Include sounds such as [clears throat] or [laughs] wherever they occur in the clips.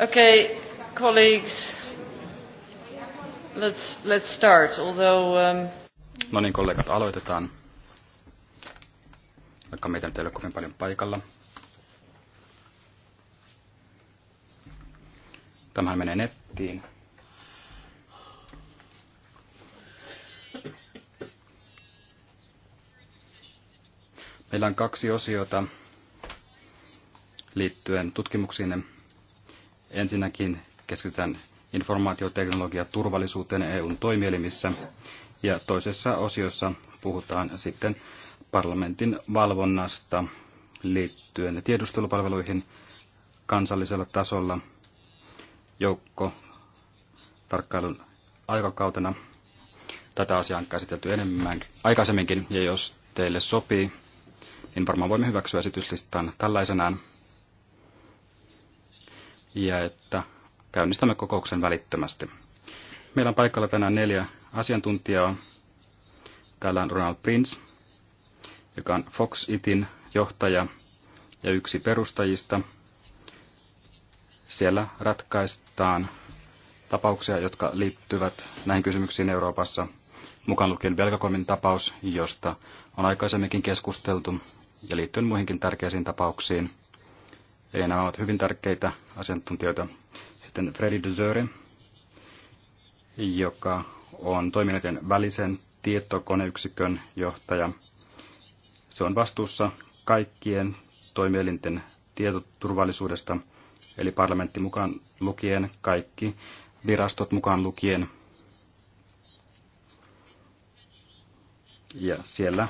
Okay, colleagues, let's, let's start, although... Um... No niin, kollegat, aloitetaan. Vaikka meitä nyt ei ole kovin paljon paikalla. Tämähän menee nettiin. Meillä on kaksi osiota liittyen tutkimuksiin Ensinnäkin keskitytään informaatioteknologia turvallisuuteen EUn toimielimissä ja toisessa osiossa puhutaan sitten parlamentin valvonnasta liittyen tiedustelupalveluihin kansallisella tasolla joukko tarkkailun aikakautena. Tätä asiaa on käsitelty enemmän aikaisemminkin, ja jos teille sopii, niin varmaan voimme hyväksyä esityslistan tällaisenaan ja että käynnistämme kokouksen välittömästi. Meillä on paikalla tänään neljä asiantuntijaa. Täällä on Ronald Prince, joka on Fox Itin johtaja ja yksi perustajista. Siellä ratkaistaan tapauksia, jotka liittyvät näihin kysymyksiin Euroopassa, mukaan lukien Belgakomin tapaus, josta on aikaisemminkin keskusteltu, ja liittyen muihinkin tärkeisiin tapauksiin – Eli nämä ovat hyvin tärkeitä asiantuntijoita. Sitten Freddy Dezöre, joka on toimijoiden välisen tietokoneyksikön johtaja. Se on vastuussa kaikkien toimielinten tietoturvallisuudesta, eli parlamentti mukaan lukien, kaikki virastot mukaan lukien. Ja siellä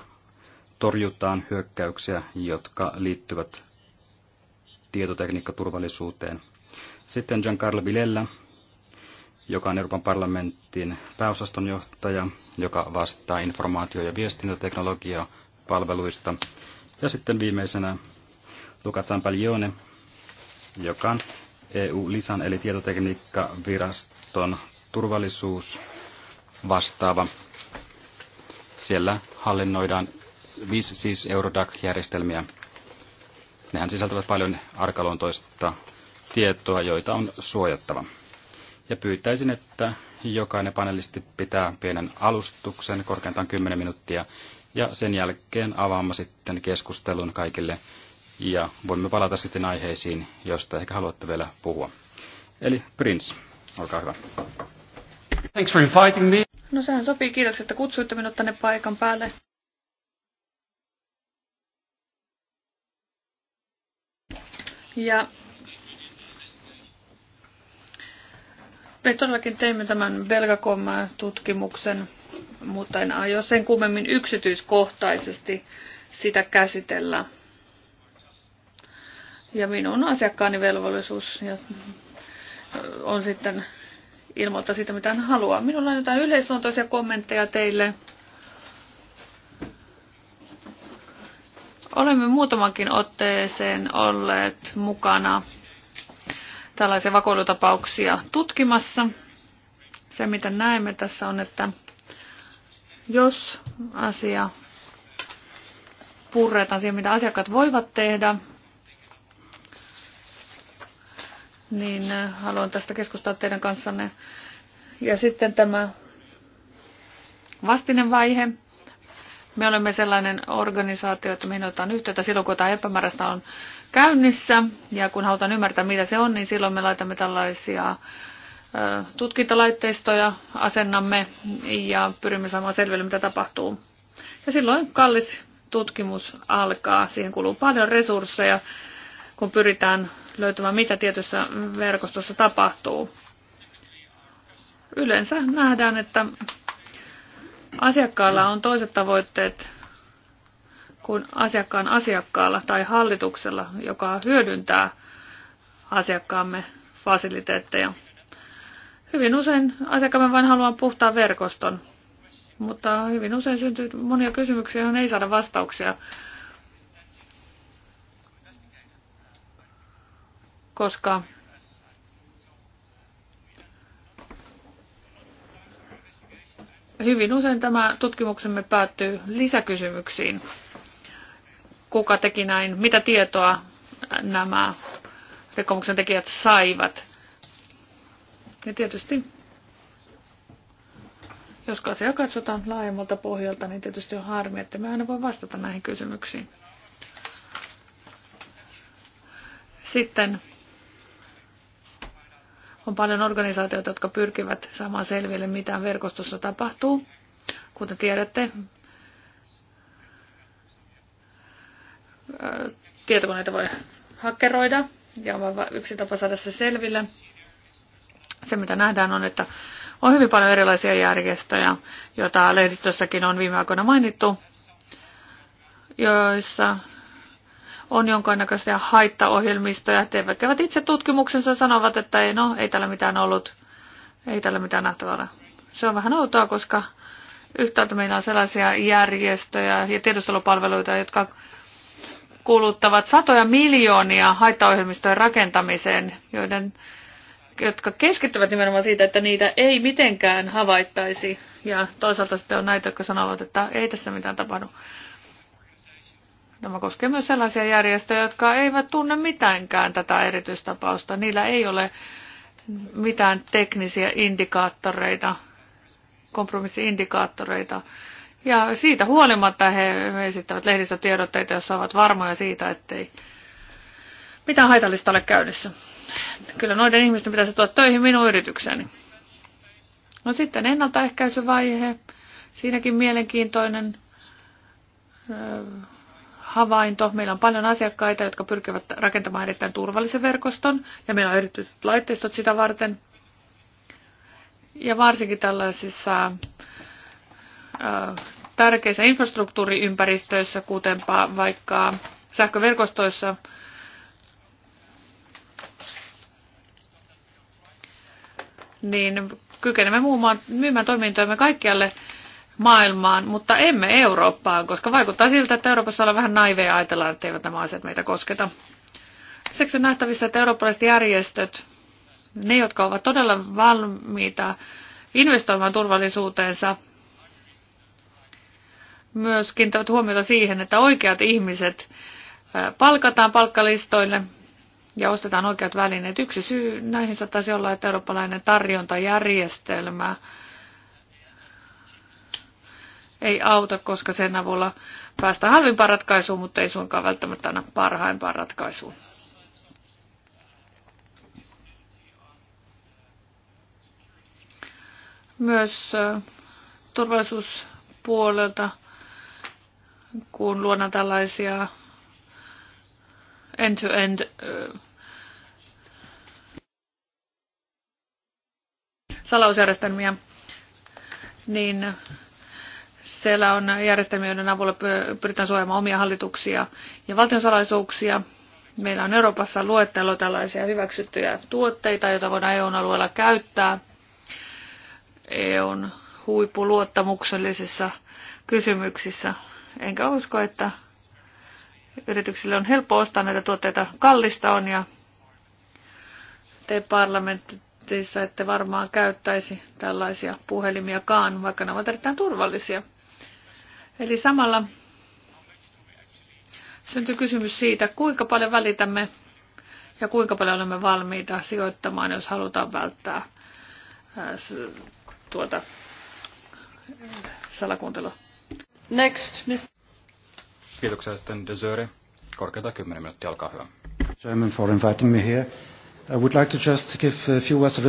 torjutaan hyökkäyksiä, jotka liittyvät tietotekniikkaturvallisuuteen. Sitten Giancarlo Bilella, joka on Euroopan parlamentin pääosaston johtaja, joka vastaa informaatio- ja viestintäteknologia palveluista. Ja sitten viimeisenä Luca Zampaglione, joka on EU-lisan eli tietotekniikkaviraston turvallisuus vastaava. Siellä hallinnoidaan viisi siis Eurodac-järjestelmiä Nehän sisältävät paljon arkaluontoista tietoa, joita on suojattava. Ja pyytäisin, että jokainen panelisti pitää pienen alustuksen, korkeintaan 10 minuuttia, ja sen jälkeen avaamme sitten keskustelun kaikille, ja voimme palata sitten aiheisiin, joista ehkä haluatte vielä puhua. Eli Prince, olkaa hyvä. Thanks for inviting me. No sehän sopii, kiitos, että kutsuitte minut tänne paikan päälle. Ja me todellakin teimme tämän Belgacom-tutkimuksen, mutta en aio sen kummemmin yksityiskohtaisesti sitä käsitellä. Ja minun asiakkaani velvollisuus ja on sitten ilmoittaa sitä, mitä hän haluaa. Minulla on jotain yleisluontoisia kommentteja teille. Olemme muutamankin otteeseen olleet mukana tällaisia vakoilutapauksia tutkimassa. Se, mitä näemme tässä on, että jos asia purretaan siihen, mitä asiakkaat voivat tehdä, niin äh, haluan tästä keskustella teidän kanssanne. Ja sitten tämä vastinen vaihe me olemme sellainen organisaatio, että mihin otetaan yhteyttä silloin, kun jotain epämääräistä on käynnissä. Ja kun halutaan ymmärtää, mitä se on, niin silloin me laitamme tällaisia tutkintalaitteistoja asennamme ja pyrimme saamaan selville, mitä tapahtuu. Ja silloin kallis tutkimus alkaa. Siihen kuluu paljon resursseja, kun pyritään löytämään, mitä tietyssä verkostossa tapahtuu. Yleensä nähdään, että Asiakkaalla on toiset tavoitteet kuin asiakkaan asiakkaalla tai hallituksella, joka hyödyntää asiakkaamme fasiliteetteja. Hyvin usein asiakkaamme vain haluaa puhtaan verkoston, mutta hyvin usein syntyy monia kysymyksiä, joihin ei saada vastauksia. Koska hyvin usein tämä tutkimuksemme päättyy lisäkysymyksiin. Kuka teki näin? Mitä tietoa nämä rikkomuksen tekijät saivat? Ja tietysti, jos asiaa katsotaan laajemmalta pohjalta, niin tietysti on harmi, että me aina voi vastata näihin kysymyksiin. Sitten on paljon organisaatioita, jotka pyrkivät saamaan selville, mitä verkostossa tapahtuu. Kuten tiedätte, tietokoneita voi hakkeroida ja on yksi tapa saada se selville. Se, mitä nähdään, on, että on hyvin paljon erilaisia järjestöjä, joita lehdistössäkin on viime aikoina mainittu, joissa on jonkinnäköisiä haittaohjelmistoja, tekevät itse tutkimuksensa sanovat, että ei no, ei täällä mitään ollut, ei täällä mitään nähtävää Se on vähän outoa, koska yhtäältä meillä on sellaisia järjestöjä ja tiedustelupalveluita, jotka kuluttavat satoja miljoonia haittaohjelmistojen rakentamiseen, joiden, jotka keskittyvät nimenomaan siitä, että niitä ei mitenkään havaittaisi. Ja toisaalta sitten on näitä, jotka sanovat, että ei tässä mitään tapahdu. Tämä koskee myös sellaisia järjestöjä, jotka eivät tunne mitäänkään tätä erityistapausta. Niillä ei ole mitään teknisiä indikaattoreita, kompromissiindikaattoreita. Ja siitä huolimatta he esittävät lehdistötiedotteita, joissa ovat varmoja siitä, ettei mitään haitallista ole käynnissä. Kyllä noiden ihmisten pitäisi tuoda töihin minun yritykseni. No sitten ennaltaehkäisyvaihe. Siinäkin mielenkiintoinen havainto. Meillä on paljon asiakkaita, jotka pyrkivät rakentamaan erittäin turvallisen verkoston ja meillä on erityiset laitteistot sitä varten. Ja varsinkin tällaisissa tärkeissä infrastruktuuriympäristöissä, kuten vaikka sähköverkostoissa, niin kykenemme muun muassa myymään toimintojamme kaikkialle maailmaan, mutta emme Eurooppaan, koska vaikuttaa siltä, että Euroopassa ollaan vähän naiveja ajatella, että eivät nämä asiat meitä kosketa. Lisäksi on nähtävissä, että eurooppalaiset järjestöt, ne jotka ovat todella valmiita investoimaan turvallisuuteensa, myös kiinnittävät huomiota siihen, että oikeat ihmiset palkataan palkkalistoille ja ostetaan oikeat välineet. Yksi syy näihin saattaisi olla, että eurooppalainen tarjontajärjestelmä järjestelmä ei auta, koska sen avulla päästään halvimpaan ratkaisuun, mutta ei suinkaan välttämättä aina parhaimpaan ratkaisuun. Myös turvallisuuspuolelta, kun luodaan tällaisia end-to-end -end, salausjärjestelmiä, niin siellä on järjestelmiä, joiden avulla pyritään suojaamaan omia hallituksia ja valtionsalaisuuksia. Meillä on Euroopassa luettelo tällaisia hyväksyttyjä tuotteita, joita voidaan EU-alueella käyttää EUn huippuluottamuksellisissa kysymyksissä. Enkä usko, että yrityksille on helppo ostaa näitä tuotteita. Kallista on ja te parlamentissa ette varmaan käyttäisi tällaisia puhelimiakaan, vaikka ne ovat erittäin turvallisia. Eli samalla syntyy kysymys siitä, kuinka paljon välitämme ja kuinka paljon olemme valmiita sijoittamaan, jos halutaan välttää äh, tuota salakuuntelua. Next. Mr. Kiitoksia sitten Desöri. Korkeata 10 minuuttia, olkaa hyvä. Chairman for inviting me here. I would like to just give a few words of...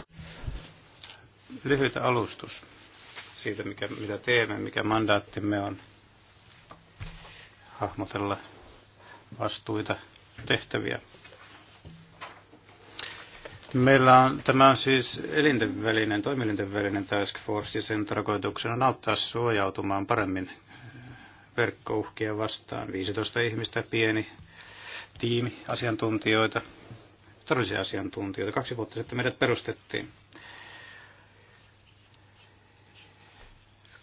Lyhyt alustus siitä, mikä, mitä teemme, mikä mandaattimme on hahmotella vastuita, tehtäviä. Meillä on, tämä on siis elinten välinen, toimielinten välinen task force ja sen tarkoituksena on auttaa suojautumaan paremmin eh, verkkouhkia vastaan. 15 ihmistä, pieni tiimi asiantuntijoita, todellisia asiantuntijoita. Kaksi vuotta sitten meidät perustettiin.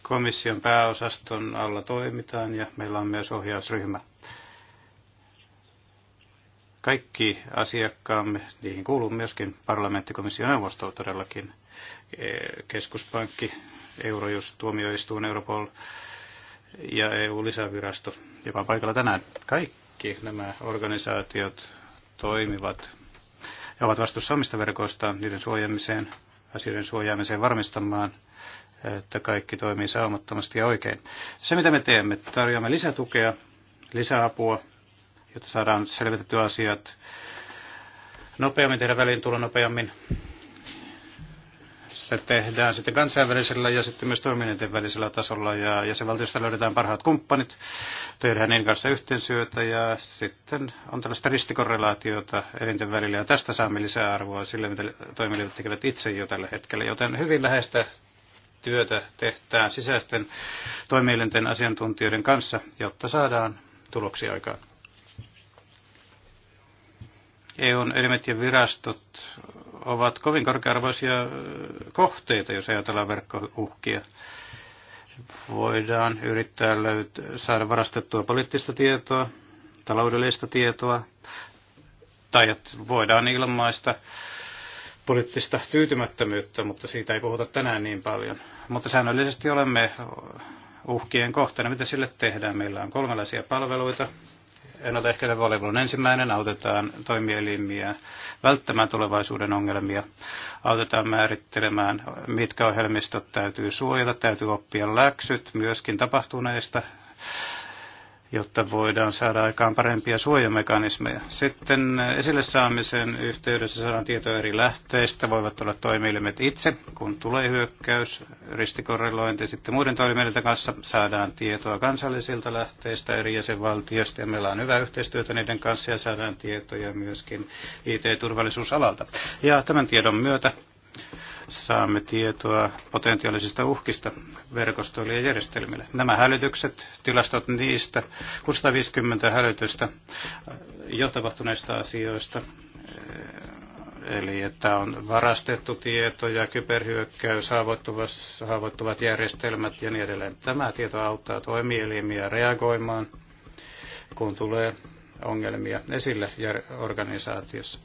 komission pääosaston alla toimitaan ja meillä on myös ohjausryhmä. Kaikki asiakkaamme, niihin kuuluu myöskin parlamenttikomission neuvosto todellakin, e, keskuspankki, Eurojust, tuomioistuin, Europol ja EU-lisävirasto, joka on paikalla tänään. Kaikki nämä organisaatiot toimivat ja ovat vastuussa omista verkoistaan niiden suojaamiseen, asioiden suojaamiseen varmistamaan – että kaikki toimii saamattomasti ja oikein. Se, mitä me teemme, tarjoamme lisätukea, lisäapua, jotta saadaan selvitettyä asiat nopeammin, tehdä tulla nopeammin. Se tehdään sitten kansainvälisellä ja sitten myös toiminnan välisellä tasolla ja jäsenvaltiosta löydetään parhaat kumppanit, tehdään niiden kanssa yhteensyötä ja sitten on tällaista ristikorrelaatiota elinten välillä ja tästä saamme lisää arvoa sille, mitä toimijat tekevät itse jo tällä hetkellä, joten hyvin läheistä työtä tehtään sisäisten toimielinten asiantuntijoiden kanssa, jotta saadaan tuloksia aikaan. EUn elimet ja virastot ovat kovin korkearvoisia kohteita, jos ajatellaan verkkouhkia. Voidaan yrittää löyt- saada varastettua poliittista tietoa, taloudellista tietoa, tai voidaan ilmaista poliittista tyytymättömyyttä, mutta siitä ei puhuta tänään niin paljon. Mutta säännöllisesti olemme uhkien kohteena. Mitä sille tehdään? Meillä on kolmenlaisia palveluita. Ennaltaehkäisevä valvelun ensimmäinen. Autetaan toimielimiä välttämään tulevaisuuden ongelmia. Autetaan määrittelemään, mitkä ohjelmistot täytyy suojata, täytyy oppia läksyt myöskin tapahtuneista jotta voidaan saada aikaan parempia suojamekanismeja. Sitten esille saamisen yhteydessä saadaan tietoa eri lähteistä. Voivat olla toimielimet itse, kun tulee hyökkäys, ristikorrelointi sitten muiden toimielinten kanssa. Saadaan tietoa kansallisilta lähteistä eri jäsenvaltioista ja meillä on hyvää yhteistyötä niiden kanssa ja saadaan tietoja myöskin IT-turvallisuusalalta. Ja tämän tiedon myötä saamme tietoa potentiaalisista uhkista verkostoille ja järjestelmille. Nämä hälytykset, tilastot niistä, 650 hälytystä jo tapahtuneista asioista, eh, eli että on varastettu tietoja, kyberhyökkäys, haavoittuvat järjestelmät ja niin edelleen. Tämä tieto auttaa toimielimiä reagoimaan, kun tulee ongelmia esille organisaatiossa.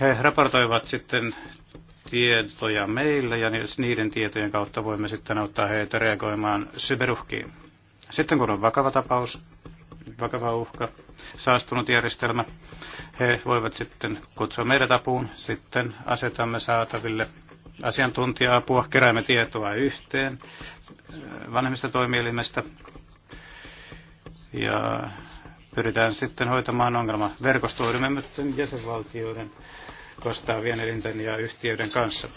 He raportoivat sitten tietoja meille ja niiden tietojen kautta voimme sitten auttaa heitä reagoimaan cyberuhkiin. Sitten kun on vakava tapaus, vakava uhka, saastunut järjestelmä, he voivat sitten kutsua meidät apuun. Sitten asetamme saataville asiantuntija-apua, keräämme tietoa yhteen äh, vanhemmista toimielimestä ja pyritään sitten hoitamaan ongelma verkostoidumemmatten jäsenvaltioiden vastaavien elinten ja yhtiöiden kanssa.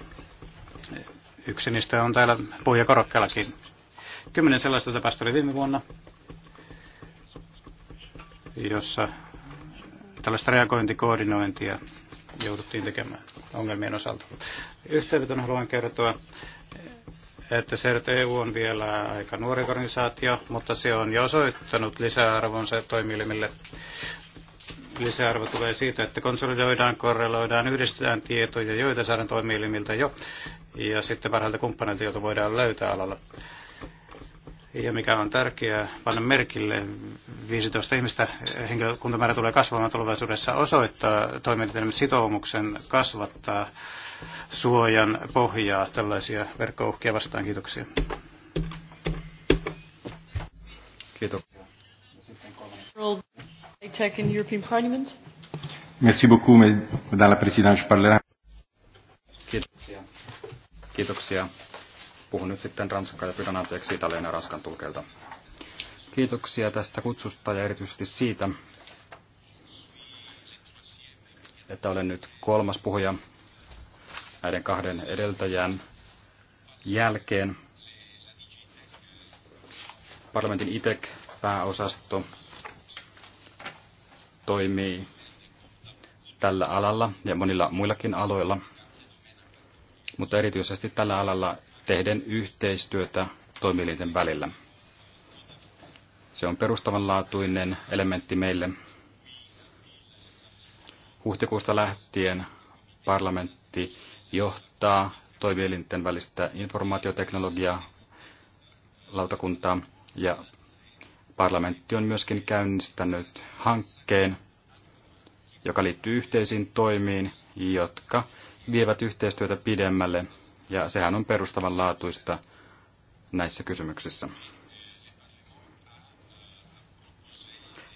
Yksi niistä on täällä puhujakorokkeellakin. Kymmenen sellaista tapausta oli viime vuonna, jossa tällaista reagointikoordinointia jouduttiin tekemään ongelmien osalta. Yhteenvetona haluan kertoa, että CERT EU on vielä aika nuori organisaatio, mutta se on jo osoittanut lisäarvonsa toimielimille. Lisäarvo tulee siitä, että konsolidoidaan, korreloidaan, yhdistetään tietoja, joita saadaan toimielimiltä jo, ja sitten parhailta kumppaneita, joita voidaan löytää alalla. Ja mikä on tärkeää, panna merkille, 15 ihmistä henkilökuntamäärä tulee kasvamaan tulevaisuudessa, osoittaa toimintatelmien sitoumuksen kasvattaa suojan pohjaa tällaisia verkkouhkia vastaan. Kiitoksia. Kiitoksia. Merci beaucoup, madame la présidente. Je Kiitoksia. Kiitoksia. Puhun nyt sitten Ranskan ja pyydän anteeksi italian ja ranskan tulkeilta. Kiitoksia tästä kutsusta ja erityisesti siitä, että olen nyt kolmas puhuja näiden kahden edeltäjän jälkeen. Parlamentin ITEC-pääosasto toimii tällä alalla ja monilla muillakin aloilla, mutta erityisesti tällä alalla tehden yhteistyötä toimielinten välillä. Se on perustavanlaatuinen elementti meille. Huhtikuusta lähtien parlamentti johtaa toimielinten välistä informaatioteknologiaa lautakuntaa ja parlamentti on myöskin käynnistänyt hankkeen, joka liittyy yhteisiin toimiin, jotka vievät yhteistyötä pidemmälle ja sehän on perustavanlaatuista näissä kysymyksissä.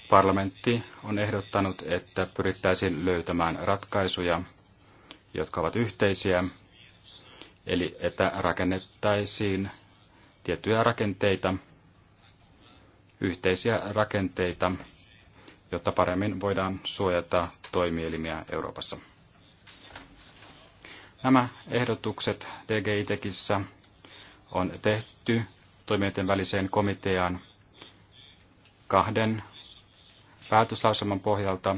Parlamentti on ehdottanut, että pyrittäisiin löytämään ratkaisuja jotka ovat yhteisiä, eli että rakennettaisiin tiettyjä rakenteita, yhteisiä rakenteita, jotta paremmin voidaan suojata toimielimiä Euroopassa. Nämä ehdotukset DGITekissä on tehty toimijoiden väliseen komiteaan kahden päätöslauselman pohjalta,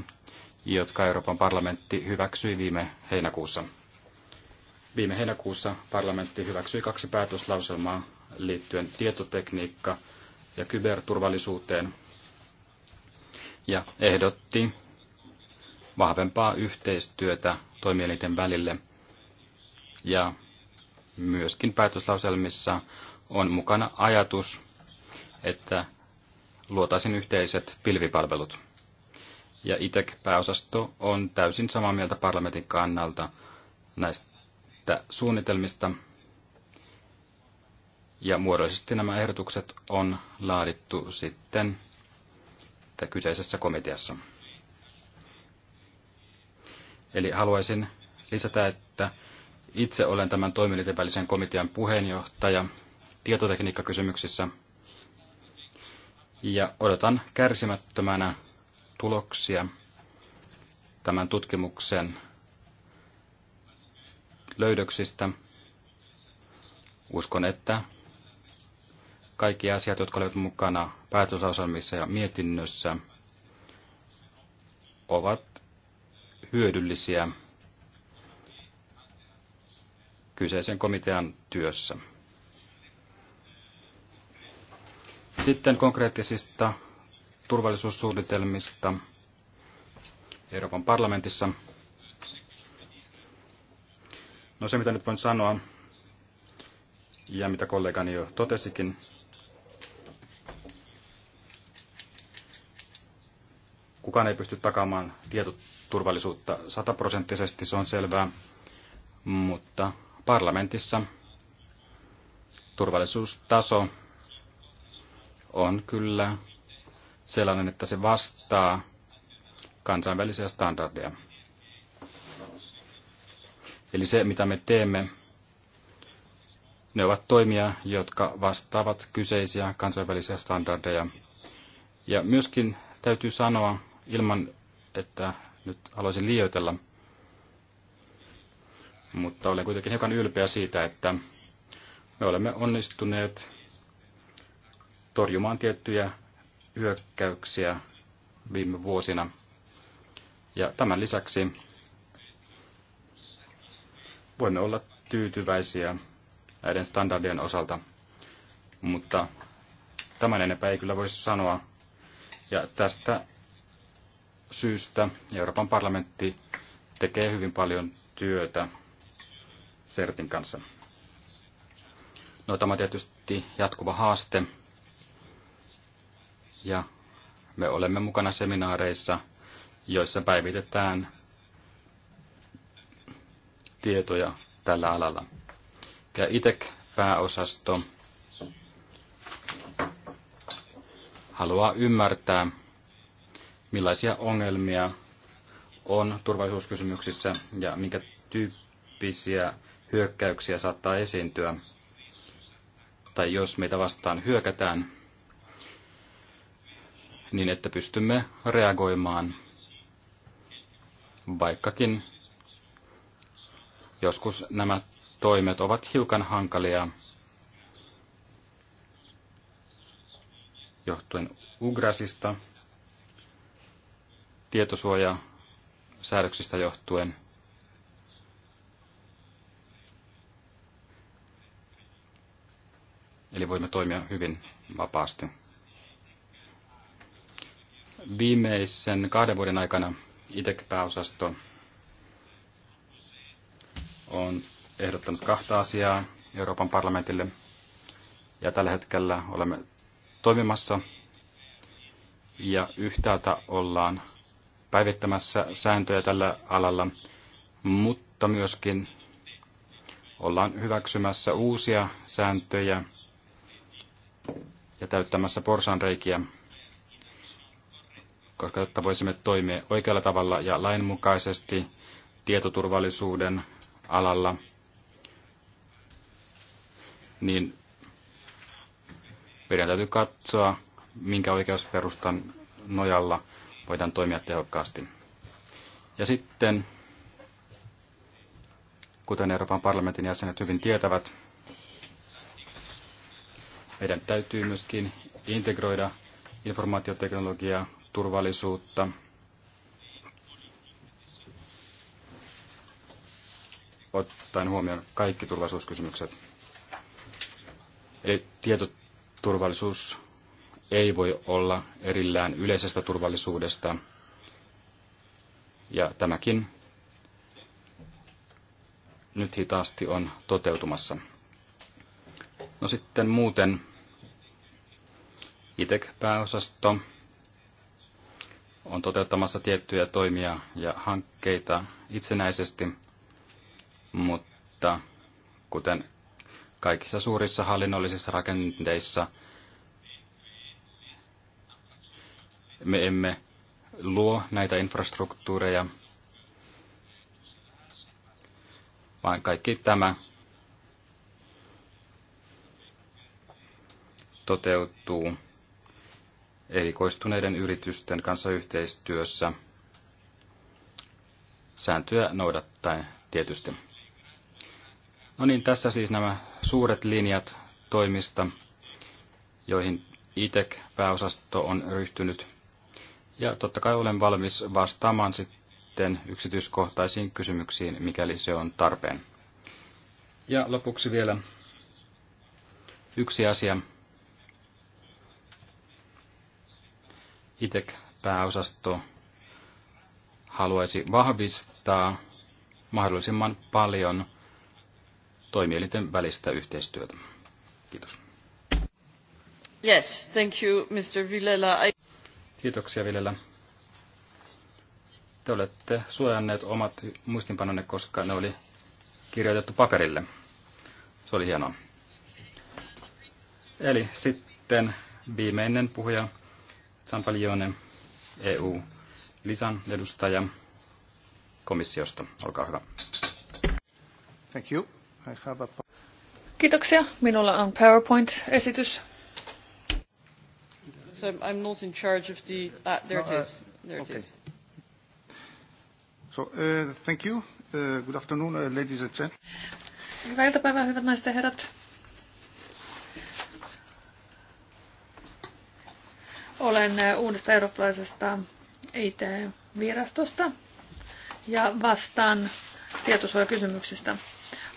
jotka Euroopan parlamentti hyväksyi viime heinäkuussa. Viime heinäkuussa parlamentti hyväksyi kaksi päätöslauselmaa liittyen tietotekniikka- ja kyberturvallisuuteen ja ehdotti vahvempaa yhteistyötä toimielinten välille ja myöskin päätöslauselmissa on mukana ajatus, että luotaisiin yhteiset pilvipalvelut ja ITEC-pääosasto on täysin samaa mieltä parlamentin kannalta näistä suunnitelmista. Ja muodollisesti nämä ehdotukset on laadittu sitten kyseisessä komiteassa. Eli haluaisin lisätä, että itse olen tämän toimielinten välisen komitean puheenjohtaja tietotekniikkakysymyksissä ja odotan kärsimättömänä tuloksia tämän tutkimuksen löydöksistä. Uskon, että kaikki asiat, jotka olivat mukana päätösasemissa ja mietinnössä, ovat hyödyllisiä kyseisen komitean työssä. Sitten konkreettisista turvallisuussuunnitelmista Euroopan parlamentissa. No se, mitä nyt voin sanoa, ja mitä kollegani jo totesikin, kukaan ei pysty takaamaan tietoturvallisuutta sataprosenttisesti, se on selvää, mutta parlamentissa turvallisuustaso on kyllä sellainen, että se vastaa kansainvälisiä standardeja. Eli se, mitä me teemme, ne ovat toimia, jotka vastaavat kyseisiä kansainvälisiä standardeja. Ja myöskin täytyy sanoa, ilman että nyt haluaisin liioitella, mutta olen kuitenkin hiukan ylpeä siitä, että me olemme onnistuneet torjumaan tiettyjä hyökkäyksiä viime vuosina. Ja tämän lisäksi voimme olla tyytyväisiä näiden standardien osalta, mutta tämän enempää ei kyllä voisi sanoa. Ja tästä syystä Euroopan parlamentti tekee hyvin paljon työtä CERTin kanssa. No, tämä on tietysti jatkuva haaste, ja me olemme mukana seminaareissa, joissa päivitetään tietoja tällä alalla. Ja ITEC-pääosasto haluaa ymmärtää, millaisia ongelmia on turvallisuuskysymyksissä ja minkä tyyppisiä hyökkäyksiä saattaa esiintyä. Tai jos meitä vastaan hyökätään, niin että pystymme reagoimaan, vaikkakin joskus nämä toimet ovat hiukan hankalia johtuen Ugrasista, tietosuojasäädöksistä johtuen. Eli voimme toimia hyvin vapaasti. Viimeisen kahden vuoden aikana ITEC-pääosasto on ehdottanut kahta asiaa Euroopan parlamentille. Ja tällä hetkellä olemme toimimassa ja yhtäältä ollaan päivittämässä sääntöjä tällä alalla, mutta myöskin ollaan hyväksymässä uusia sääntöjä ja täyttämässä porsanreikiä, koska jotta voisimme toimia oikealla tavalla ja lainmukaisesti tietoturvallisuuden alalla, niin meidän täytyy katsoa, minkä oikeusperustan nojalla voidaan toimia tehokkaasti. Ja sitten, kuten Euroopan parlamentin jäsenet hyvin tietävät, meidän täytyy myöskin integroida informaatioteknologiaa turvallisuutta. ottaen huomioon kaikki turvallisuuskysymykset. Eli tietoturvallisuus ei voi olla erillään yleisestä turvallisuudesta. Ja tämäkin nyt hitaasti on toteutumassa. No sitten muuten ITEC-pääosasto on toteuttamassa tiettyjä toimia ja hankkeita itsenäisesti, mutta kuten kaikissa suurissa hallinnollisissa rakenteissa, me emme luo näitä infrastruktuureja, vaan kaikki tämä toteutuu erikoistuneiden yritysten kanssa yhteistyössä sääntöjä noudattaen tietysti. No niin, tässä siis nämä suuret linjat toimista, joihin ITEC-pääosasto on ryhtynyt. Ja totta kai olen valmis vastaamaan sitten yksityiskohtaisiin kysymyksiin, mikäli se on tarpeen. Ja lopuksi vielä yksi asia, ITEC-pääosasto haluaisi vahvistaa mahdollisimman paljon toimielinten välistä yhteistyötä. Kiitos. Yes, thank you, Mr. Villela. I... Kiitoksia, Villela. Te olette suojanneet omat muistinpanonne, koska ne oli kirjoitettu paperille. Se oli hienoa. Eli sitten viimeinen puhuja Sampaljone, EU-lisan edustaja komissiosta. Olkaa hyvä. Thank you. I have a... Kiitoksia. Minulla on PowerPoint-esitys. So I'm not in charge of the... Ah, there it no, uh, is. There it is. So, uh, thank you. Uh, good afternoon, uh, ladies and gentlemen. Hyvää iltapäivää, hyvät naiset ja herrat. olen uudesta eurooppalaisesta IT-virastosta ja vastaan tietosuojakysymyksistä.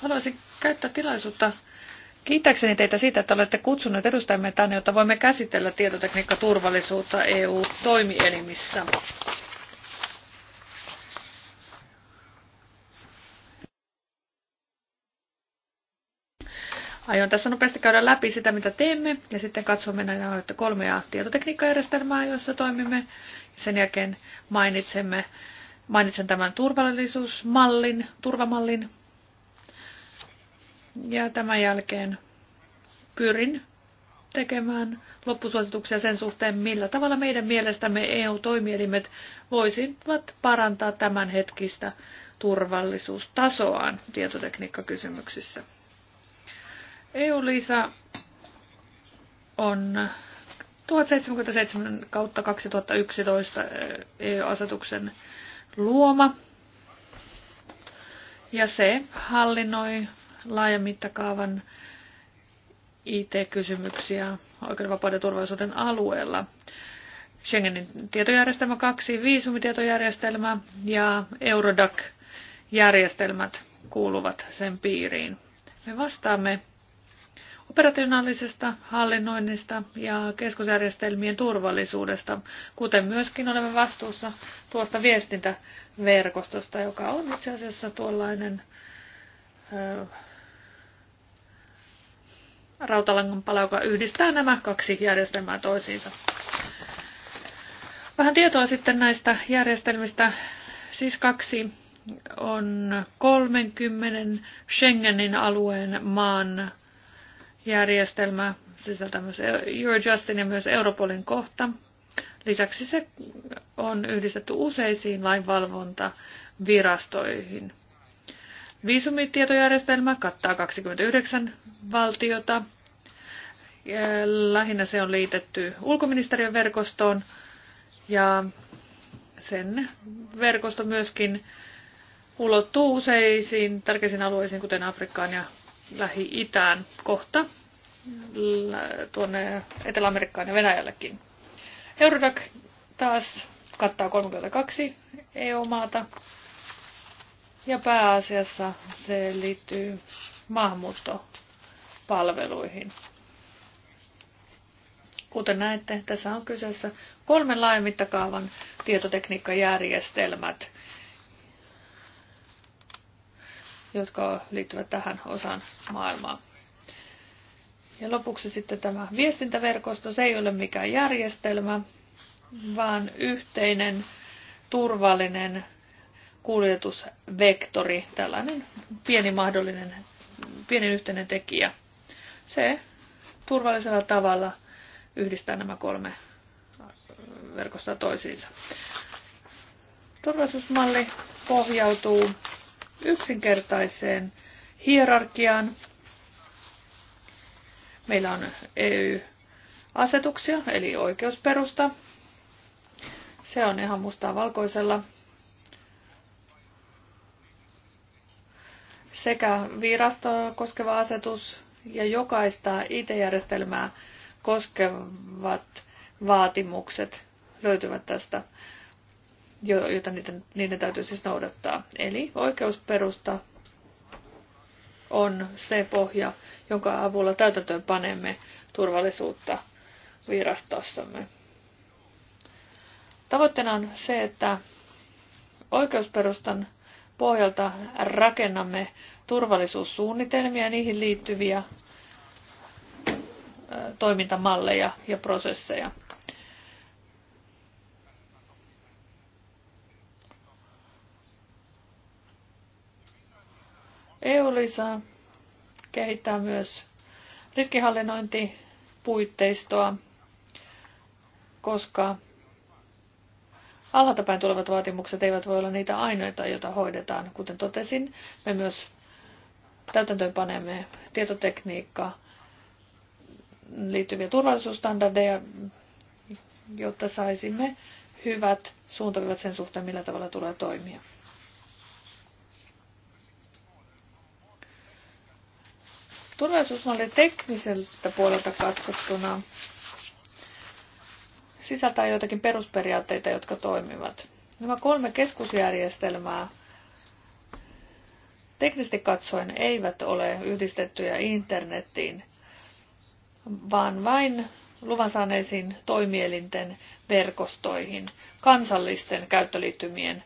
Haluaisin käyttää tilaisuutta kiittääkseni teitä siitä, että olette kutsuneet edustajamme tänne, jotta voimme käsitellä tietotekniikkaturvallisuutta EU-toimielimissä. Aion tässä nopeasti käydä läpi sitä, mitä teemme, ja sitten katsomme näitä kolmea tietotekniikkajärjestelmää, jossa toimimme. Sen jälkeen mainitsemme, mainitsen tämän turvallisuusmallin, turvamallin. Ja tämän jälkeen pyrin tekemään loppusuosituksia sen suhteen, millä tavalla meidän mielestämme EU-toimielimet voisivat parantaa tämänhetkistä turvallisuustasoaan tietotekniikkakysymyksissä. EU-Liisa on 1077 kautta 2011 EU-asetuksen eh, e luoma. Ja se hallinnoi laajan mittakaavan IT-kysymyksiä oikeudenvapauden turvallisuuden alueella. Schengenin tietojärjestelmä 2, viisumitietojärjestelmä ja Eurodac-järjestelmät kuuluvat sen piiriin. Me vastaamme operationaalisesta hallinnoinnista ja keskusjärjestelmien turvallisuudesta, kuten myöskin olemme vastuussa tuosta viestintäverkostosta, joka on itse asiassa tuollainen ö, rautalangan pala, joka yhdistää nämä kaksi järjestelmää toisiinsa. Vähän tietoa sitten näistä järjestelmistä. Siis kaksi on 30 Schengenin alueen maan järjestelmä sisältää myös e- Eurojustin ja myös Europolin kohta. Lisäksi se on yhdistetty useisiin lainvalvontavirastoihin. Viisumitietojärjestelmä kattaa 29 valtiota. Lähinnä se on liitetty ulkoministeriön verkostoon ja sen verkosto myöskin ulottuu useisiin tärkeisiin alueisiin, kuten Afrikkaan ja Lähi-Itään kohta tuonne Etelä-Amerikkaan ja Venäjällekin. Eurodac taas kattaa 32 EU-maata ja pääasiassa se liittyy maahanmuuttopalveluihin. Kuten näette, tässä on kyseessä kolmen laajan mittakaavan tietotekniikkajärjestelmät, jotka liittyvät tähän osaan maailmaa. Ja lopuksi sitten tämä viestintäverkosto, se ei ole mikään järjestelmä, vaan yhteinen turvallinen kuljetusvektori, tällainen pieni mahdollinen, pieni yhteinen tekijä. Se turvallisella tavalla yhdistää nämä kolme verkostoa toisiinsa. Turvallisuusmalli pohjautuu yksinkertaiseen hierarkiaan. Meillä on EU-asetuksia, eli oikeusperusta. Se on ihan mustaa valkoisella. Sekä virastoa koskeva asetus ja jokaista IT-järjestelmää koskevat vaatimukset löytyvät tästä jota niiden, niiden täytyy siis noudattaa. Eli oikeusperusta on se pohja, jonka avulla täytäntöön panemme turvallisuutta virastossamme. Tavoitteena on se, että oikeusperustan pohjalta rakennamme turvallisuussuunnitelmia ja niihin liittyviä toimintamalleja ja prosesseja. EU-lisää kehittää myös riskihallinnointipuitteistoa, koska alhaalta päin tulevat vaatimukset eivät voi olla niitä ainoita, joita hoidetaan. Kuten totesin, me myös täytäntöönpanemme tietotekniikkaa liittyviä turvallisuusstandardeja, jotta saisimme hyvät suuntaviivat sen suhteen, millä tavalla tulee toimia. Turvallisuusmalli tekniseltä puolelta katsottuna sisältää joitakin perusperiaatteita, jotka toimivat. Nämä kolme keskusjärjestelmää teknisesti katsoen eivät ole yhdistettyjä internettiin, vaan vain luvan saaneisiin toimielinten verkostoihin kansallisten käyttöliittymien,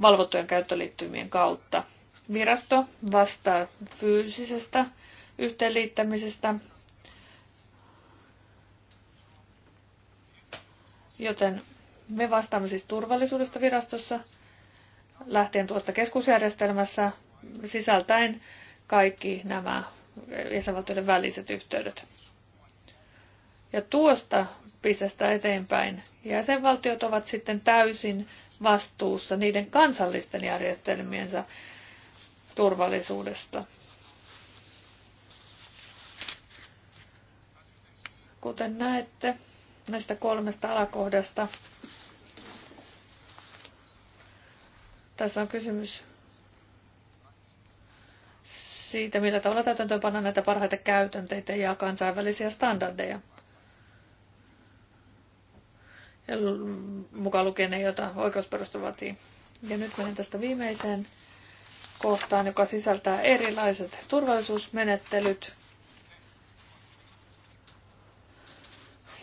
valvottujen käyttöliittymien kautta. Virasto vastaa fyysisestä yhteenliittämisestä. Joten me vastaamme siis turvallisuudesta virastossa lähtien tuosta keskusjärjestelmässä sisältäen kaikki nämä jäsenvaltioiden väliset yhteydet. Ja tuosta pisestä eteenpäin jäsenvaltiot ovat sitten täysin vastuussa niiden kansallisten järjestelmiensä turvallisuudesta. Kuten näette näistä kolmesta alakohdasta, tässä on kysymys siitä, millä tavalla täytäntöönpanna näitä parhaita käytänteitä ja kansainvälisiä standardeja. Ja mukaan lukien ne, joita oikeusperusta vaatii. Ja nyt menen tästä viimeiseen kohtaan, joka sisältää erilaiset turvallisuusmenettelyt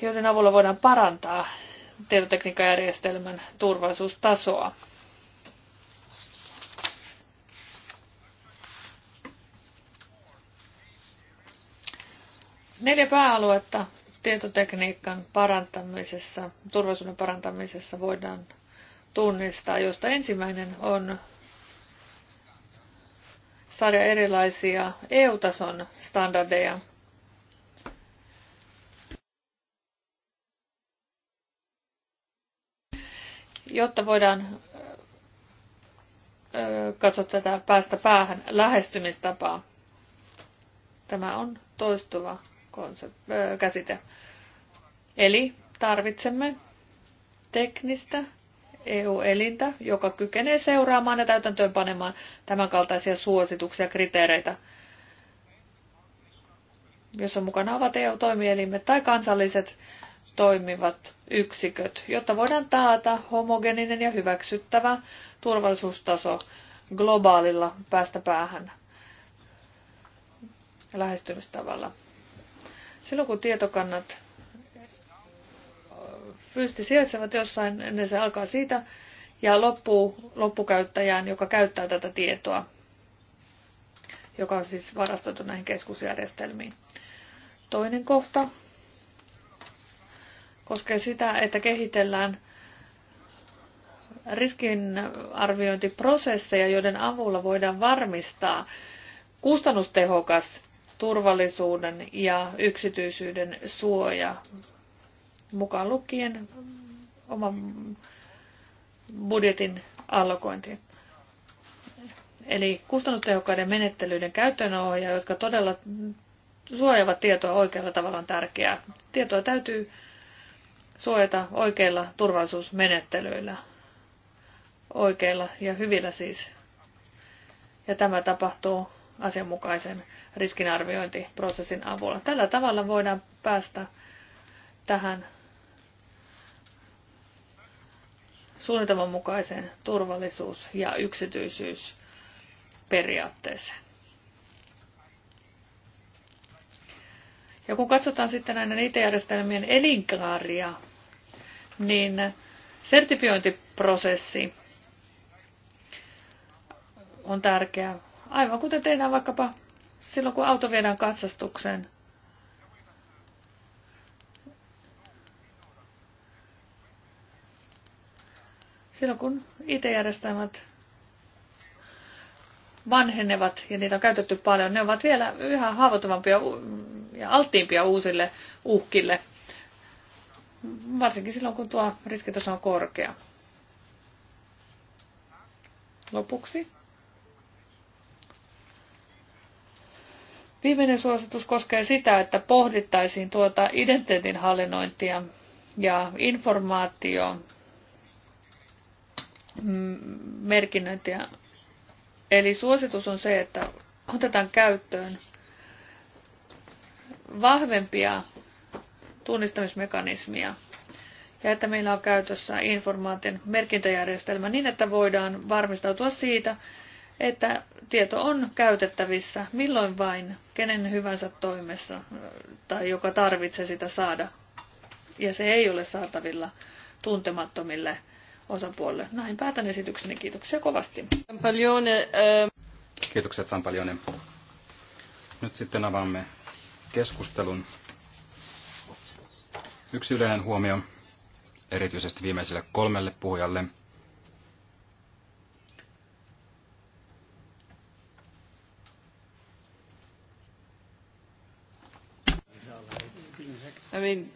joiden avulla voidaan parantaa tietotekniikkajärjestelmän turvallisuustasoa. Neljä pääaluetta tietotekniikan parantamisessa, turvallisuuden parantamisessa voidaan tunnistaa, josta ensimmäinen on sarja erilaisia EU-tason standardeja jotta voidaan katsoa tätä päästä päähän lähestymistapaa. Tämä on toistuva käsite. Eli tarvitsemme teknistä EU-elintä, joka kykenee seuraamaan ja täytäntöön panemaan tämänkaltaisia suosituksia ja kriteereitä, jossa mukana ovat EU-toimielimet tai kansalliset toimivat yksiköt, jotta voidaan taata homogeninen ja hyväksyttävä turvallisuustaso globaalilla päästä päähän lähestymistavalla. Silloin kun tietokannat fyysisesti sijaitsevat jossain, ennen niin se alkaa siitä ja loppuu loppukäyttäjään, joka käyttää tätä tietoa, joka on siis varastoitu näihin keskusjärjestelmiin. Toinen kohta koskee sitä, että kehitellään riskinarviointiprosesseja, joiden avulla voidaan varmistaa kustannustehokas turvallisuuden ja yksityisyyden suoja, mukaan lukien oman budjetin allokointi. Eli kustannustehokkaiden menettelyiden käyttöönohja, jotka todella suojaavat tietoa oikealla tavalla on tärkeää. Tietoa täytyy suojata oikeilla turvallisuusmenettelyillä. Oikeilla ja hyvillä siis. Ja tämä tapahtuu asianmukaisen riskinarviointiprosessin avulla. Tällä tavalla voidaan päästä tähän suunnitelman mukaiseen turvallisuus- ja yksityisyysperiaatteeseen. Ja kun katsotaan sitten näiden IT-järjestelmien elinkaaria, niin sertifiointiprosessi on tärkeä. Aivan kuten tehdään vaikkapa silloin, kun auto viedään katsastukseen. Silloin, kun IT-järjestelmät vanhenevat ja niitä on käytetty paljon, ne ovat vielä yhä haavoittuvampia ja alttiimpia uusille uhkille – varsinkin silloin, kun tuo riskitaso on korkea. Lopuksi. Viimeinen suositus koskee sitä, että pohdittaisiin tuota identiteetin hallinnointia ja informaatio mm, merkinnöintiä. Eli suositus on se, että otetaan käyttöön vahvempia tunnistamismekanismia ja että meillä on käytössä informaation merkintäjärjestelmä niin, että voidaan varmistautua siitä, että tieto on käytettävissä milloin vain, kenen hyvänsä toimessa tai joka tarvitsee sitä saada. Ja se ei ole saatavilla tuntemattomille osapuolille. Näin päätän esitykseni. Kiitoksia kovasti. Kiitokset Sampaljone. Nyt sitten avaamme keskustelun. Yksi yleinen huomio, erityisesti viimeiselle kolmelle puhujalle. I mean,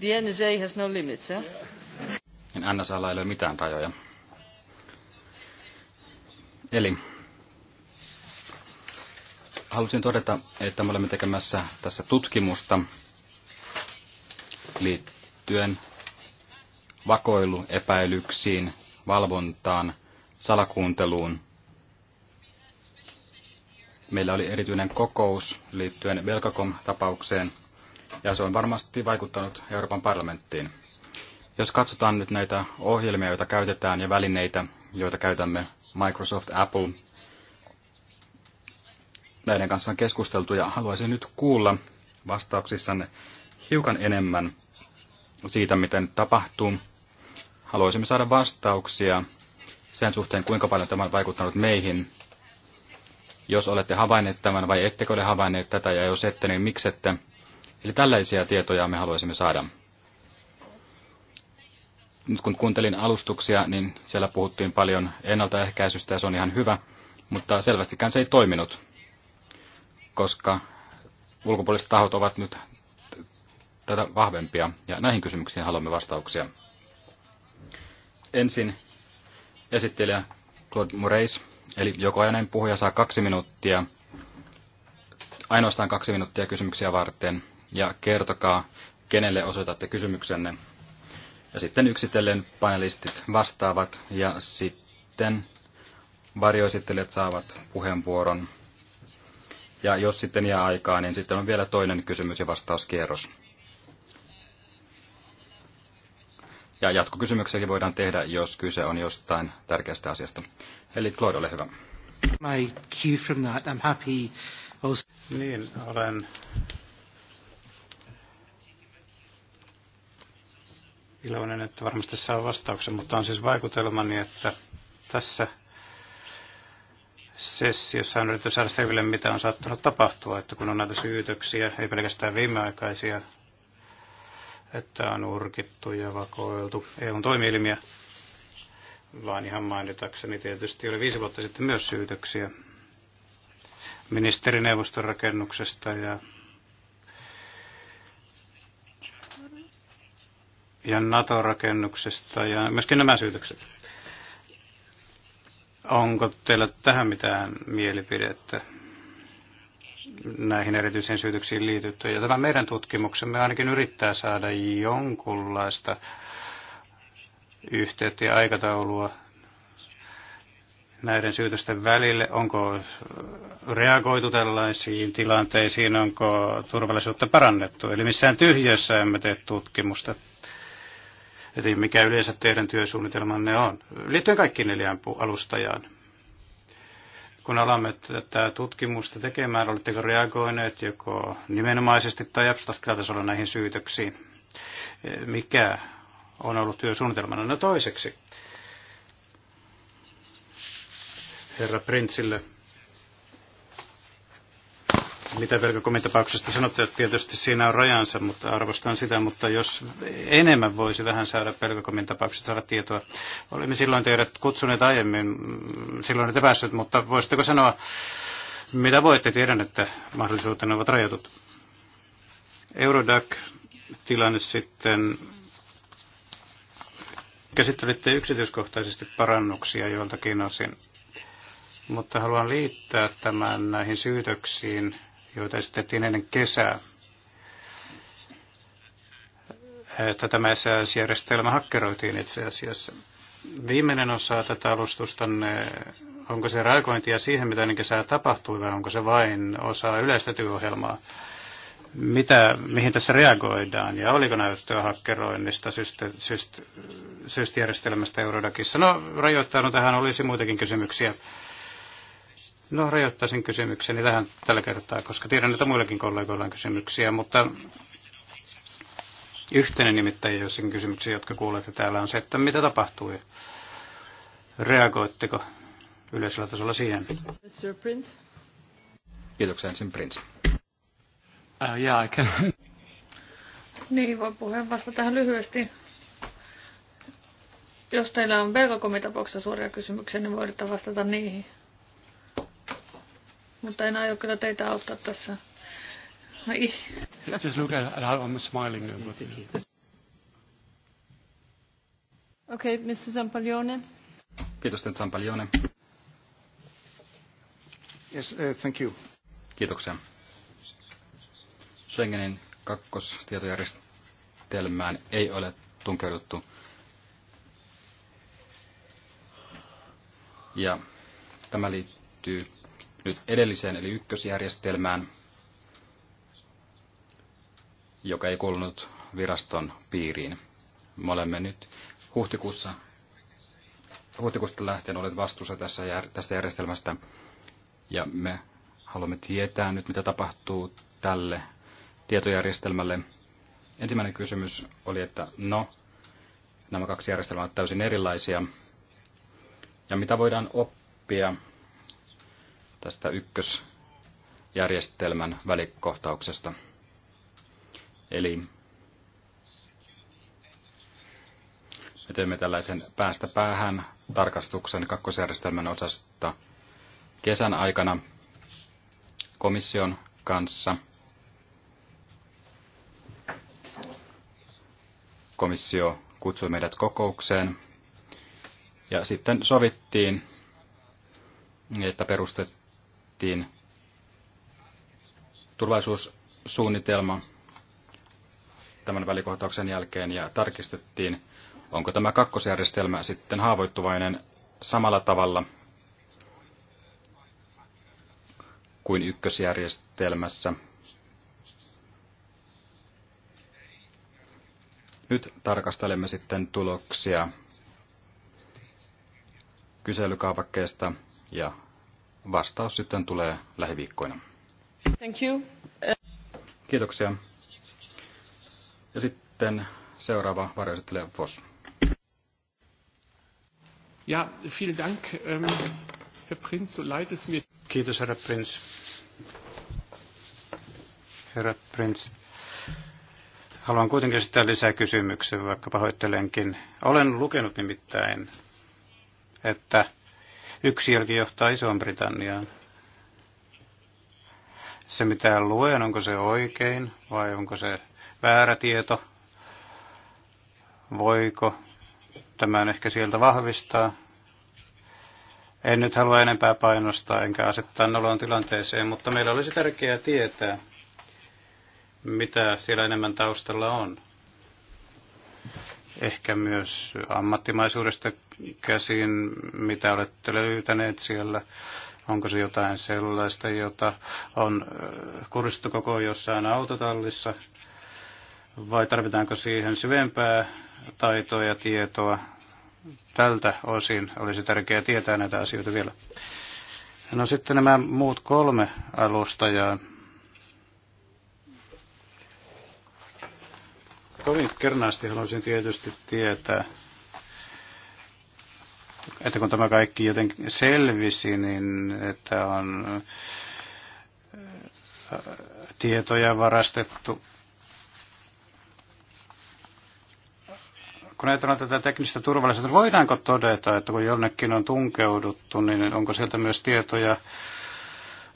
the NSA has no limits, eh? Yeah? NSAlla niin ei ole mitään rajoja. Eli halusin todeta, että me olemme tekemässä tässä tutkimusta liittyen vakoiluepäilyksiin, valvontaan, salakuunteluun. Meillä oli erityinen kokous liittyen Velkakom-tapaukseen, ja se on varmasti vaikuttanut Euroopan parlamenttiin. Jos katsotaan nyt näitä ohjelmia, joita käytetään, ja välineitä, joita käytämme, Microsoft, Apple, näiden kanssa on keskusteltu, ja haluaisin nyt kuulla vastauksissanne hiukan enemmän siitä, miten tapahtuu. Haluaisimme saada vastauksia sen suhteen, kuinka paljon tämä on vaikuttanut meihin. Jos olette havainneet tämän vai ettekö ole havainneet tätä, ja jos ette, niin miksette. Eli tällaisia tietoja me haluaisimme saada. Nyt kun kuuntelin alustuksia, niin siellä puhuttiin paljon ennaltaehkäisystä, ja se on ihan hyvä, mutta selvästikään se ei toiminut, koska ulkopuoliset tahot ovat nyt tätä vahvempia, ja näihin kysymyksiin haluamme vastauksia. Ensin esittelijä Claude Moreis, eli jokainen puhuja saa kaksi minuuttia, ainoastaan kaksi minuuttia kysymyksiä varten, ja kertokaa, kenelle osoitatte kysymyksenne. Ja sitten yksitellen panelistit vastaavat, ja sitten varjoesittelijät saavat puheenvuoron. Ja jos sitten jää aikaa, niin sitten on vielä toinen kysymys- ja vastauskierros. Ja jatkokysymyksiäkin voidaan tehdä, jos kyse on jostain tärkeästä asiasta. Eli Claude, ole hyvä. My cue from that. I'm happy also. Niin, olen iloinen, että varmasti saa vastauksen, mutta on siis vaikutelmani, että tässä sessiossa on yritetty saada selville, mitä on saattanut tapahtua, että kun on näitä syytöksiä, ei pelkästään viimeaikaisia, että on urkittu ja vakoiltu EUn toimielimiä, vaan ihan mainitakseni tietysti oli viisi vuotta sitten myös syytöksiä ministerineuvoston rakennuksesta ja, ja NATO-rakennuksesta ja myöskin nämä syytökset. Onko teillä tähän mitään mielipidettä? näihin erityisiin syytöksiin liitytty. Ja tämä meidän tutkimuksemme ainakin yrittää saada jonkunlaista yhteyttä ja aikataulua näiden syytösten välille? Onko reagoitu tällaisiin tilanteisiin? Onko turvallisuutta parannettu? Eli missään tyhjössä emme tee tutkimusta. Eli mikä yleensä teidän työsuunnitelmanne on? Liittyen kaikkiin neljään alustajaan kun alamme tätä tutkimusta tekemään, oletteko reagoineet joko nimenomaisesti tai abstraktilla näihin syytöksiin? Mikä on ollut työsuunnitelmana? No toiseksi, herra prinsille mitä velkakomin tapauksesta sanotte, että tietysti siinä on rajansa, mutta arvostan sitä, mutta jos enemmän voisi vähän saada velkakomin tapauksesta saada tietoa. Olimme silloin teidät kutsuneet aiemmin, silloin ette päässyt, mutta voisitteko sanoa, mitä voitte? Tiedän, että mahdollisuutena ovat rajatut. Eurodac-tilanne sitten käsittelitte yksityiskohtaisesti parannuksia joiltakin osin, mutta haluan liittää tämän näihin syytöksiin, joita esitettiin ennen kesää, että tämä järjestelmä hakkeroitiin itse asiassa. Viimeinen osa tätä alustusta, onko se reagointia siihen, mitä ennen kesää tapahtui, vai onko se vain osa yleistä työohjelmaa? Mitä, mihin tässä reagoidaan ja oliko näyttöä hakkeroinnista syystä, syste, syste Eurodakissa? No rajoittanut tähän olisi muitakin kysymyksiä. No rajoittaisin kysymykseni tähän tällä kertaa, koska tiedän, että muillakin kollegoilla on kysymyksiä, mutta yhteinen nimittäjä joissakin kysymyksiä, jotka kuulette täällä, on se, että mitä tapahtui. Reagoitteko yleisellä tasolla siihen? Mr. Prince. Kiitoksia ensin Prince. Uh, yeah, I can. [laughs] Niin, voi puheen vasta tähän lyhyesti. Jos teillä on velkokomitapauksessa suoria kysymyksiä, niin voidaan vastata niihin. Mutta en aio kyllä teitä auttaa tässä. Ai. No Just look at how I'm smiling. Okei, okay, Mr. Zampaglione. Kiitos, Ted Zampaglione. Yes, uh, thank you. Kiitoksia. Schengenin kakkostietojärjestelmään ei ole tunkeuduttu. Ja tämä liittyy nyt edelliseen eli ykkösjärjestelmään, joka ei kuulunut viraston piiriin. Me olemme nyt huhtikuussa, huhtikuusta lähtien olleet vastuussa tässä, tästä järjestelmästä ja me haluamme tietää nyt, mitä tapahtuu tälle tietojärjestelmälle. Ensimmäinen kysymys oli, että no, nämä kaksi järjestelmää ovat täysin erilaisia. Ja mitä voidaan oppia tästä ykkösjärjestelmän välikohtauksesta. Eli me teemme tällaisen päästä päähän tarkastuksen kakkosjärjestelmän osasta kesän aikana komission kanssa. Komissio kutsui meidät kokoukseen ja sitten sovittiin, että perustet, tehtiin turvallisuussuunnitelma tämän välikohtauksen jälkeen ja tarkistettiin, onko tämä kakkosjärjestelmä sitten haavoittuvainen samalla tavalla kuin ykkösjärjestelmässä. Nyt tarkastelemme sitten tuloksia kyselykaavakkeesta ja Vastaus sitten tulee lähiviikkoina. Thank you. Kiitoksia. Ja sitten seuraava varjoesittelijä Vos. Ja, vielen Dank, ähm, Herr Prinz, so leid es mir. Kiitos, Herra Prinz. Herra Prinz, haluan kuitenkin esittää lisää kysymyksiä, vaikka pahoittelenkin. Olen lukenut nimittäin, että yksi, jälki johtaa Isoon Britanniaan. Se mitä luen, onko se oikein vai onko se väärä tieto? Voiko tämän ehkä sieltä vahvistaa? En nyt halua enempää painostaa enkä asettaa nolon tilanteeseen, mutta meillä olisi tärkeää tietää, mitä siellä enemmän taustalla on ehkä myös ammattimaisuudesta käsin, mitä olette löytäneet siellä. Onko se jotain sellaista, jota on äh, kurssittu koko jossain autotallissa, vai tarvitaanko siihen syvempää taitoa ja tietoa? Tältä osin olisi tärkeää tietää näitä asioita vielä. No sitten nämä muut kolme alustajaa Kovin kernaasti haluaisin tietysti tietää, että kun tämä kaikki jotenkin selvisi, niin että on äh, tietoja varastettu. Kun ajatellaan tätä teknistä turvallisuutta, niin voidaanko todeta, että kun jonnekin on tunkeuduttu, niin onko sieltä myös tietoja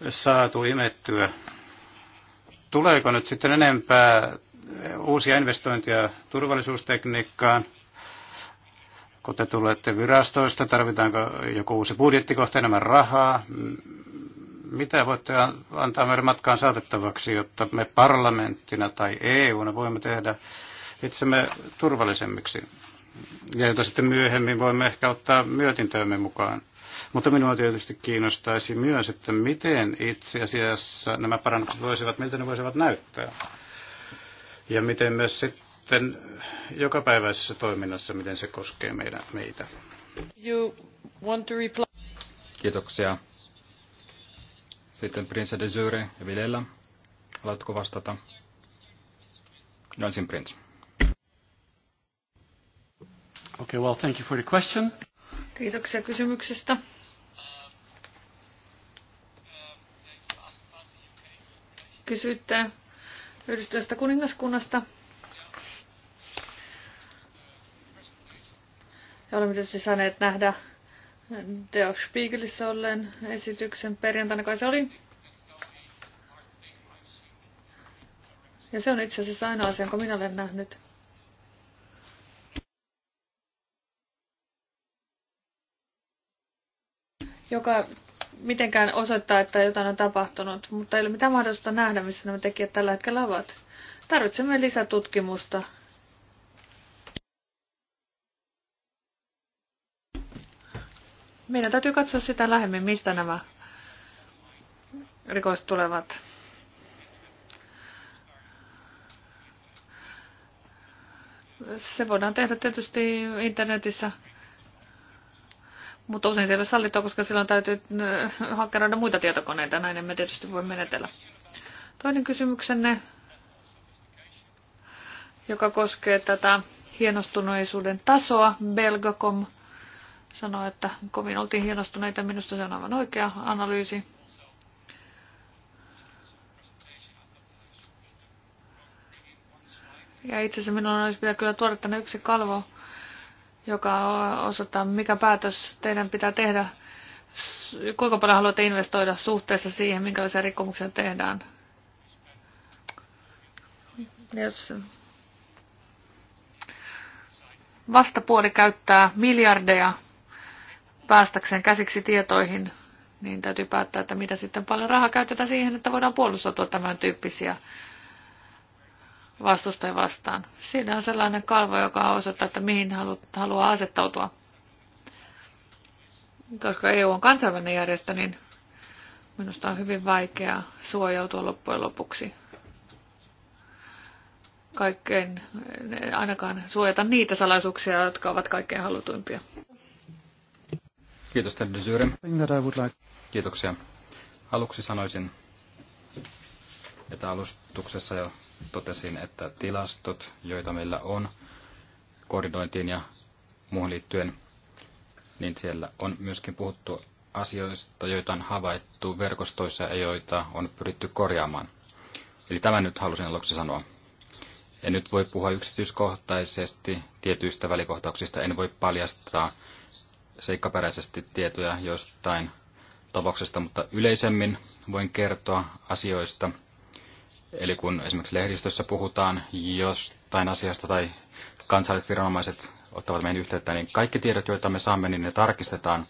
saatu imettyä? Tuleeko nyt sitten enempää uusia investointeja turvallisuustekniikkaan, kun te tulette virastoista, tarvitaanko joku uusi budjettikohta enemmän rahaa? Mitä voitte antaa meidän matkaan saatettavaksi, jotta me parlamenttina tai EUna voimme tehdä itsemme turvallisemmiksi? Ja jota sitten myöhemmin voimme ehkä ottaa myötintöömme mukaan. Mutta minua tietysti kiinnostaisi myös, että miten itse asiassa nämä parannukset voisivat, miltä ne voisivat näyttää ja miten myös sitten jokapäiväisessä toiminnassa, miten se koskee meidän, meitä. You want to reply? Kiitoksia. Sitten Prince de Zure ja Vilellä. Haluatko vastata? No Prince. Okay, well, thank you for the question. Kiitoksia kysymyksestä. Kysytte yhdistyneestä kuningaskunnasta. Ja olemme tietysti saaneet nähdä Deo Spiegelissä olleen esityksen perjantaina, kai se oli. Ja se on itse asiassa aina asia, jonka minä olen nähnyt. Joka mitenkään osoittaa, että jotain on tapahtunut, mutta ei ole mitään mahdollisuutta nähdä, missä nämä tekijät tällä hetkellä ovat. Tarvitsemme lisätutkimusta. Meidän täytyy katsoa sitä lähemmin, mistä nämä rikoiset tulevat. Se voidaan tehdä tietysti internetissä mutta usein siellä ei sallittua, koska silloin täytyy äh, hakkeroida muita tietokoneita. Näin emme tietysti voi menetellä. Toinen kysymyksenne, joka koskee tätä hienostuneisuuden tasoa. Belgacom sanoi, että kovin oltiin hienostuneita. Minusta se on aivan oikea analyysi. Ja itse asiassa minun olisi pitää kyllä tuoda tänne yksi kalvo joka osoittaa, mikä päätös teidän pitää tehdä, kuinka paljon haluatte investoida suhteessa siihen, minkälaisia rikkomuksia tehdään. Jos vastapuoli käyttää miljardeja päästäkseen käsiksi tietoihin, niin täytyy päättää, että mitä sitten paljon rahaa käytetään siihen, että voidaan puolustautua tämän tyyppisiä vastusta vastaan. Siinä on sellainen kalvo, joka osoittaa, että mihin haluaa asettautua. Koska EU on kansainvälinen järjestö, niin minusta on hyvin vaikea suojautua loppujen lopuksi. Kaikkein, ainakaan suojata niitä salaisuuksia, jotka ovat kaikkein halutuimpia. Kiitos, Ted Syre. Kiitoksia. Aluksi sanoisin, että alustuksessa jo totesin, että tilastot, joita meillä on koordinointiin ja muuhun liittyen, niin siellä on myöskin puhuttu asioista, joita on havaittu verkostoissa ja joita on pyritty korjaamaan. Eli tämän nyt halusin aluksi sanoa. En nyt voi puhua yksityiskohtaisesti tietyistä välikohtauksista, en voi paljastaa seikkaperäisesti tietoja jostain tapauksesta, mutta yleisemmin voin kertoa asioista – Eli kun esimerkiksi lehdistössä puhutaan jostain asiasta tai kansalliset viranomaiset ottavat meihin yhteyttä, niin kaikki tiedot, joita me saamme, niin ne tarkistetaan.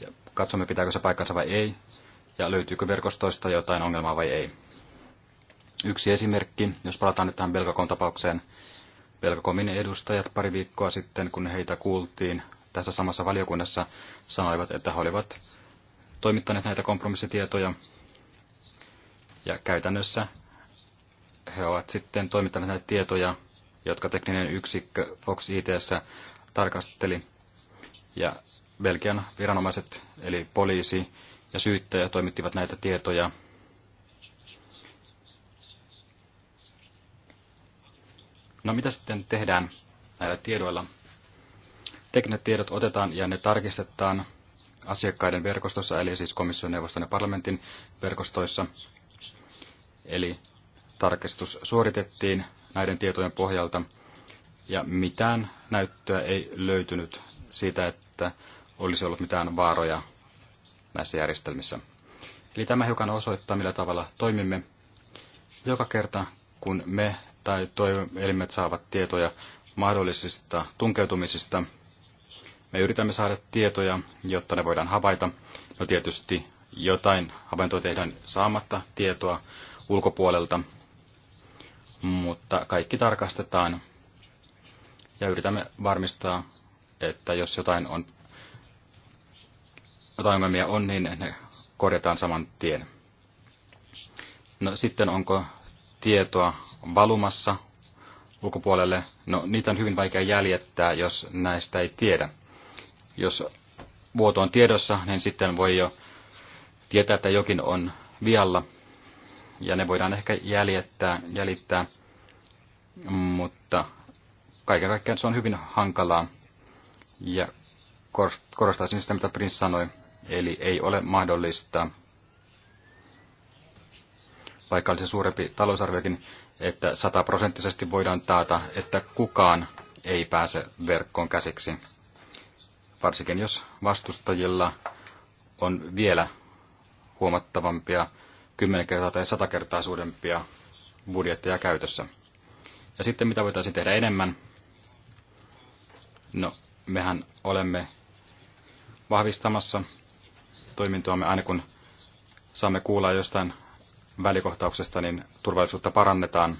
Ja katsomme, pitääkö se paikkansa vai ei, ja löytyykö verkostoista jotain ongelmaa vai ei. Yksi esimerkki, jos palataan nyt tähän Belgakon tapaukseen. Belgakomin edustajat pari viikkoa sitten, kun heitä kuultiin tässä samassa valiokunnassa, sanoivat, että he olivat toimittaneet näitä kompromissitietoja. Ja käytännössä he ovat sitten toimittaneet näitä tietoja, jotka tekninen yksikkö Fox ITssä tarkasteli. Ja Belgian viranomaiset, eli poliisi ja syyttäjä toimittivat näitä tietoja. No mitä sitten tehdään näillä tiedoilla? Tekniset tiedot otetaan ja ne tarkistetaan asiakkaiden verkostossa, eli siis komission neuvoston ja parlamentin verkostoissa. Eli tarkistus suoritettiin näiden tietojen pohjalta, ja mitään näyttöä ei löytynyt siitä, että olisi ollut mitään vaaroja näissä järjestelmissä. Eli tämä hiukan osoittaa, millä tavalla toimimme. Joka kerta, kun me tai toimielimet saavat tietoja mahdollisista tunkeutumisista, me yritämme saada tietoja, jotta ne voidaan havaita. No tietysti jotain havaintoa tehdään saamatta tietoa ulkopuolelta, mutta kaikki tarkastetaan ja yritämme varmistaa, että jos jotain, on, jotain ongelmia on, niin ne korjataan saman tien. No sitten onko tietoa valumassa ulkopuolelle? No niitä on hyvin vaikea jäljittää, jos näistä ei tiedä. Jos vuoto on tiedossa, niin sitten voi jo tietää, että jokin on vialla, ja ne voidaan ehkä jäljittää, jäljittää mutta kaiken kaikkiaan se on hyvin hankalaa. Ja korostaisin sitä, mitä Prince sanoi, eli ei ole mahdollista, vaikka olisi suurempi talousarviokin, että sataprosenttisesti voidaan taata, että kukaan ei pääse verkkoon käsiksi. Varsinkin jos vastustajilla on vielä huomattavampia 10 kertaa tai 100 kertaa suurempia budjetteja käytössä. Ja sitten mitä voitaisiin tehdä enemmän? No, mehän olemme vahvistamassa toimintoamme aina kun saamme kuulla jostain välikohtauksesta, niin turvallisuutta parannetaan.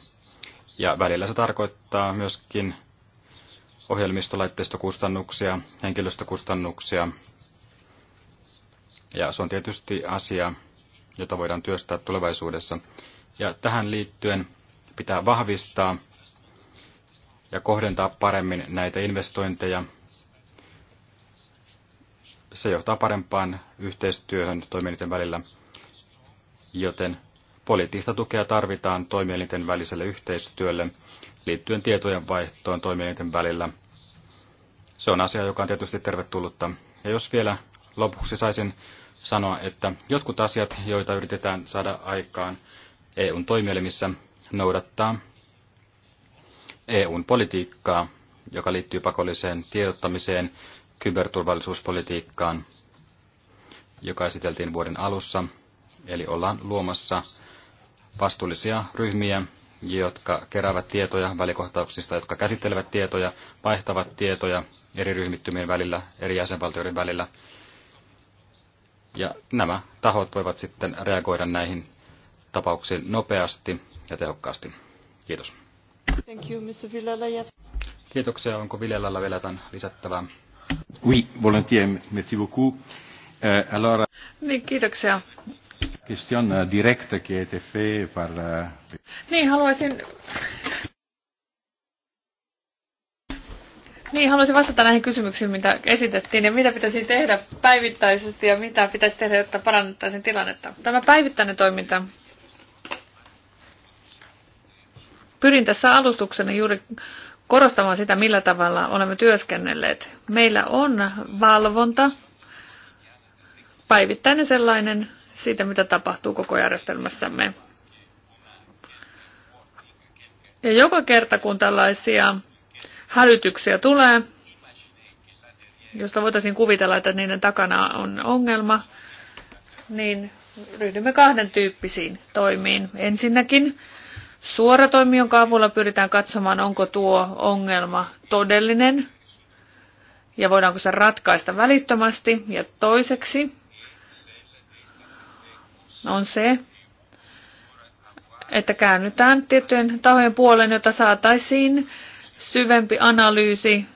Ja välillä se tarkoittaa myöskin ohjelmistolaitteistokustannuksia, henkilöstökustannuksia. Ja se on tietysti asia, jota voidaan työstää tulevaisuudessa. Ja tähän liittyen pitää vahvistaa ja kohdentaa paremmin näitä investointeja. Se johtaa parempaan yhteistyöhön toimielinten välillä, joten poliittista tukea tarvitaan toimielinten väliselle yhteistyölle liittyen tietojen vaihtoon toimielinten välillä. Se on asia, joka on tietysti tervetullutta. Ja jos vielä lopuksi saisin sanoa, että jotkut asiat, joita yritetään saada aikaan EUn toimielimissä, noudattaa EUn politiikkaa, joka liittyy pakolliseen tiedottamiseen, kyberturvallisuuspolitiikkaan, joka esiteltiin vuoden alussa. Eli ollaan luomassa vastuullisia ryhmiä, jotka keräävät tietoja välikohtauksista, jotka käsittelevät tietoja, vaihtavat tietoja eri ryhmittymien välillä, eri jäsenvaltioiden välillä, ja nämä tahot voivat sitten reagoida näihin tapauksiin nopeasti ja tehokkaasti. Kiitos. Thank you, Mr. Villala. Kiitoksia. Onko Villelalla vielä jotain lisättävää? Oui, volontiers, merci beaucoup. Euh, alors... Niin, kiitoksia. Question euh, directe qui a été fait par... Euh, niin, haluaisin Niin, haluaisin vastata näihin kysymyksiin, mitä esitettiin ja mitä pitäisi tehdä päivittäisesti ja mitä pitäisi tehdä, jotta parannettaisiin tilannetta. Tämä päivittäinen toiminta. Pyrin tässä alustuksena juuri korostamaan sitä, millä tavalla olemme työskennelleet. Meillä on valvonta, päivittäinen sellainen, siitä mitä tapahtuu koko järjestelmässämme. Ja joka kerta, kun tällaisia hälytyksiä tulee, josta voitaisiin kuvitella, että niiden takana on ongelma, niin ryhdymme kahden tyyppisiin toimiin. Ensinnäkin suoratoimi, jonka avulla pyritään katsomaan, onko tuo ongelma todellinen ja voidaanko se ratkaista välittömästi. Ja toiseksi on se, että käännytään tiettyjen tahojen puoleen, jota saataisiin syvempi analyysi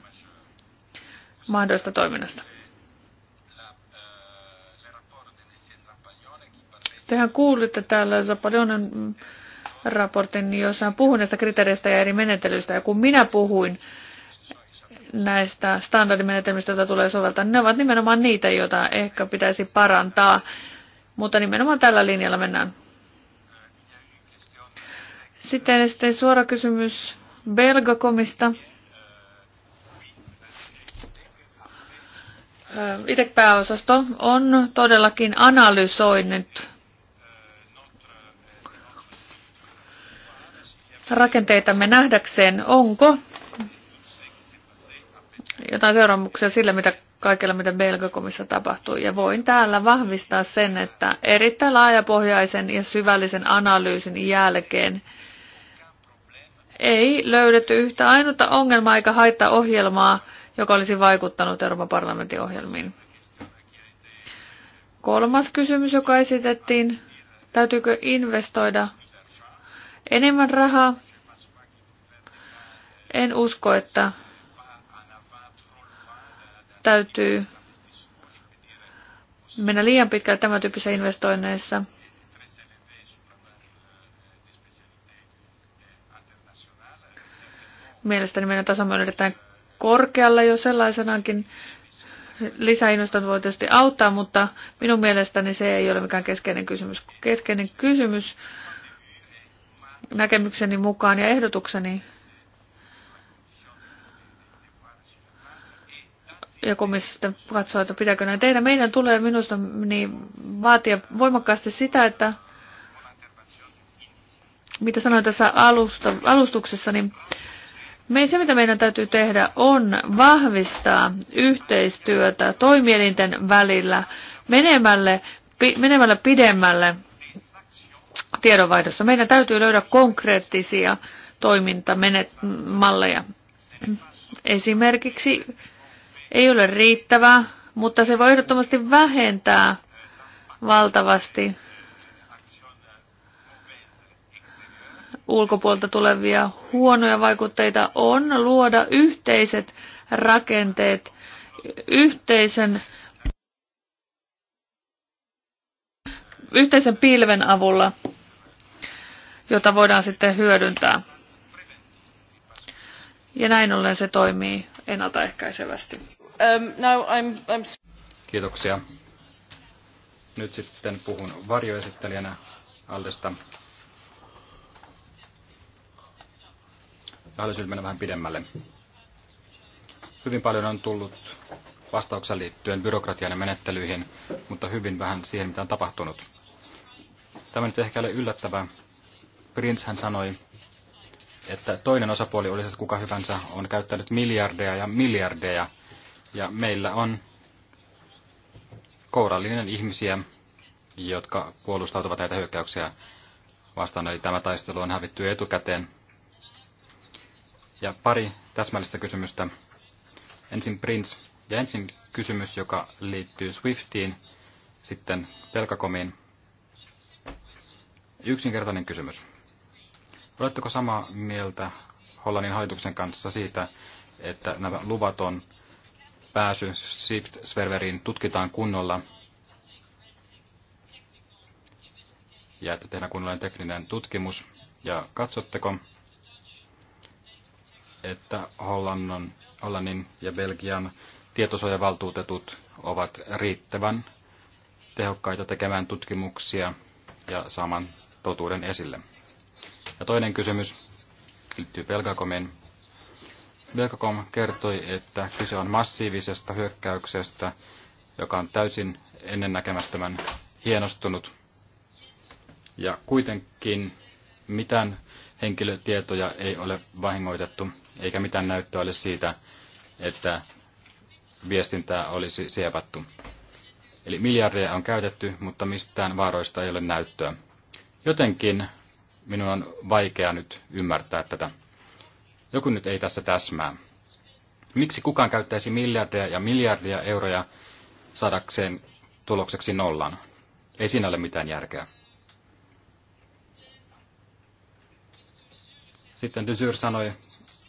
mahdollista toiminnasta. Tehän kuulitte täällä Zapadionen raportin, jossa puhun näistä kriteereistä ja eri menetelyistä. Ja kun minä puhuin näistä standardimenetelmistä, joita tulee soveltaa, ne ovat nimenomaan niitä, joita ehkä pitäisi parantaa. Mutta nimenomaan tällä linjalla mennään. Sitten, sitten suora kysymys Belgakomista. Itse pääosasto on todellakin analysoinut rakenteitamme nähdäkseen, onko jotain seuraamuksia sillä, mitä kaikella, mitä Belgakomissa tapahtuu. Ja voin täällä vahvistaa sen, että erittäin laajapohjaisen ja syvällisen analyysin jälkeen ei löydetty yhtä ainutta ongelmaa eikä haittaa ohjelmaa, joka olisi vaikuttanut Euroopan parlamentin ohjelmiin. Kolmas kysymys, joka esitettiin, täytyykö investoida enemmän rahaa? En usko, että täytyy mennä liian pitkään tämän tyyppisissä investoinneissa – Mielestäni meidän tasomme on erittäin korkealla jo sellaisenaankin. Lisäinvestoinnit voi tietysti auttaa, mutta minun mielestäni se ei ole mikään keskeinen kysymys. Keskeinen kysymys näkemykseni mukaan ja ehdotukseni ja komissio sitten katsoo, että pitääkö näin tehdä. Meidän tulee minusta niin vaatia voimakkaasti sitä, että mitä sanoin tässä alusta, alustuksessa, niin me, se, mitä meidän täytyy tehdä, on vahvistaa yhteistyötä toimielinten välillä menemälle, pi, menemällä pidemmälle tiedonvaihdossa. Meidän täytyy löydä konkreettisia toimintamalleja. Esimerkiksi ei ole riittävää, mutta se voi ehdottomasti vähentää valtavasti ulkopuolta tulevia huonoja vaikutteita on luoda yhteiset rakenteet, yhteisen, yhteisen pilven avulla, jota voidaan sitten hyödyntää. Ja näin ollen se toimii ennaltaehkäisevästi. Um, no, I'm, I'm... Kiitoksia. Nyt sitten puhun varjoesittelijänä Aldesta haluaisin mennä vähän pidemmälle. Hyvin paljon on tullut vastauksia liittyen byrokratian ja menettelyihin, mutta hyvin vähän siihen, mitä on tapahtunut. Tämä nyt ehkä ole yllättävä. Prince hän sanoi, että toinen osapuoli, olisi se kuka hyvänsä, on käyttänyt miljardeja ja miljardeja. Ja meillä on kourallinen ihmisiä, jotka puolustautuvat näitä hyökkäyksiä vastaan. Eli tämä taistelu on hävitty etukäteen ja pari täsmällistä kysymystä. Ensin Prince ja ensin kysymys, joka liittyy Swiftiin, sitten Pelkakomiin. Yksinkertainen kysymys. Oletteko samaa mieltä Hollannin hallituksen kanssa siitä, että nämä luvaton pääsy Swift-serveriin tutkitaan kunnolla ja että tehdään kunnollinen tekninen tutkimus? Ja katsotteko, että Hollannon, Hollannin ja Belgian tietosuojavaltuutetut ovat riittävän tehokkaita tekemään tutkimuksia ja saamaan totuuden esille. Ja toinen kysymys liittyy Belgacomiin. Belgacom kertoi, että kyse on massiivisesta hyökkäyksestä, joka on täysin ennennäkemättömän hienostunut. Ja kuitenkin mitään henkilötietoja ei ole vahingoitettu eikä mitään näyttöä ole siitä, että viestintää olisi sievattu. Eli miljardeja on käytetty, mutta mistään vaaroista ei ole näyttöä. Jotenkin minun on vaikea nyt ymmärtää tätä. Joku nyt ei tässä täsmää. Miksi kukaan käyttäisi miljardeja ja miljardia euroja saadakseen tulokseksi nollan? Ei siinä ole mitään järkeä. Sitten Dysyr sanoi,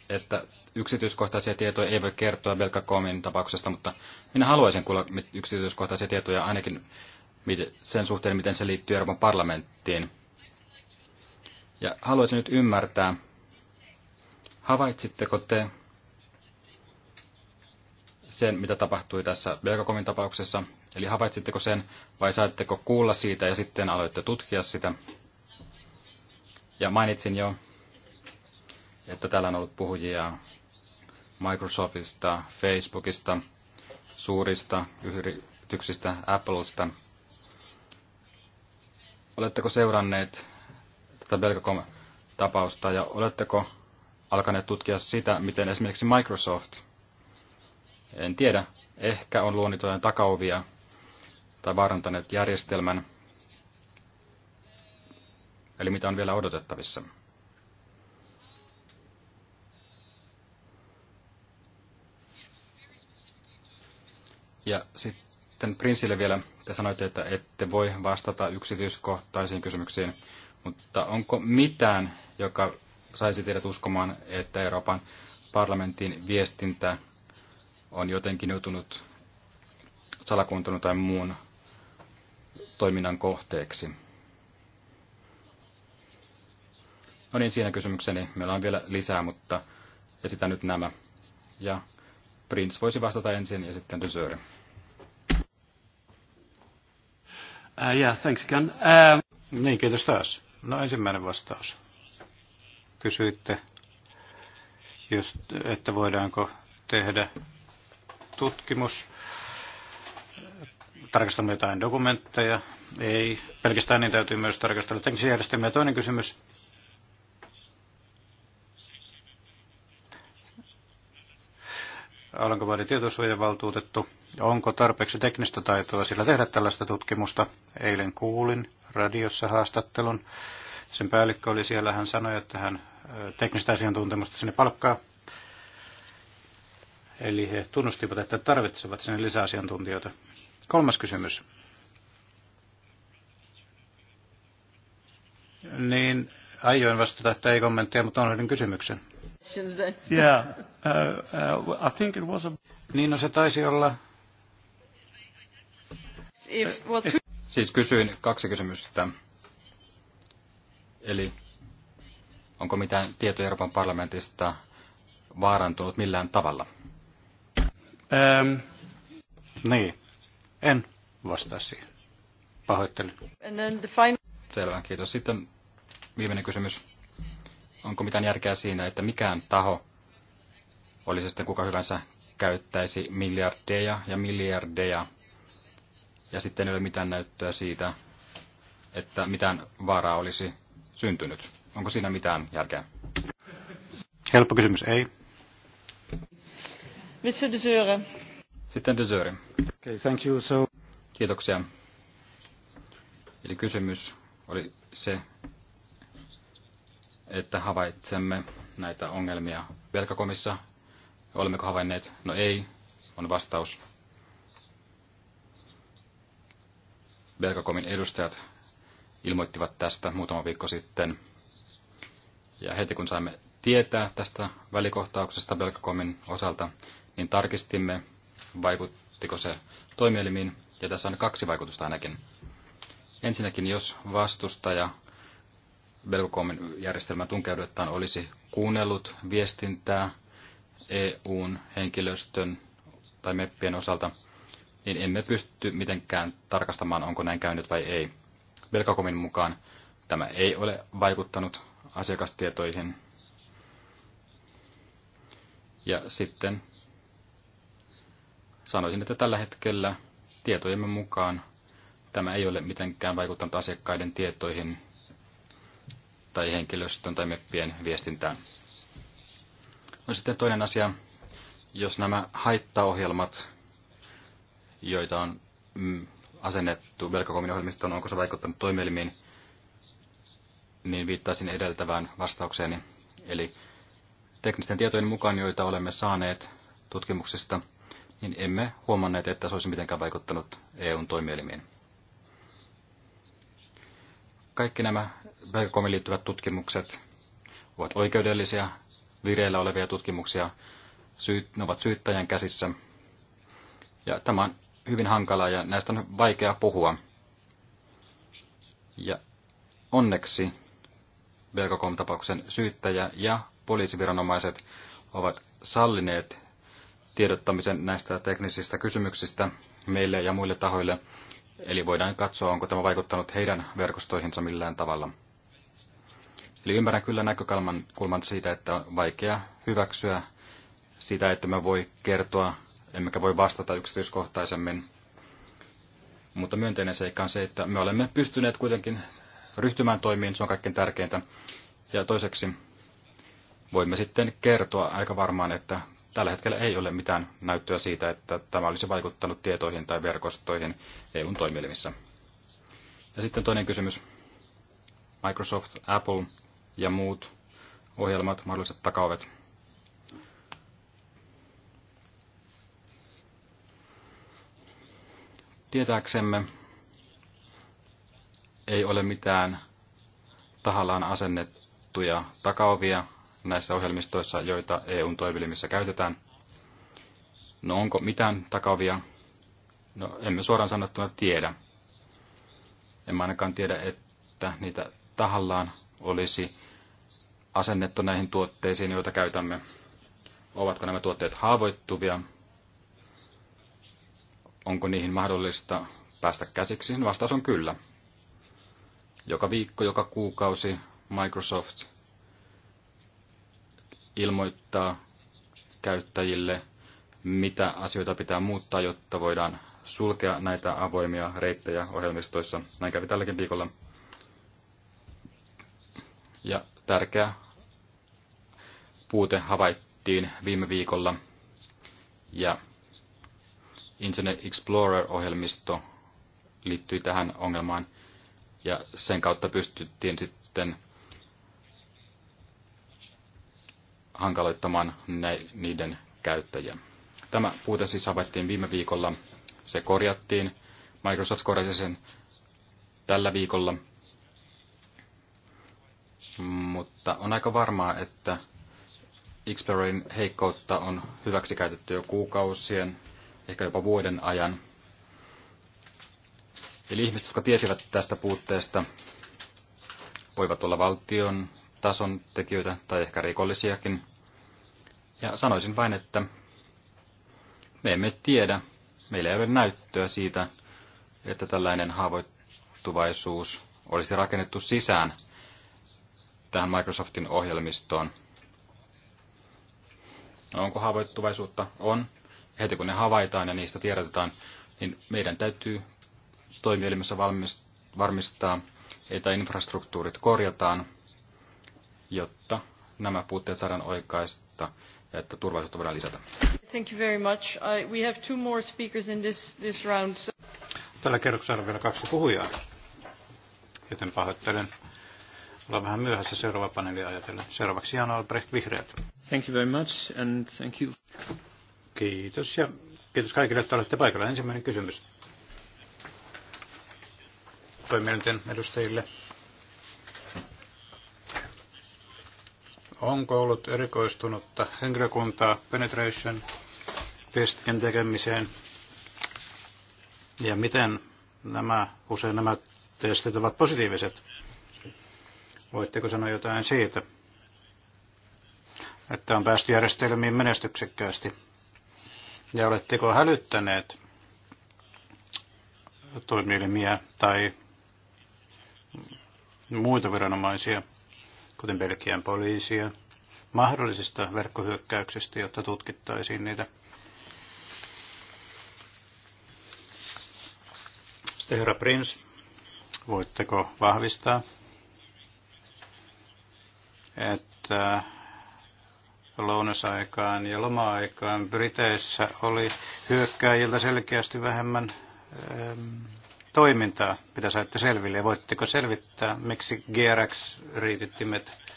että yksityiskohtaisia tietoja ei voi kertoa Belgacomin tapauksesta, mutta minä haluaisin kuulla yksityiskohtaisia tietoja ainakin sen suhteen, miten se liittyy Euroopan parlamenttiin. Ja haluaisin nyt ymmärtää, havaitsitteko te sen, mitä tapahtui tässä Belkakomin tapauksessa? Eli havaitsitteko sen vai saitteko kuulla siitä ja sitten aloitte tutkia sitä? Ja mainitsin jo, että täällä on ollut puhujia Microsoftista, Facebookista, suurista yrityksistä, Applesta. Oletteko seuranneet tätä Belgacom-tapausta ja oletteko alkaneet tutkia sitä, miten esimerkiksi Microsoft, en tiedä, ehkä on luonut jotain takauvia tai vaarantaneet järjestelmän, eli mitä on vielä odotettavissa. Ja sitten Prinsille vielä, te sanoitte, että ette voi vastata yksityiskohtaisiin kysymyksiin, mutta onko mitään, joka saisi teidät uskomaan, että Euroopan parlamentin viestintä on jotenkin joutunut salakuuntelun tai muun toiminnan kohteeksi? No niin, siinä kysymykseni. Meillä on vielä lisää, mutta esitän nyt nämä. Ja Prince voisi vastata ensin ja sitten Dysööri. Uh, yeah, thanks again. Uh... Niin, kiitos taas. No ensimmäinen vastaus. Kysyitte, just, että voidaanko tehdä tutkimus, tarkastamme jotain dokumentteja. Ei, pelkästään niin täytyy myös tarkastella teknisiä järjestelmiä. Toinen kysymys, Alankovaiden tietosuojavaltuutettu. Onko tarpeeksi teknistä taitoa sillä tehdä tällaista tutkimusta? Eilen kuulin radiossa haastattelun. Sen päällikkö oli siellä, hän sanoi, että hän teknistä asiantuntemusta sinne palkkaa. Eli he tunnustivat, että tarvitsevat sinne lisäasiantuntijoita. Kolmas kysymys. Niin, aioin vastata, että ei kommenttia, mutta on yhden kysymyksen. Yeah, uh, uh, I think it was a... Niin, no se taisi olla... If, well, two... Siis kysyin kaksi kysymystä. Eli onko mitään tietoa Euroopan parlamentista vaarantunut millään tavalla? Ähm. Niin, en vastaa siihen. Pahoittelen. And then the final... Selvä, kiitos. Sitten viimeinen kysymys onko mitään järkeä siinä, että mikään taho, oli se sitten kuka hyvänsä, käyttäisi miljardeja ja miljardeja, ja sitten ei ole mitään näyttöä siitä, että mitään vaaraa olisi syntynyt. Onko siinä mitään järkeä? Helppo kysymys, ei. Monsieur de Zure. Sitten de Zure. Okay, thank you. So... Kiitoksia. Eli kysymys oli se, että havaitsemme näitä ongelmia velkakomissa. Olemmeko havainneet? No ei, on vastaus. Velkakomin edustajat ilmoittivat tästä muutama viikko sitten. Ja heti kun saimme tietää tästä välikohtauksesta Belgacomin osalta, niin tarkistimme, vaikuttiko se toimielimiin, ja tässä on kaksi vaikutusta ainakin. Ensinnäkin, jos vastustaja Belgomin järjestelmä tunkeuduttaan olisi kuunnellut viestintää EUn henkilöstön tai meppien osalta, niin emme pysty mitenkään tarkastamaan, onko näin käynyt vai ei. Belgacomin mukaan tämä ei ole vaikuttanut asiakastietoihin. Ja sitten sanoisin, että tällä hetkellä tietojemme mukaan tämä ei ole mitenkään vaikuttanut asiakkaiden tietoihin tai henkilöstön tai meppien viestintään. No sitten toinen asia, jos nämä haittaohjelmat, joita on mm, asennettu velkokomin ohjelmistoon, onko se vaikuttanut toimielimiin, niin viittaisin edeltävään vastaukseeni. Eli teknisten tietojen mukaan, joita olemme saaneet tutkimuksista, niin emme huomanneet, että se olisi mitenkään vaikuttanut EUn toimielimiin. Kaikki nämä Bergkomiin liittyvät tutkimukset ovat oikeudellisia, vireillä olevia tutkimuksia, syyt, ne ovat syyttäjän käsissä. Ja tämä on hyvin hankalaa ja näistä on vaikea puhua. Ja onneksi bergkom tapauksen syyttäjä ja poliisiviranomaiset ovat sallineet tiedottamisen näistä teknisistä kysymyksistä meille ja muille tahoille, Eli voidaan katsoa, onko tämä vaikuttanut heidän verkostoihinsa millään tavalla. Eli ymmärrän kyllä näkökulman siitä, että on vaikea hyväksyä sitä, että me voi kertoa, emmekä voi vastata yksityiskohtaisemmin. Mutta myönteinen seikka on se, että me olemme pystyneet kuitenkin ryhtymään toimiin, se on kaikkein tärkeintä. Ja toiseksi voimme sitten kertoa aika varmaan, että tällä hetkellä ei ole mitään näyttöä siitä, että tämä olisi vaikuttanut tietoihin tai verkostoihin EUn toimielimissä. Ja sitten toinen kysymys. Microsoft, Apple ja muut ohjelmat, mahdolliset takaovet. Tietääksemme ei ole mitään tahallaan asennettuja takaovia näissä ohjelmistoissa, joita EUn toimielimissä käytetään. No onko mitään takavia? No emme suoraan sanottuna tiedä. En ainakaan tiedä, että niitä tahallaan olisi asennettu näihin tuotteisiin, joita käytämme. Ovatko nämä tuotteet haavoittuvia? Onko niihin mahdollista päästä käsiksi? Vastaus on kyllä. Joka viikko, joka kuukausi Microsoft ilmoittaa käyttäjille, mitä asioita pitää muuttaa, jotta voidaan sulkea näitä avoimia reittejä ohjelmistoissa. Näin kävi tälläkin viikolla. Ja tärkeä puute havaittiin viime viikolla. Ja Internet Explorer-ohjelmisto liittyi tähän ongelmaan. Ja sen kautta pystyttiin sitten hankaloittamaan niiden käyttäjiä. Tämä puute siis havaittiin viime viikolla. Se korjattiin. Microsoft korjasi sen tällä viikolla. Mutta on aika varmaa, että Xplorin heikkoutta on hyväksikäytetty jo kuukausien, ehkä jopa vuoden ajan. Eli ihmiset, jotka tiesivät tästä puutteesta, voivat olla valtion tason tekijöitä tai ehkä rikollisiakin. Ja sanoisin vain, että me emme tiedä, meillä ei ole näyttöä siitä, että tällainen haavoittuvaisuus olisi rakennettu sisään tähän Microsoftin ohjelmistoon. No, onko haavoittuvaisuutta? On. Heti kun ne havaitaan ja niistä tiedotetaan, niin meidän täytyy toimielimessä valmistaa, että infrastruktuurit korjataan jotta nämä puutteet saadaan oikaista ja että turvallisuutta voidaan lisätä. Thank you very much. I, we have two more speakers in this, this round. So... Tällä kerroksella on vielä kaksi puhujaa, joten pahoittelen. Ollaan vähän myöhässä seuraava paneeli ajatellen. Seuraavaksi Jan Albrecht Vihreät. Thank you very much and thank you. Kiitos ja kiitos kaikille, että olette paikalla. Ensimmäinen kysymys toimielinten edustajille. Onko ollut erikoistunutta henkilökuntaa penetration testien tekemiseen? Ja miten nämä, usein nämä testit ovat positiiviset? Voitteko sanoa jotain siitä, että on päästy järjestelmiin menestyksekkäästi? Ja oletteko hälyttäneet toimielimiä tai muita viranomaisia? kuten Belgian poliisia, mahdollisista verkkohyökkäyksistä, jotta tutkittaisiin niitä. Sitten herra Prince, voitteko vahvistaa, että lounasaikaan ja loma-aikaan Briteissä oli hyökkääjiltä selkeästi vähemmän ähm, toimintaa, mitä saitte selville. Voitteko selvittää, miksi GRX-riitittimet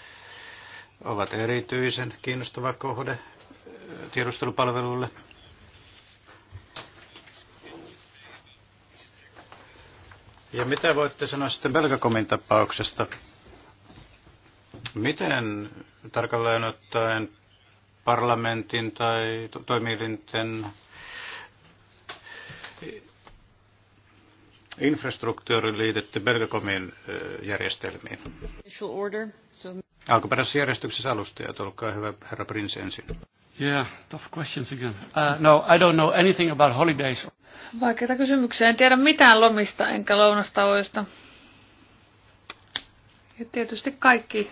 ovat erityisen kiinnostava kohde tiedustelupalvelulle? Ja mitä voitte sanoa sitten Belgakomin tapauksesta? Miten tarkalleen ottaen parlamentin tai toimielinten infrastruktuuri liitetty Belgacomin järjestelmiin. järjestyksessä alustajat, olkaa hyvä herra Prince ensin. Yeah, tough questions again. Uh, no, I don't know anything about holidays. Vaikeita kysymyksiä. En tiedä mitään lomista enkä lounastauoista. Ja tietysti kaikki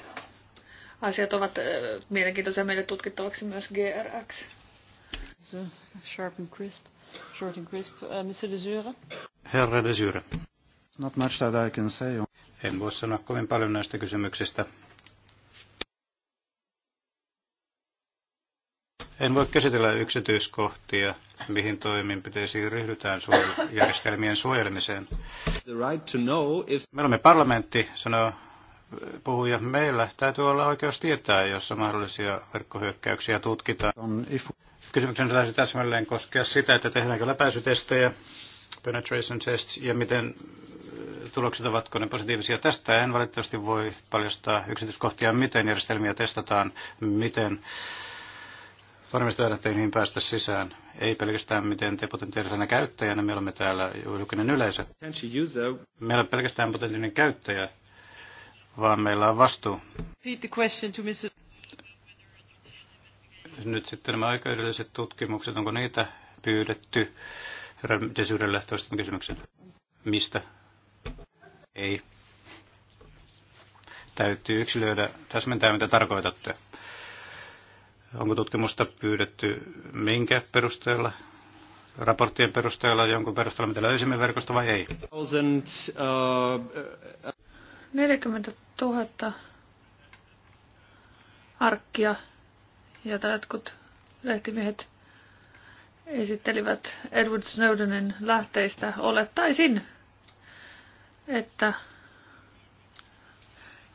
asiat ovat äh, mielenkiintoisia meille tutkittavaksi myös GRX. So, sharp and crisp. Short and crisp. Uh, äh, Mr. De Zure. Herra De Zure. Not much that I can say. En voi sanoa kovin paljon näistä kysymyksistä. En voi käsitellä yksityiskohtia, mihin toimenpiteisiin ryhdytään järjestelmien suojelemiseen. right if... Me olemme parlamentti, sanoo puhuja. Meillä täytyy olla oikeus tietää, jossa mahdollisia verkkohyökkäyksiä tutkitaan. Kysymyksen taisi täsmälleen koskea sitä, että tehdäänkö läpäisytestejä, penetration tests, ja miten äh, tulokset ovatko ne positiivisia. Tästä en valitettavasti voi paljastaa yksityiskohtia, miten järjestelmiä testataan, miten varmistetaan, että niihin päästä sisään. Ei pelkästään miten te potentiaalisena käyttäjänä, me olemme täällä julkinen yleisö. Meillä on pelkästään potentiaalinen käyttäjä, vaan meillä on vastuu. Nyt sitten nämä oikeudelliset tutkimukset, onko niitä pyydetty? Herra Desyrelle toistan kysymyksen. Mistä? Ei. Täytyy yksilöidä täsmentää, mitä tarkoitatte. Onko tutkimusta pyydetty minkä perusteella? raporttien perusteella, jonkun perusteella, mitä löysimme verkosta vai ei? Uh, 40 000 arkkia, ja jotkut lehtimiehet esittelivät Edward Snowdenin lähteistä. Olettaisin, että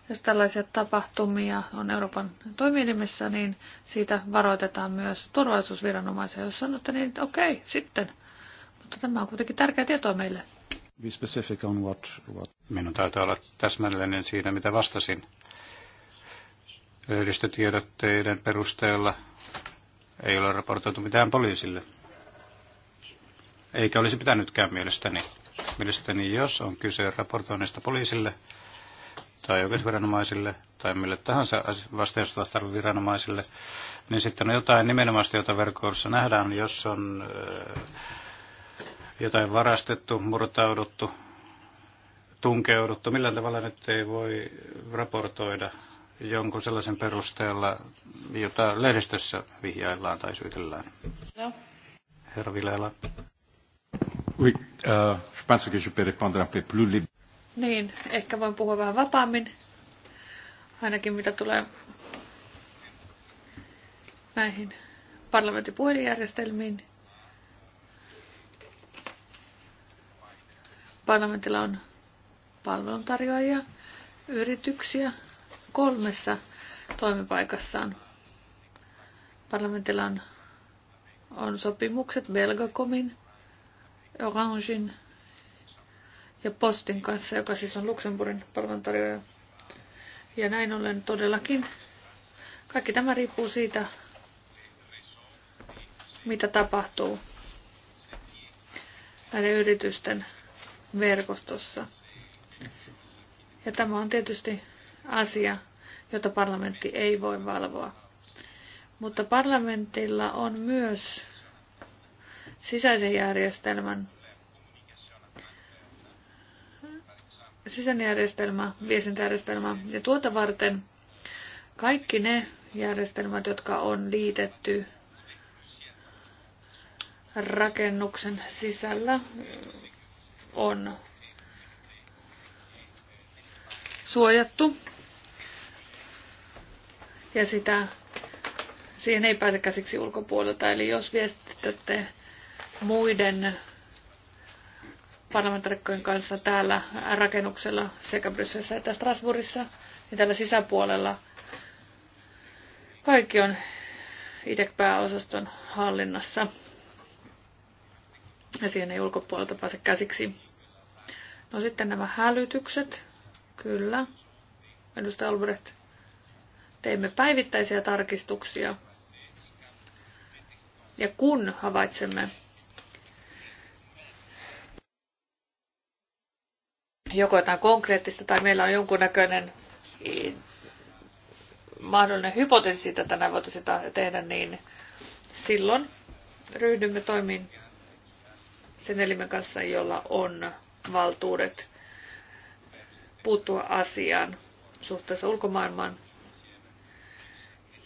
jos tällaisia tapahtumia on Euroopan toimielimissä, niin siitä varoitetaan myös turvallisuusviranomaisia. Jos sanotte, niin okei, sitten. Mutta tämä on kuitenkin tärkeä tieto meille. Be specific on what, what... Minun täytyy olla täsmällinen siinä, mitä vastasin. Lehdistötiedotteiden perusteella ei ole raportoitu mitään poliisille. Eikä olisi pitänytkään mielestäni. Mielestäni jos on kyse raportoinnista poliisille tai oikeusviranomaisille tai mille tahansa vastaajasta viranomaisille, niin sitten on jotain nimenomaista, jota verkossa nähdään, jos on äh, jotain varastettu, murtauduttu, tunkeuduttu. Millä tavalla nyt ei voi raportoida jonkun sellaisen perusteella, jota lehdistössä vihjaillaan tai syytellään? No. Herra Vilela. Oui, uh, je pense que je peux répondre un peu plus libre. Niin, ehkä voin puhua vähän vapaammin, ainakin mitä tulee näihin parlamentin puhelinjärjestelmiin. Parlamentilla on palveluntarjoajia, yrityksiä kolmessa toimipaikassaan. Parlamentilla on, on sopimukset Belgacomin, Orangein ja Postin kanssa, joka siis on Luxemburgin palveluntarjoaja. Ja näin ollen todellakin kaikki tämä riippuu siitä, mitä tapahtuu näiden yritysten verkostossa. Ja tämä on tietysti asia, jota parlamentti ei voi valvoa. Mutta parlamentilla on myös sisäisen järjestelmän sisäjärjestelmä, viestintäjärjestelmä ja tuota varten kaikki ne järjestelmät, jotka on liitetty rakennuksen sisällä on suojattu. Ja sitä, siihen ei pääse käsiksi ulkopuolelta. Eli jos viestitätte muiden parlamentarikkojen kanssa täällä rakennuksella sekä Brysselissä että Strasbourgissa, niin täällä sisäpuolella kaikki on itse pääosaston hallinnassa ja siihen ei ulkopuolelta pääse käsiksi. No sitten nämä hälytykset. Kyllä. Edustaja Albrecht, teimme päivittäisiä tarkistuksia. Ja kun havaitsemme joko jotain konkreettista tai meillä on jonkunnäköinen mahdollinen hypoteesi siitä, että näin voitaisiin tehdä, niin silloin ryhdymme toimiin sen elimen kanssa, jolla on valtuudet puuttua asiaan suhteessa ulkomaailmaan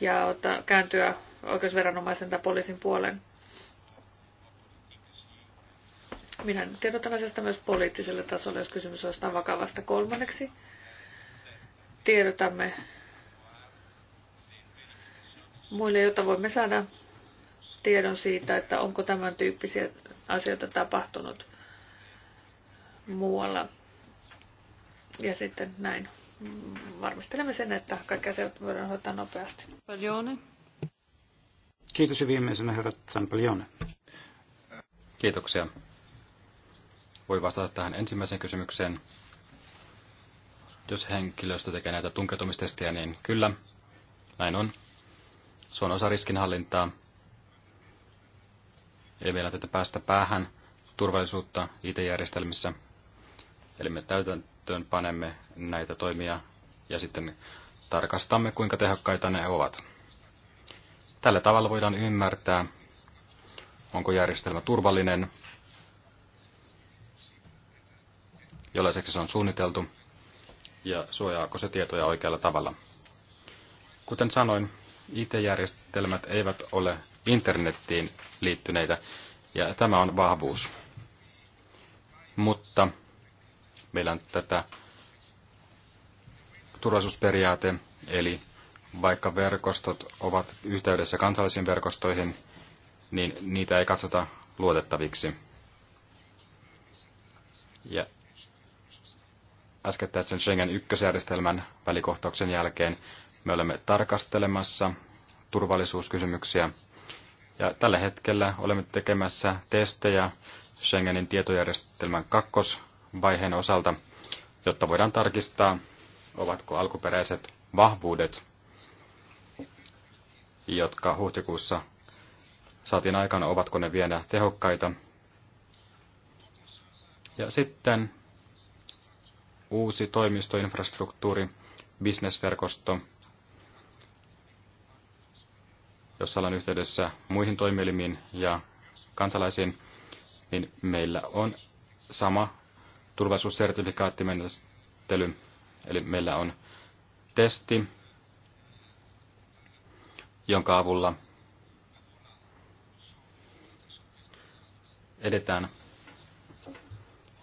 ja ottaa, kääntyä oikeusviranomaisen tai poliisin puoleen. Minä tiedotan asiasta myös poliittiselle tasolle, jos kysymys on jostain vakavasta kolmanneksi. Tiedotamme muille, jotta voimme saada tiedon siitä, että onko tämän tyyppisiä asioita tapahtunut muualla. Ja sitten näin varmistelemme sen, että kaikki asiat voidaan hoitaa nopeasti. Paljone. Kiitos ja viimeisenä herra Zampione. Kiitoksia. Voi vastata tähän ensimmäiseen kysymykseen. Jos henkilöstö tekee näitä tunkeutumistestejä, niin kyllä, näin on. Se on osa riskinhallintaa Eli meillä tätä päästä päähän turvallisuutta IT-järjestelmissä. Eli me täytäntöön panemme näitä toimia ja sitten tarkastamme, kuinka tehokkaita ne ovat. Tällä tavalla voidaan ymmärtää, onko järjestelmä turvallinen, jollaiseksi se on suunniteltu, ja suojaako se tietoja oikealla tavalla. Kuten sanoin, IT-järjestelmät eivät ole internettiin liittyneitä, ja tämä on vahvuus. Mutta meillä on tätä turvallisuusperiaate, eli vaikka verkostot ovat yhteydessä kansallisiin verkostoihin, niin niitä ei katsota luotettaviksi. Ja äskettäisen Schengen ykkösjärjestelmän välikohtauksen jälkeen me olemme tarkastelemassa turvallisuuskysymyksiä ja tällä hetkellä olemme tekemässä testejä Schengenin tietojärjestelmän kakkosvaiheen osalta, jotta voidaan tarkistaa, ovatko alkuperäiset vahvuudet, jotka huhtikuussa saatiin aikana, ovatko ne vielä tehokkaita. Ja sitten uusi toimistoinfrastruktuuri, bisnesverkosto, jossa ollaan yhteydessä muihin toimielimiin ja kansalaisiin, niin meillä on sama turvallisuussertifikaattimenettely. Eli meillä on testi, jonka avulla edetään.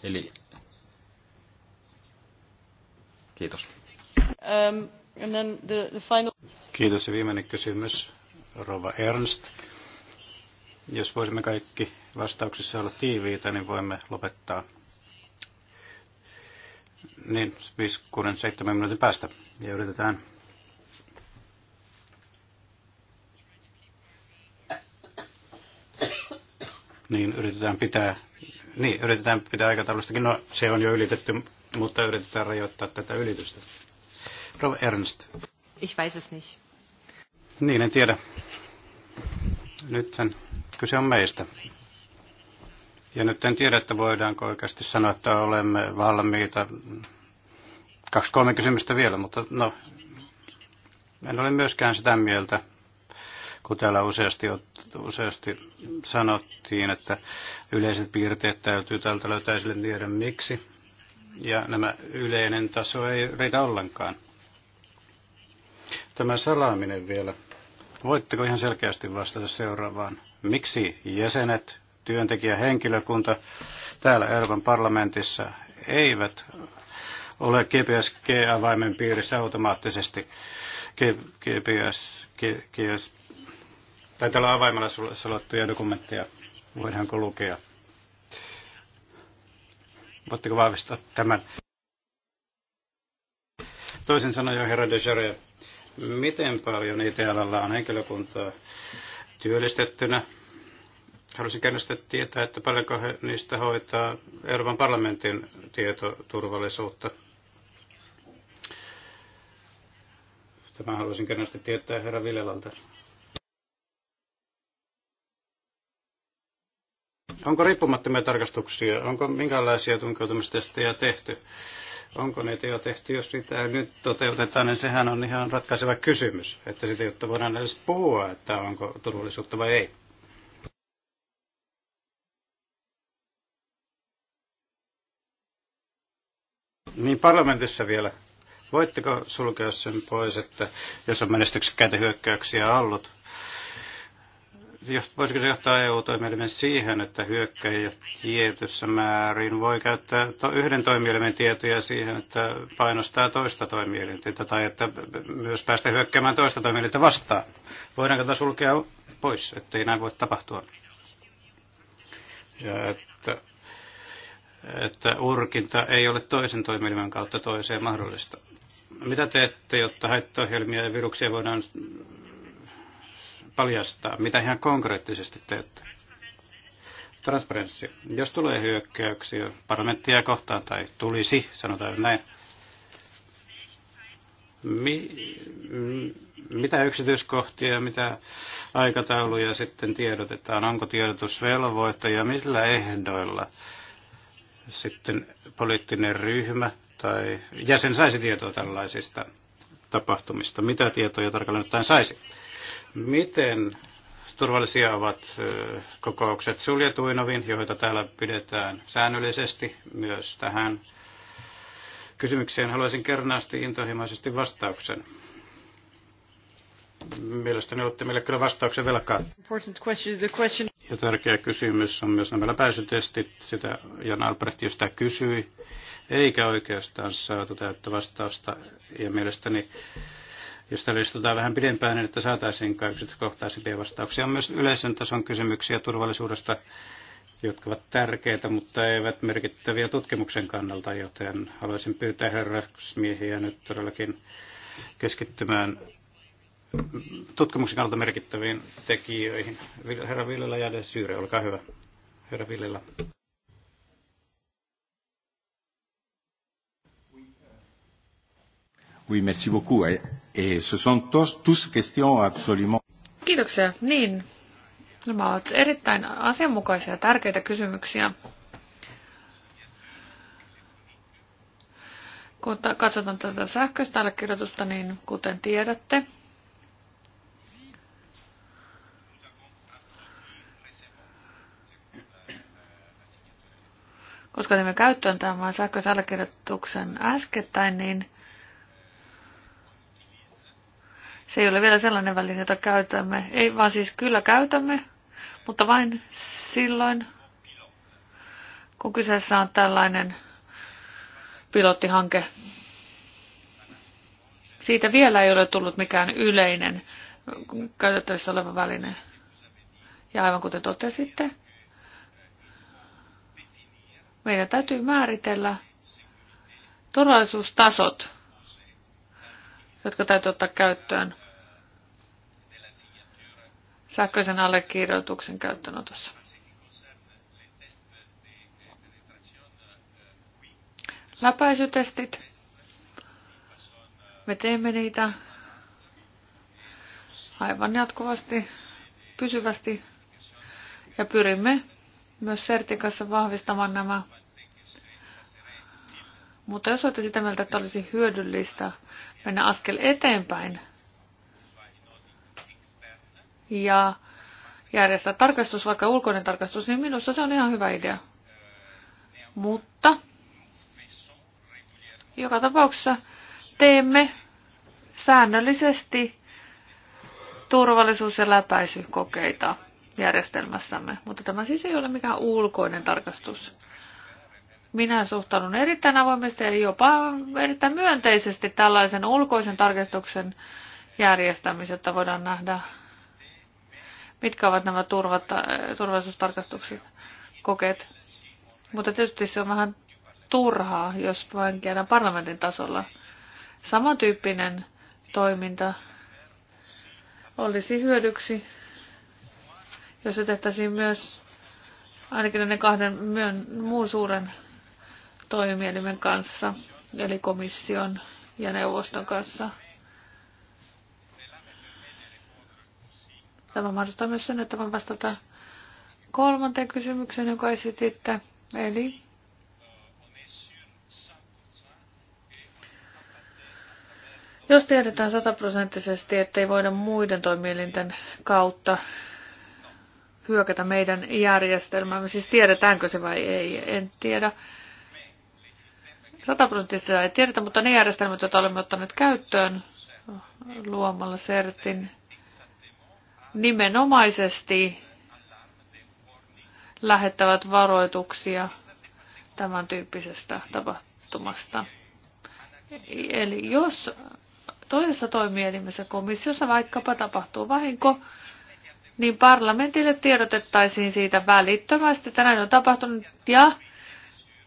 Eli kiitos. Um, and then the, the final... Kiitos ja viimeinen kysymys rouva Ernst. Jos voisimme kaikki vastauksissa olla tiiviitä, niin voimme lopettaa niin 5, 6, 7 minuutin päästä. Ja yritetään niin yritetään pitää, niin yritetään pitää aikataulustakin, no se on jo ylitetty, mutta yritetään rajoittaa tätä ylitystä. Rov Ernst. Ich weiß es nicht. Niin, en tiedä. Nythän kyse on meistä. Ja nyt en tiedä, että voidaanko oikeasti sanoa, että olemme valmiita. Kaksi kolme kysymystä vielä, mutta no, en ole myöskään sitä mieltä, kun täällä useasti, useasti sanottiin, että yleiset piirteet täytyy tältä löytää sille tiedä miksi. Ja nämä yleinen taso ei riitä ollenkaan. Tämä salaaminen vielä. Voitteko ihan selkeästi vastata seuraavaan? Miksi jäsenet, työntekijä, henkilökunta täällä Euroopan parlamentissa eivät ole GPS-avaimen piirissä automaattisesti? GPS, GPS, tai tällä avaimella salattuja dokumentteja voidaanko lukea? Voitteko vahvistaa tämän? Toisin sanoen, herra de Jure, miten paljon ITL on henkilökuntaa työllistettynä. Haluaisin käynnistää tietää, että paljonko he niistä hoitaa Euroopan parlamentin tietoturvallisuutta. Tämä haluaisin käynnistää tietää herra Vilelalta. Onko riippumattomia tarkastuksia, onko minkälaisia tunkeutumistestejä tehty? Onko niitä jo tehty, jos niitä nyt toteutetaan, niin sehän on ihan ratkaiseva kysymys, että sitä jotta voidaan edes puhua, että onko turvallisuutta vai ei. Niin parlamentissa vielä. Voitteko sulkea sen pois, että jos on menestyksekkäitä hyökkäyksiä ollut, voisiko se johtaa EU-toimielimen siihen, että hyökkäjä tietyssä määrin voi käyttää to, yhden toimielimen tietoja siihen, että painostaa toista toimielintä tai että myös päästä hyökkäämään toista toimielintä vastaan? Voidaanko tätä sulkea pois, ettei näin voi tapahtua? Ja että, että urkinta ei ole toisen toimielimen kautta toiseen mahdollista. Mitä teette, jotta haittaohjelmia ja viruksia voidaan paljastaa, mitä ihan konkreettisesti teette? Transparenssi. Jos tulee hyökkäyksiä parlamenttia kohtaan tai tulisi, sanotaan näin, mi, mitä yksityiskohtia, mitä aikatauluja sitten tiedotetaan, onko tiedotusvelvoite ja millä ehdoilla sitten poliittinen ryhmä tai jäsen saisi tietoa tällaisista tapahtumista, mitä tietoja tarkalleen ottaen saisi. Miten turvallisia ovat kokoukset suljetuin ovin, joita täällä pidetään säännöllisesti myös tähän kysymykseen. Haluaisin kernaasti intohimoisesti vastauksen. Mielestäni olette meille kyllä vastauksen velkaa. Ja tärkeä kysymys on myös nämä pääsytestit, sitä Jan Albrecht jo sitä kysyi, eikä oikeastaan saatu täyttä vastausta. Ja mielestäni jos listataan vähän pidempään, niin että saataisiin yksityiskohtaisempia vastauksia. On myös yleisen tason kysymyksiä turvallisuudesta, jotka ovat tärkeitä, mutta eivät merkittäviä tutkimuksen kannalta, joten haluaisin pyytää herrasmiehiä nyt todellakin keskittymään tutkimuksen kannalta merkittäviin tekijöihin. Herra Villela ja Syyre, olkaa hyvä. Herra Villela. Oui, merci beaucoup ce sont tous, questions absolument... Kiitoksia. Niin. Nämä ovat erittäin asianmukaisia ja tärkeitä kysymyksiä. Kun katsotaan tätä sähköistä allekirjoitusta, niin kuten tiedätte, koska otimme käyttöön tämän sähköisen allekirjoituksen äskettäin, niin Se ei ole vielä sellainen väline, jota käytämme. Ei, vaan siis kyllä käytämme, mutta vain silloin, kun kyseessä on tällainen pilottihanke. Siitä vielä ei ole tullut mikään yleinen käytettävissä oleva väline. Ja aivan kuten totesitte, meidän täytyy määritellä turvallisuustasot, jotka täytyy ottaa käyttöön sähköisen allekirjoituksen käyttöönotossa. Läpäisytestit. Me teemme niitä aivan jatkuvasti, pysyvästi ja pyrimme myös Sertin kanssa vahvistamaan nämä. Mutta jos olette sitä mieltä, että olisi hyödyllistä mennä askel eteenpäin ja järjestää tarkastus, vaikka ulkoinen tarkastus, niin minusta se on ihan hyvä idea. Mutta joka tapauksessa teemme säännöllisesti turvallisuus- ja läpäisykokeita järjestelmässämme. Mutta tämä siis ei ole mikään ulkoinen tarkastus. Minä suhtaudun erittäin avoimesti ja jopa erittäin myönteisesti tällaisen ulkoisen tarkastuksen järjestämisen, jotta voidaan nähdä mitkä ovat nämä turvata, äh, turvallisuustarkastukset, kokeet. Mutta tietysti se on vähän turhaa, jos vain käydään parlamentin tasolla. Samantyyppinen toiminta olisi hyödyksi, jos se tehtäisiin myös ainakin ne kahden myön, muun suuren toimielimen kanssa, eli komission ja neuvoston kanssa. Tämä mahdollistaa myös sen, että voin vastata kolmanteen kysymykseen, joka esititte. Eli jos tiedetään sataprosenttisesti, ei voida muiden toimielinten kautta hyökätä meidän järjestelmäämme, siis tiedetäänkö se vai ei, en tiedä. Sataprosenttisesti ei tiedetä, mutta ne järjestelmät, joita olemme ottaneet käyttöön luomalla CERTin, nimenomaisesti lähettävät varoituksia tämän tyyppisestä tapahtumasta. Eli jos toisessa toimielimessä komissiossa vaikkapa tapahtuu vahinko, niin parlamentille tiedotettaisiin siitä välittömästi, että näin on tapahtunut ja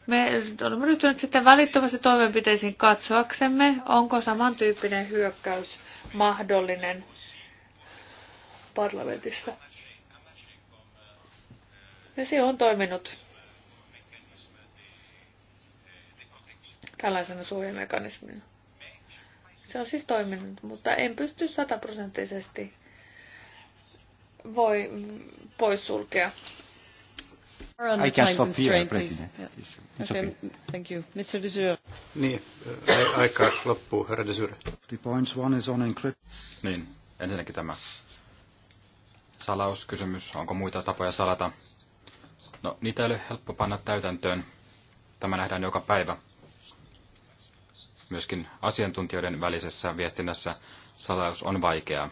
me olemme ryhtyneet sitten välittömästi toimenpiteisiin katsoaksemme, onko samantyyppinen hyökkäys mahdollinen parlamentissa. Ja se on toiminut tällaisena suojamekanismina. Se on siis toiminut, mutta en pysty sataprosenttisesti voi poissulkea. I can stop here, President. Yeah. It's okay. okay. Thank you. Mr. Desure. Niin, aika loppuu, herra Desure. The points one is on encryption. Niin, ensinnäkin tämä salauskysymys, onko muita tapoja salata? No, niitä ei ole helppo panna täytäntöön. Tämä nähdään joka päivä. Myöskin asiantuntijoiden välisessä viestinnässä salaus on vaikeaa.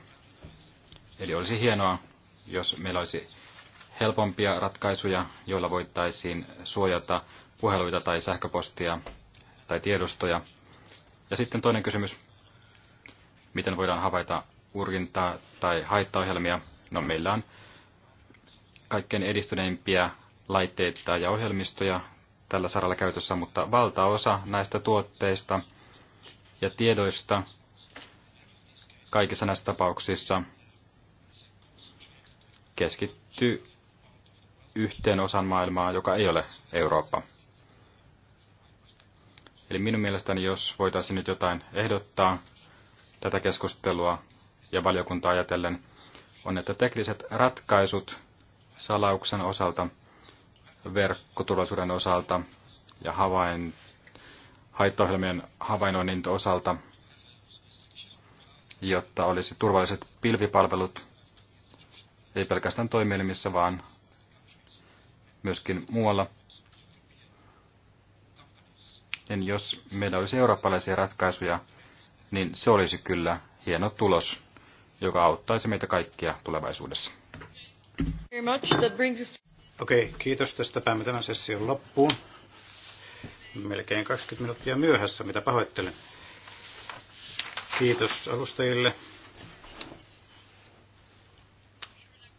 Eli olisi hienoa, jos meillä olisi helpompia ratkaisuja, joilla voittaisiin suojata puheluita tai sähköpostia tai tiedostoja. Ja sitten toinen kysymys, miten voidaan havaita urkintaa tai haittaohjelmia. No meillä on kaikkein edistyneimpiä laitteita ja ohjelmistoja tällä saralla käytössä, mutta valtaosa näistä tuotteista ja tiedoista kaikissa näissä tapauksissa keskittyy yhteen osan maailmaa, joka ei ole Eurooppa. Eli minun mielestäni, jos voitaisiin nyt jotain ehdottaa tätä keskustelua ja valiokuntaa ajatellen, on, että tekniset ratkaisut salauksen osalta, verkkoturvallisuuden osalta ja havain, haittaohjelmien havainnoinnin osalta, jotta olisi turvalliset pilvipalvelut, ei pelkästään toimielimissä, vaan myöskin muualla. En jos meillä olisi eurooppalaisia ratkaisuja, niin se olisi kyllä hieno tulos joka auttaisi meitä kaikkia tulevaisuudessa. Okei, okay, kiitos tästä. Päämme tämän session loppuun. Melkein 20 minuuttia myöhässä, mitä pahoittelen. Kiitos alustajille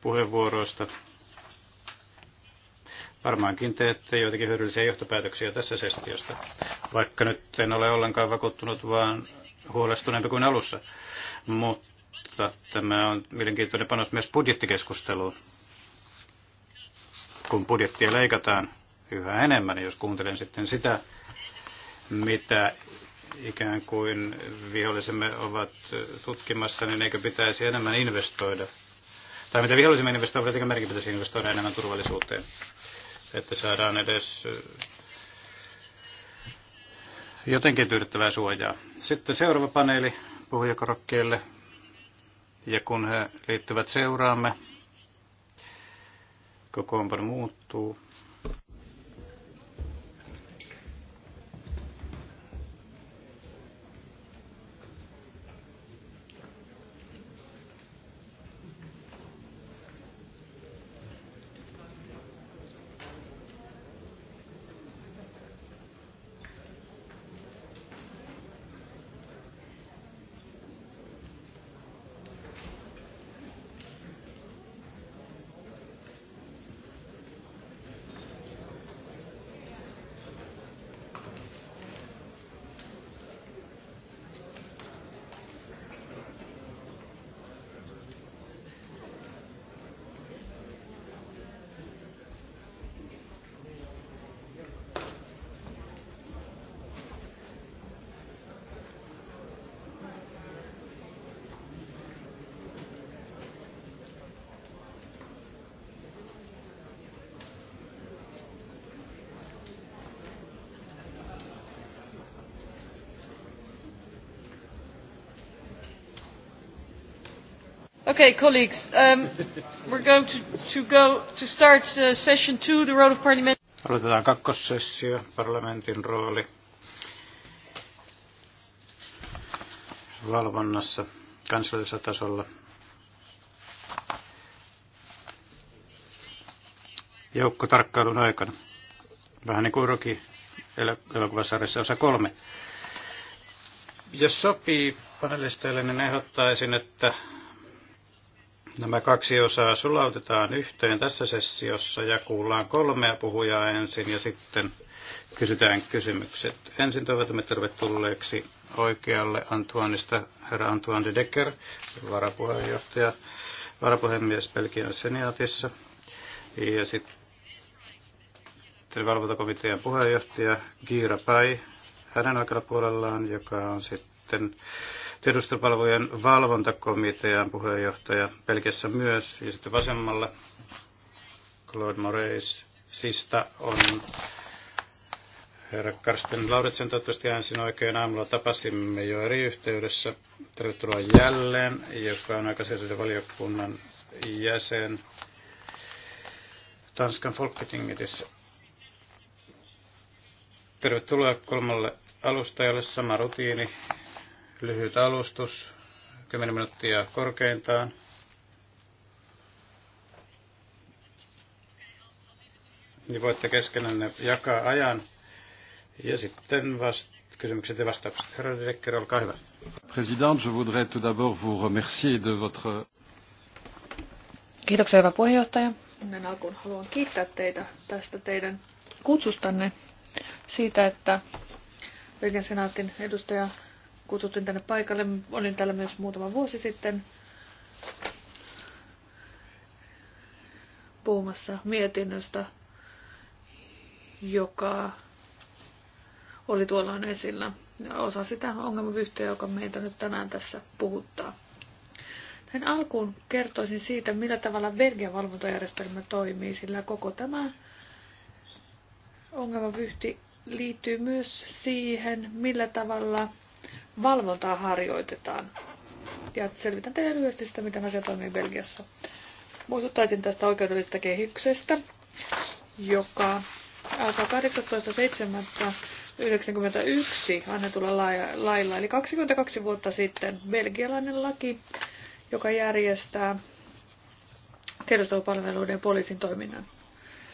puheenvuoroista. Varmaankin teette joitakin hyödyllisiä johtopäätöksiä tässä sestiosta, vaikka nyt en ole ollenkaan vakuuttunut, vaan huolestuneempi kuin alussa. Mutta tämä on mielenkiintoinen panos myös budjettikeskusteluun. Kun budjettia leikataan yhä enemmän, niin jos kuuntelen sitten sitä, mitä ikään kuin vihollisemme ovat tutkimassa, niin eikö pitäisi enemmän investoida? Tai mitä vihollisemme investoivat, eikö meidänkin pitäisi investoida enemmän turvallisuuteen? Että saadaan edes eh, jotenkin tyydyttävää suojaa. Sitten seuraava paneeli puhujakorokkeelle. Ja kun he liittyvät seuraamme, kokoonpano muuttuu. Okay, colleagues, um, we're going to, to go to start uh, session two, the role of parliament. Aloitetaan kakkossessio, parlamentin rooli valvonnassa kansallisella tasolla. Joukkotarkkailun aikana. Vähän niin kuin Roki elokuvasarjassa osa kolme. Jos sopii panelisteille, niin ehdottaisin, että Nämä kaksi osaa sulautetaan yhteen tässä sessiossa ja kuullaan kolmea puhujaa ensin ja sitten kysytään kysymykset. Ensin toivotamme tervetulleeksi oikealle Antoinista herra Antoine de Decker, varapuheenjohtaja, varapuhemies Belgian seniaatissa. ja sitten valvontakomitean puheenjohtaja Giira Pai hänen oikealla puolellaan, joka on sitten tiedustelupalvelujen valvontakomitean puheenjohtaja Pelkessä myös, ja sitten vasemmalla Claude Moreisista on herra Karsten Lauritsen, toivottavasti äänsin oikein aamulla tapasimme jo eri yhteydessä. Tervetuloa jälleen, joka on aikaisemmin valiokunnan jäsen Tanskan Folketingetissä. Tervetuloa kolmalle alustajalle sama rutiini Lyhyt alustus, 10 minuuttia korkeintaan. Niin voitte keskenään jakaa ajan. Ja sitten vasta kysymykset ja vastaukset. Herra Dekker, olkaa hyvä. President, je voudrais tout d'abord vous remercier de votre... Kiitoksia, hyvä puheenjohtaja. Ennen alkuun haluan kiittää teitä tästä teidän kutsustanne siitä, että Belgian senaatin edustaja kutsuttiin tänne paikalle. Olin täällä myös muutama vuosi sitten puhumassa mietinnöstä, joka oli tuolloin esillä. Osa sitä ongelmavyhtiöä, joka meitä nyt tänään tässä puhuttaa. Näin alkuun kertoisin siitä, millä tavalla Belgian valvontajärjestelmä toimii, sillä koko tämä ongelmavyhti liittyy myös siihen, millä tavalla valvontaa harjoitetaan. Ja selvitän teille lyhyesti sitä, miten asia toimii Belgiassa. Muistuttaisin tästä oikeudellisesta kehyksestä, joka alkaa 18.7.1991 annetulla lailla, eli 22 vuotta sitten belgialainen laki, joka järjestää tiedustelupalveluiden ja poliisin toiminnan.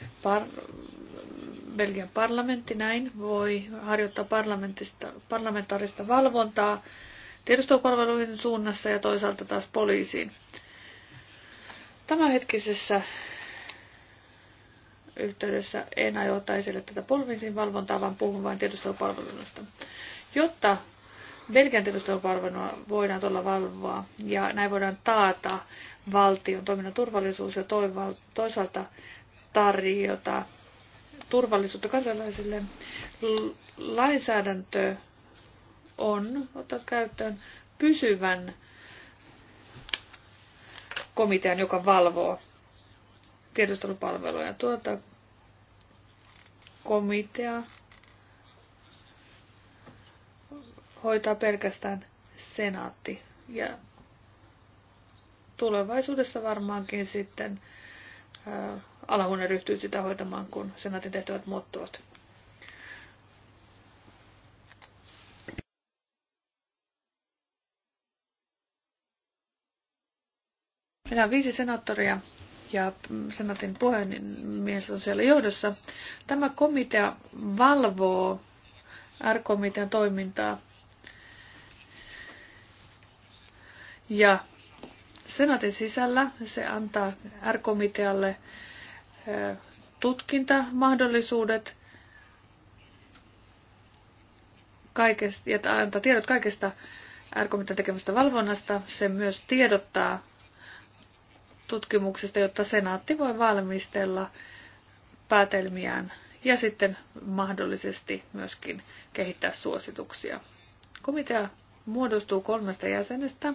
Par- Belgian parlamentti näin voi harjoittaa parlamentaarista valvontaa tiedustelupalveluihin suunnassa ja toisaalta taas poliisiin. Tämänhetkisessä yhteydessä en aio esille tätä poliisin valvontaa, vaan puhun vain tiedustelupalveluista. Jotta Belgian tiedustelupalvelua voidaan tuolla valvoa ja näin voidaan taata valtion toiminnan turvallisuus ja toisaalta tarjota turvallisuutta kansalaisille. Lainsäädäntö on ottaa käyttöön pysyvän komitean, joka valvoo tiedustelupalveluja. Tuota komitea hoitaa pelkästään senaatti ja tulevaisuudessa varmaankin sitten alahuone ryhtyy sitä hoitamaan, kun senaatin tehtävät muuttuvat. Meillä on viisi senaattoria ja senaatin puhemies on siellä johdossa. Tämä komitea valvoo R-komitean toimintaa ja Senaatin sisällä se antaa R-komitealle tutkintamahdollisuudet kaikesta, ja antaa tiedot kaikesta R-komitean tekemästä valvonnasta. Se myös tiedottaa tutkimuksesta, jotta senaatti voi valmistella päätelmiään ja sitten mahdollisesti myöskin kehittää suosituksia. Komitea muodostuu kolmesta jäsenestä,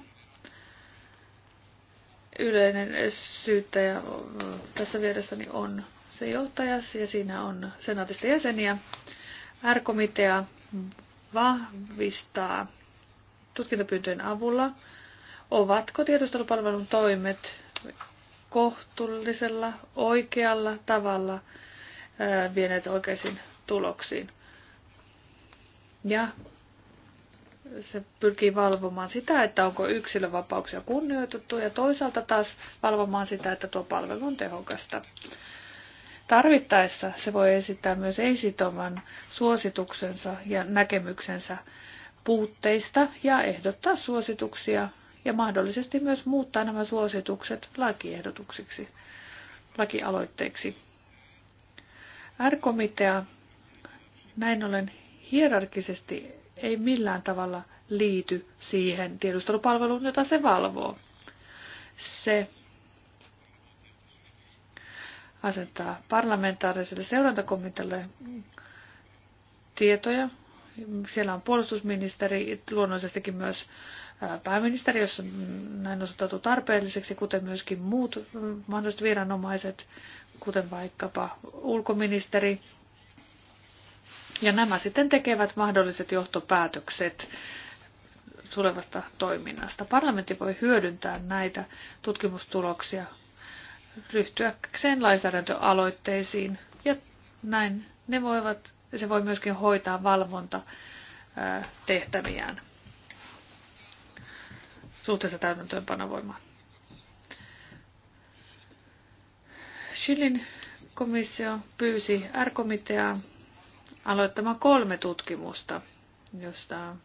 yleinen syyttäjä tässä vieressäni on se johtaja ja siinä on senaatista jäseniä. R-komitea vahvistaa tutkintapyyntöjen avulla, ovatko tiedustelupalvelun toimet kohtuullisella, oikealla tavalla vieneet oikeisiin tuloksiin. Ja se pyrkii valvomaan sitä, että onko yksilövapauksia kunnioitettu ja toisaalta taas valvomaan sitä, että tuo palvelu on tehokasta. Tarvittaessa se voi esittää myös ei-sitovan suosituksensa ja näkemyksensä puutteista ja ehdottaa suosituksia ja mahdollisesti myös muuttaa nämä suositukset lakiehdotuksiksi, lakialoitteiksi. R-komitea näin ollen hierarkisesti ei millään tavalla liity siihen tiedustelupalveluun, jota se valvoo. Se asettaa parlamentaariselle seurantakomitealle tietoja. Siellä on puolustusministeri, luonnollisestikin myös pääministeri, jos näin osoittautuu tarpeelliseksi, kuten myöskin muut mahdolliset viranomaiset, kuten vaikkapa ulkoministeri, ja nämä sitten tekevät mahdolliset johtopäätökset tulevasta toiminnasta. Parlamentti voi hyödyntää näitä tutkimustuloksia ryhtyäkseen lainsäädäntöaloitteisiin ja näin ne voivat, se voi myöskin hoitaa valvonta tehtäviään suhteessa täytäntöönpanovoimaan. Chilin komissio pyysi R-komiteaa aloittama kolme tutkimusta, josta äh,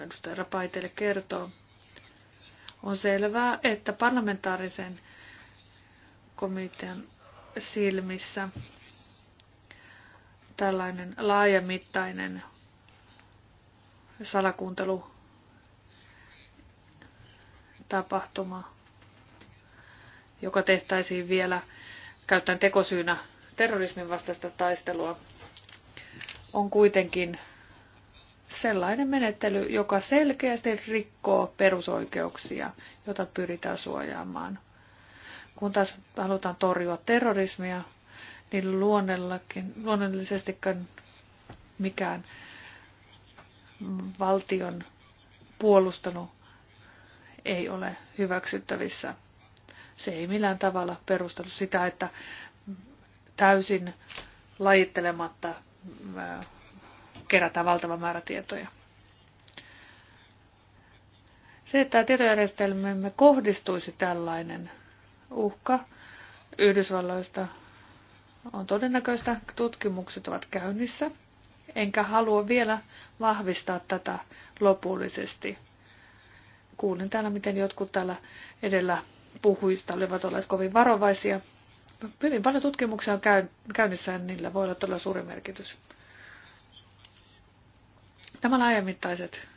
edustaja Rapaitelle kertoo. On selvää, että parlamentaarisen komitean silmissä tällainen laajamittainen salakuuntelu tapahtuma, joka tehtäisiin vielä käyttäen tekosyynä terrorismin vastaista taistelua on kuitenkin sellainen menettely, joka selkeästi rikkoo perusoikeuksia, jota pyritään suojaamaan. Kun taas halutaan torjua terrorismia, niin luonnollisestikaan mikään valtion puolustanut ei ole hyväksyttävissä. Se ei millään tavalla perustanut sitä, että täysin lajittelematta kerätään valtava määrä tietoja. Se, että tietojärjestelmämme kohdistuisi tällainen uhka Yhdysvalloista, on todennäköistä. Tutkimukset ovat käynnissä, enkä halua vielä vahvistaa tätä lopullisesti. Kuulin täällä, miten jotkut täällä edellä puhuista olivat olleet kovin varovaisia, Hyvin paljon tutkimuksia on käynnissä, ja niillä voi olla todella suuri merkitys. Nämä laajamittaiset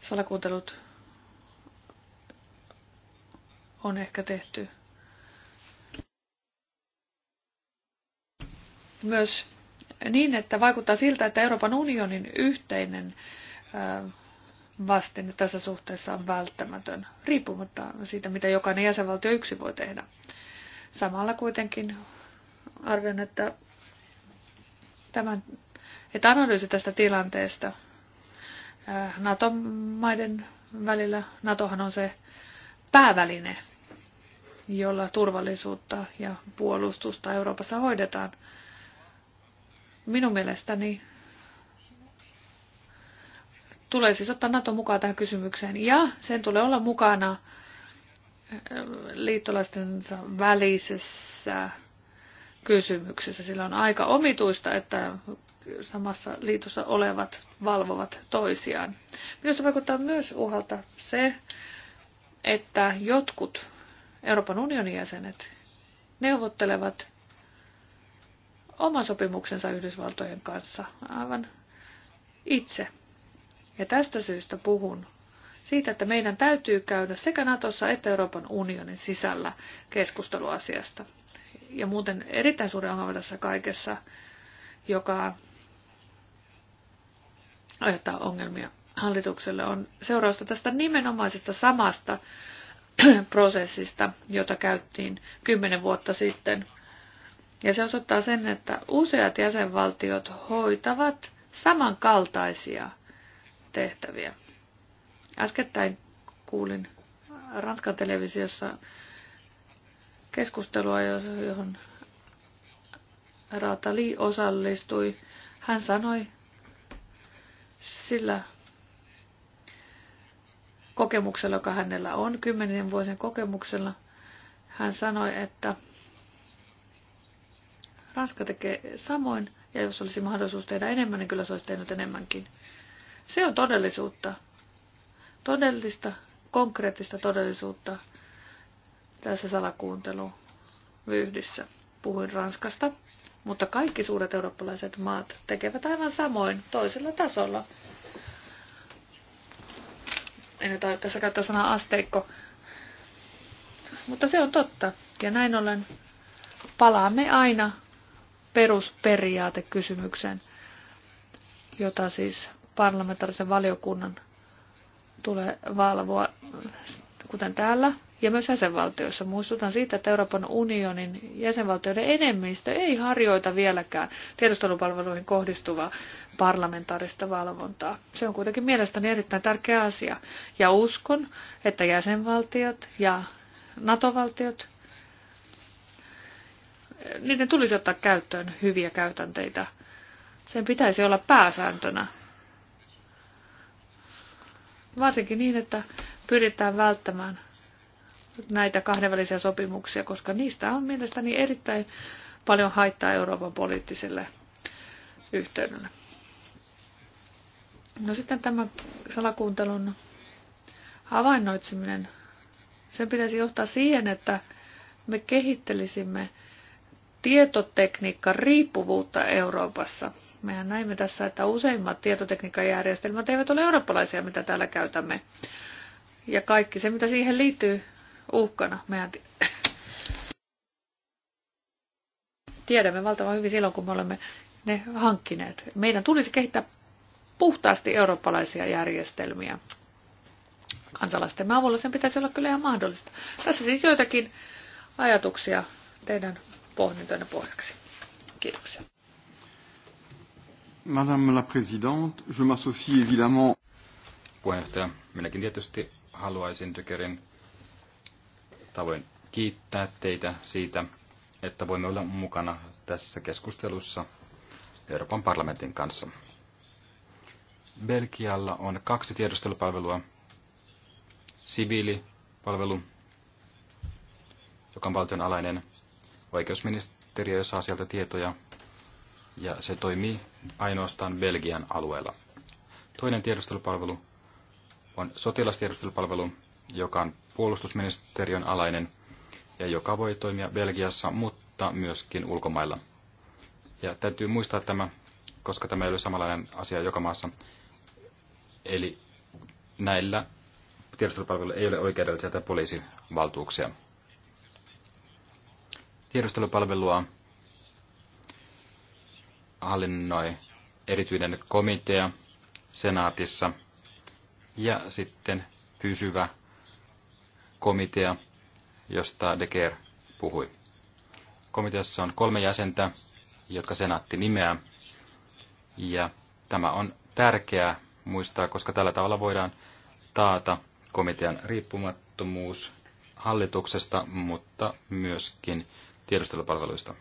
salakuuntelut on ehkä tehty myös niin, että vaikuttaa siltä, että Euroopan unionin yhteinen vastine tässä suhteessa on välttämätön, riippumatta siitä, mitä jokainen jäsenvaltio yksi voi tehdä. Samalla kuitenkin arvioin, että, tämän, että analyysi tästä tilanteesta NATO-maiden välillä, NATOhan on se pääväline, jolla turvallisuutta ja puolustusta Euroopassa hoidetaan. Minun mielestäni tulee siis ottaa NATO mukaan tähän kysymykseen ja sen tulee olla mukana liittolaistensa välisessä kysymyksessä. Sillä on aika omituista, että samassa liitossa olevat valvovat toisiaan. Minusta vaikuttaa myös uhalta se, että jotkut Euroopan unionin jäsenet neuvottelevat oman sopimuksensa Yhdysvaltojen kanssa aivan itse. Ja tästä syystä puhun siitä, että meidän täytyy käydä sekä Natossa että Euroopan unionin sisällä keskusteluasiasta. Ja muuten erittäin suuri ongelma tässä kaikessa, joka aiheuttaa ongelmia hallitukselle, on seurausta tästä nimenomaisesta samasta [clears throat] prosessista, jota käyttiin kymmenen vuotta sitten. Ja se osoittaa sen, että useat jäsenvaltiot hoitavat samankaltaisia tehtäviä. Äskettäin kuulin Ranskan televisiossa keskustelua, johon Raatali osallistui. Hän sanoi sillä kokemuksella, joka hänellä on, kymmenen vuosien kokemuksella, hän sanoi, että Ranska tekee samoin, ja jos olisi mahdollisuus tehdä enemmän, niin kyllä se olisi tehnyt enemmänkin. Se on todellisuutta todellista, konkreettista todellisuutta tässä salakuunteluvyyhdissä. Puhuin Ranskasta, mutta kaikki suuret eurooppalaiset maat tekevät aivan samoin toisella tasolla. En nyt tässä käyttää sanaa asteikko, mutta se on totta. Ja näin ollen palaamme aina perusperiaatekysymykseen, jota siis parlamentaarisen valiokunnan tulee valvoa, kuten täällä, ja myös jäsenvaltioissa. Muistutan siitä, että Euroopan unionin jäsenvaltioiden enemmistö ei harjoita vieläkään tiedustelupalveluihin kohdistuvaa parlamentaarista valvontaa. Se on kuitenkin mielestäni erittäin tärkeä asia. Ja uskon, että jäsenvaltiot ja NATO-valtiot, niiden tulisi ottaa käyttöön hyviä käytänteitä. Sen pitäisi olla pääsääntönä Varsinkin niin, että pyritään välttämään näitä kahdenvälisiä sopimuksia, koska niistä on mielestäni erittäin paljon haittaa Euroopan poliittiselle yhteydelle. No sitten tämä salakuuntelun havainnoitseminen, sen pitäisi johtaa siihen, että me kehittelisimme tietotekniikan riippuvuutta Euroopassa. Mehän näimme tässä, että useimmat järjestelmät eivät ole eurooppalaisia, mitä täällä käytämme. Ja kaikki se, mitä siihen liittyy uhkana, mehän tiedämme valtavan hyvin silloin, kun me olemme ne hankkineet. Meidän tulisi kehittää puhtaasti eurooppalaisia järjestelmiä kansalaisten avulla. Sen pitäisi olla kyllä ihan mahdollista. Tässä siis joitakin ajatuksia teidän pohdintojen pohjaksi. Kiitoksia. Madame la Présidente, je m'associe évidemment. Puheenjohtaja, minäkin tietysti haluaisin Tykerin tavoin kiittää teitä siitä, että voimme olla mukana tässä keskustelussa Euroopan parlamentin kanssa. Belgialla on kaksi tiedustelupalvelua. Siviilipalvelu, joka on valtion alainen. Oikeusministeriö saa sieltä tietoja ja se toimii ainoastaan Belgian alueella. Toinen tiedustelupalvelu on sotilastiedustelupalvelu, joka on puolustusministeriön alainen ja joka voi toimia Belgiassa, mutta myöskin ulkomailla. Ja täytyy muistaa tämä, koska tämä ei ole samanlainen asia joka maassa. Eli näillä tiedustelupalveluilla ei ole oikeudellisia tai poliisivaltuuksia. Tiedustelupalvelua hallinnoi erityinen komitea senaatissa ja sitten pysyvä komitea, josta Decker puhui. Komiteassa on kolme jäsentä, jotka senaatti nimeää, ja tämä on tärkeää muistaa, koska tällä tavalla voidaan taata komitean riippumattomuus hallituksesta, mutta myöskin tiedustelupalveluista.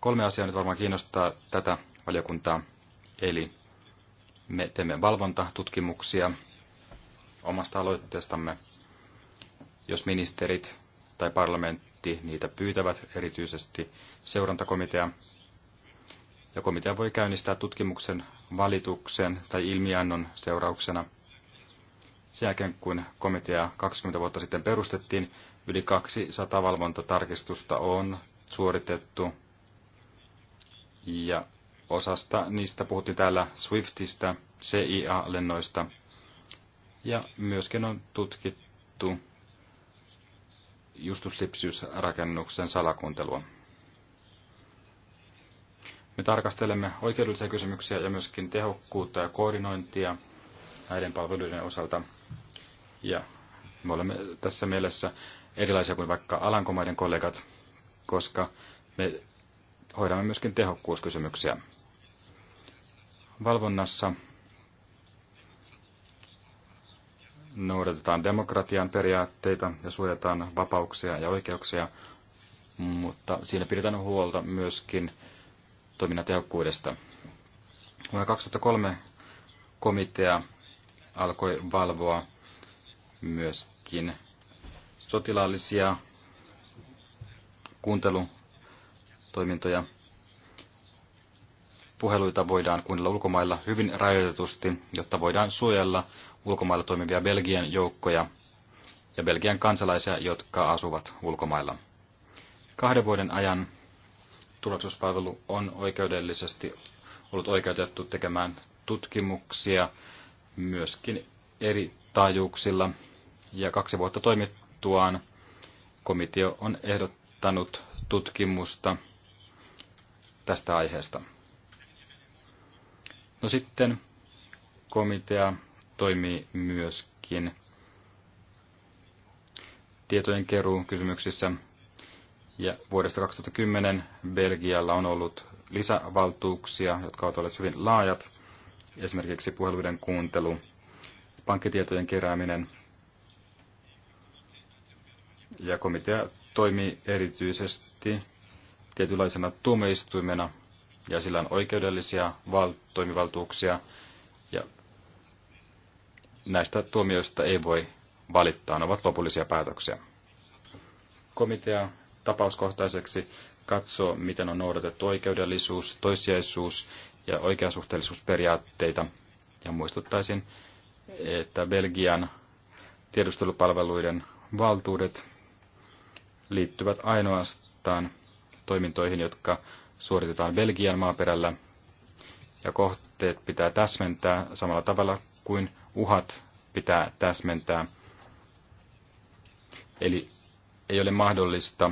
Kolme asiaa nyt varmaan kiinnostaa tätä valiokuntaa. Eli me teemme valvontatutkimuksia omasta aloitteestamme. Jos ministerit tai parlamentti niitä pyytävät, erityisesti seurantakomitea, ja komitea voi käynnistää tutkimuksen valituksen tai ilmiannon seurauksena. Sen jälkeen, kun komitea 20 vuotta sitten perustettiin, yli 200 valvontatarkistusta on suoritettu ja osasta niistä puhuttiin täällä Swiftistä, CIA-lennoista ja myöskin on tutkittu Justus salakuuntelua. Me tarkastelemme oikeudellisia kysymyksiä ja myöskin tehokkuutta ja koordinointia näiden palveluiden osalta. Ja me olemme tässä mielessä erilaisia kuin vaikka Alankomaiden kollegat, koska me hoidamme myöskin tehokkuuskysymyksiä. Valvonnassa noudatetaan demokratian periaatteita ja suojataan vapauksia ja oikeuksia, mutta siinä pidetään huolta myöskin toiminnan tehokkuudesta. Vuonna 2003 komitea alkoi valvoa myöskin sotilaallisia kuuntelu- toimintoja. Puheluita voidaan kuunnella ulkomailla hyvin rajoitetusti, jotta voidaan suojella ulkomailla toimivia Belgian joukkoja ja Belgian kansalaisia, jotka asuvat ulkomailla. Kahden vuoden ajan turvallisuuspalvelu on oikeudellisesti ollut oikeutettu tekemään tutkimuksia myöskin eri taajuuksilla. Ja kaksi vuotta toimittuaan komitio on ehdottanut tutkimusta tästä aiheesta. No sitten komitea toimii myöskin tietojen keruun kysymyksissä. Ja vuodesta 2010 Belgialla on ollut lisävaltuuksia, jotka ovat olleet hyvin laajat, esimerkiksi puheluiden kuuntelu, pankkitietojen kerääminen. Ja komitea toimii erityisesti tietynlaisena tuomioistuimena ja sillä on oikeudellisia val- toimivaltuuksia ja näistä tuomioista ei voi valittaa, ne ovat lopullisia päätöksiä. Komitea tapauskohtaiseksi katsoo, miten on noudatettu oikeudellisuus, toissijaisuus ja oikeasuhteellisuusperiaatteita. Ja muistuttaisin, että Belgian tiedustelupalveluiden valtuudet liittyvät ainoastaan toimintoihin, jotka suoritetaan Belgian maaperällä, ja kohteet pitää täsmentää samalla tavalla kuin uhat pitää täsmentää. Eli ei ole mahdollista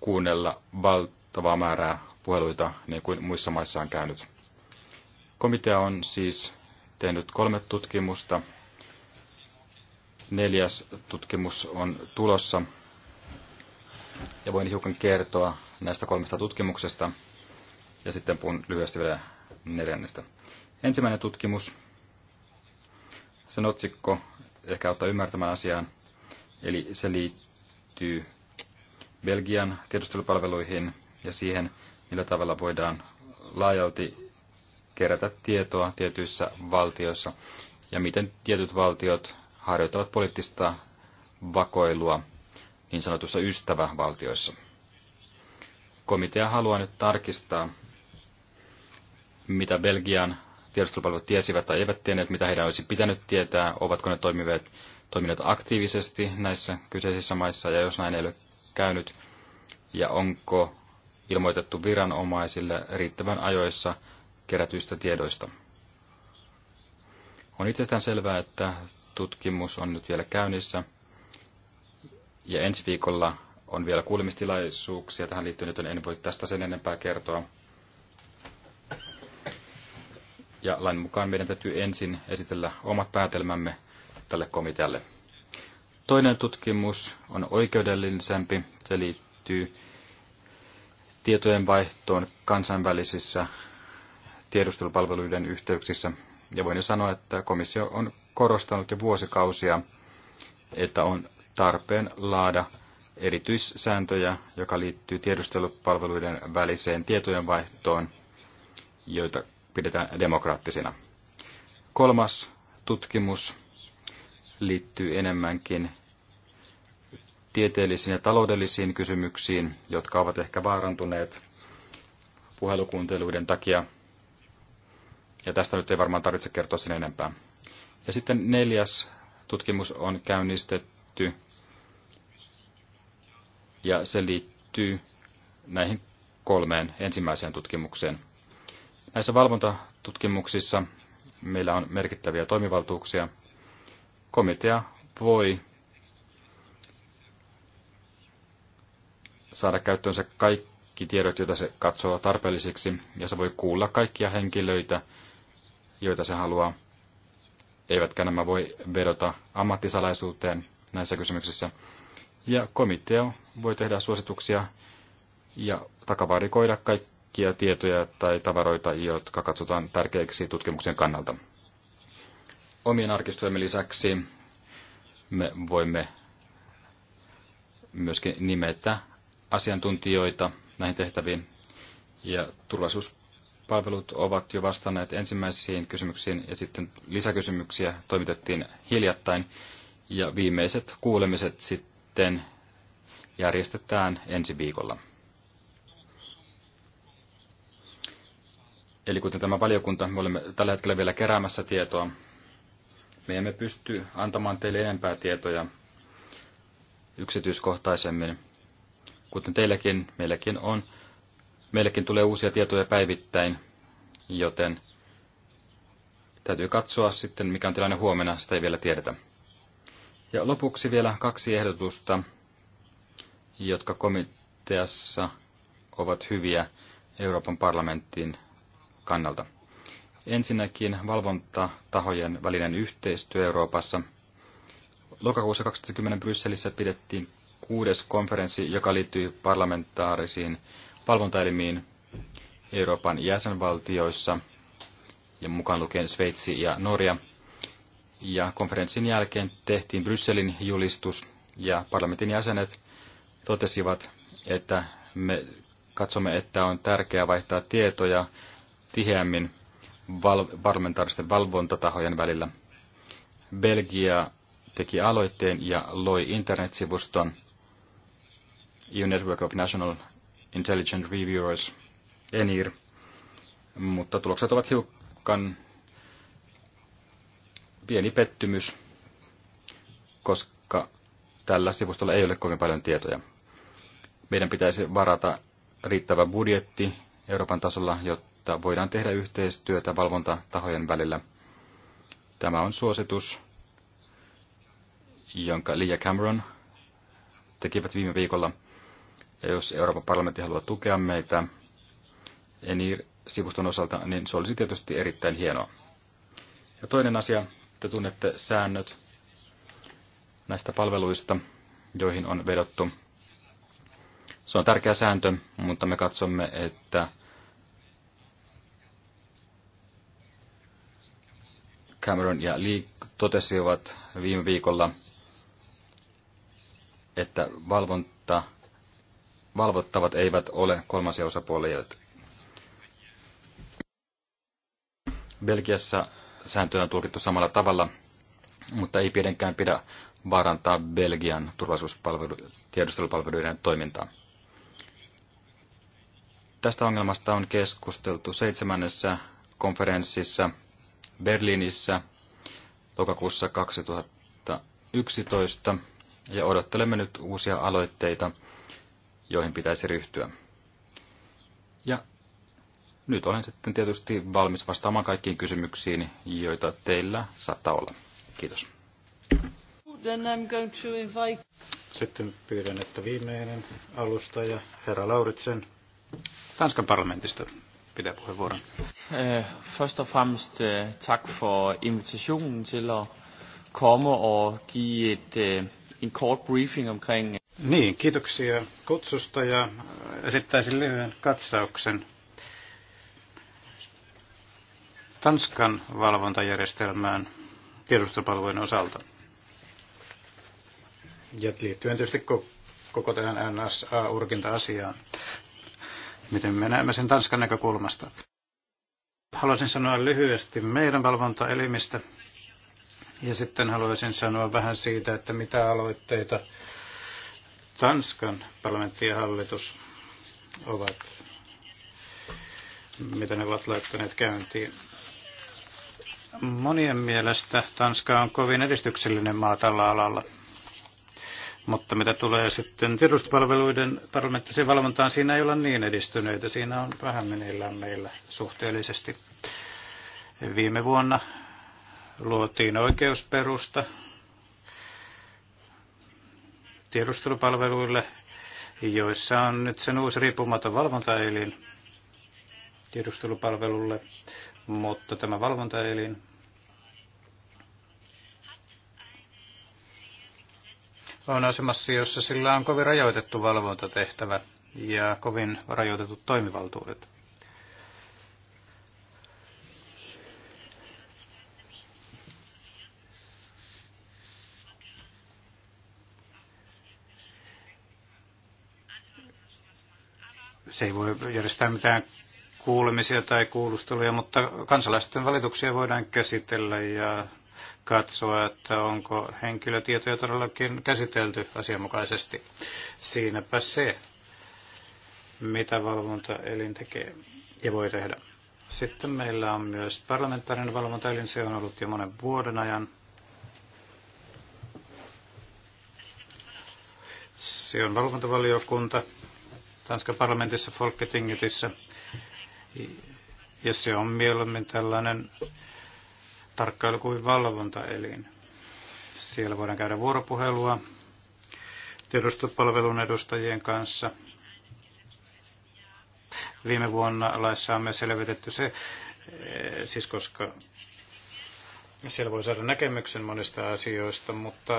kuunnella valtavaa määrää puheluita, niin kuin muissa maissa on käynyt. Komitea on siis tehnyt kolme tutkimusta. Neljäs tutkimus on tulossa ja voin hiukan kertoa näistä kolmesta tutkimuksesta ja sitten puhun lyhyesti vielä neljännestä. Ensimmäinen tutkimus, sen otsikko ehkä auttaa ymmärtämään asiaan, eli se liittyy Belgian tiedustelupalveluihin ja siihen, millä tavalla voidaan laajalti kerätä tietoa tietyissä valtioissa ja miten tietyt valtiot harjoittavat poliittista vakoilua niin sanotussa ystävävaltioissa. Komitea haluaa nyt tarkistaa, mitä Belgian tiedustelupalvelut tiesivät tai eivät tienneet, mitä heidän olisi pitänyt tietää, ovatko ne toimineet, toimineet aktiivisesti näissä kyseisissä maissa, ja jos näin ei ole käynyt, ja onko ilmoitettu viranomaisille riittävän ajoissa kerätyistä tiedoista. On itsestään selvää, että tutkimus on nyt vielä käynnissä – ja ensi viikolla on vielä kuulemistilaisuuksia tähän liittyen, joten en voi tästä sen enempää kertoa. Ja lain mukaan meidän täytyy ensin esitellä omat päätelmämme tälle komitealle. Toinen tutkimus on oikeudellisempi. Se liittyy tietojen vaihtoon kansainvälisissä tiedustelupalveluiden yhteyksissä. Ja voin jo sanoa, että komissio on korostanut jo vuosikausia, että on tarpeen laada erityissääntöjä, joka liittyy tiedustelupalveluiden väliseen tietojenvaihtoon, joita pidetään demokraattisina. Kolmas tutkimus liittyy enemmänkin tieteellisiin ja taloudellisiin kysymyksiin, jotka ovat ehkä vaarantuneet puhelukuunteluiden takia. Ja tästä nyt ei varmaan tarvitse kertoa sen enempää. Ja sitten neljäs tutkimus on käynnistetty ja se liittyy näihin kolmeen ensimmäiseen tutkimukseen. Näissä valvontatutkimuksissa meillä on merkittäviä toimivaltuuksia. Komitea voi saada käyttöönsä kaikki tiedot, joita se katsoo tarpeellisiksi, ja se voi kuulla kaikkia henkilöitä, joita se haluaa. Eivätkä nämä voi vedota ammattisalaisuuteen näissä kysymyksissä, ja komitea voi tehdä suosituksia ja takavarikoida kaikkia tietoja tai tavaroita, jotka katsotaan tärkeiksi tutkimuksen kannalta. Omien arkistojemme lisäksi me voimme myöskin nimetä asiantuntijoita näihin tehtäviin. Ja turvallisuuspalvelut ovat jo vastanneet ensimmäisiin kysymyksiin ja sitten lisäkysymyksiä toimitettiin hiljattain. Ja viimeiset kuulemiset sitten sitten järjestetään ensi viikolla. Eli kuten tämä valiokunta, me olemme tällä hetkellä vielä keräämässä tietoa. Me emme pysty antamaan teille enempää tietoja yksityiskohtaisemmin. Kuten teillekin, meillekin on. Meillekin tulee uusia tietoja päivittäin, joten täytyy katsoa sitten, mikä on tilanne huomenna, sitä ei vielä tiedetä. Ja lopuksi vielä kaksi ehdotusta, jotka komiteassa ovat hyviä Euroopan parlamenttiin kannalta. Ensinnäkin valvontatahojen välinen yhteistyö Euroopassa. Lokakuussa 2010 Brysselissä pidettiin kuudes konferenssi, joka liittyy parlamentaarisiin valvontaelimiin Euroopan jäsenvaltioissa ja mukaan lukien Sveitsi ja Norja – ja konferenssin jälkeen tehtiin Brysselin julistus ja parlamentin jäsenet totesivat, että me katsomme, että on tärkeää vaihtaa tietoja tiheämmin val- parlamentaaristen valvontatahojen välillä. Belgia teki aloitteen ja loi internetsivuston EU Network of National Intelligent Reviewers, ENIR, mutta tulokset ovat hiukan pieni pettymys, koska tällä sivustolla ei ole kovin paljon tietoja. Meidän pitäisi varata riittävä budjetti Euroopan tasolla, jotta voidaan tehdä yhteistyötä valvontatahojen välillä. Tämä on suositus, jonka Lia Cameron tekivät viime viikolla. Ja jos Euroopan parlamentti haluaa tukea meitä ENIR-sivuston osalta, niin se olisi tietysti erittäin hienoa. Ja toinen asia, te tunnette säännöt näistä palveluista, joihin on vedottu. Se on tärkeä sääntö, mutta me katsomme, että Cameron ja Lee totesivat viime viikolla, että valvonta, valvottavat eivät ole kolmasia osapuolia. Belgiassa sääntöjä on tulkittu samalla tavalla, mutta ei pidenkään pidä vaarantaa Belgian turvallisuustiedustelupalveluiden toimintaa. Tästä ongelmasta on keskusteltu seitsemännessä konferenssissa Berliinissä lokakuussa 2011 ja odottelemme nyt uusia aloitteita, joihin pitäisi ryhtyä nyt olen sitten tietysti valmis vastaamaan kaikkiin kysymyksiin, joita teillä saattaa olla. Kiitos. Sitten pyydän, että viimeinen alustaja, herra Lauritsen, Tanskan parlamentista pitää puheenvuoron. Eh, Først og fremmest tak for invitationen til at komme og give et, eh, en kort briefing omkring... Niin, kiitoksia kutsusta ja esittäisin lyhyen katsauksen Tanskan valvontajärjestelmään tiedustelupalvelujen osalta. Ja liittyen tietysti koko tähän NSA-urkinta-asiaan, miten me näemme sen Tanskan näkökulmasta. Haluaisin sanoa lyhyesti meidän valvontaelimistä ja sitten haluaisin sanoa vähän siitä, että mitä aloitteita Tanskan parlamentti ja hallitus ovat, mitä ne ovat laittaneet käyntiin. Monien mielestä Tanska on kovin edistyksellinen maa tällä alalla. Mutta mitä tulee sitten tiedustelupalveluiden parlamenttiseen valvontaan, siinä ei olla niin edistyneitä. Siinä on vähän meneillään meillä suhteellisesti. Viime vuonna luotiin oikeusperusta tiedustelupalveluille, joissa on nyt sen uusi riippumaton valvontaelin tiedustelupalvelulle mutta tämä valvontaelin on asemassa, jossa sillä on kovin rajoitettu valvontatehtävä ja kovin rajoitetut toimivaltuudet. Se ei voi järjestää mitään kuulemisia tai kuulusteluja, mutta kansalaisten valituksia voidaan käsitellä ja katsoa, että onko henkilötietoja todellakin käsitelty asianmukaisesti. Siinäpä se, mitä valvontaelin tekee ja voi tehdä. Sitten meillä on myös parlamentaarinen valvontaelin, se on ollut jo monen vuoden ajan. Se on valvontavaliokunta Tanskan parlamentissa Folketingetissä. Ja se on mieluummin tällainen tarkkailu kuin valvontaelin. Siellä voidaan käydä vuoropuhelua tiedostopalvelun edustajien kanssa. Viime vuonna laissa on myös selvitetty se, eh, siis koska siellä voi saada näkemyksen monista asioista, mutta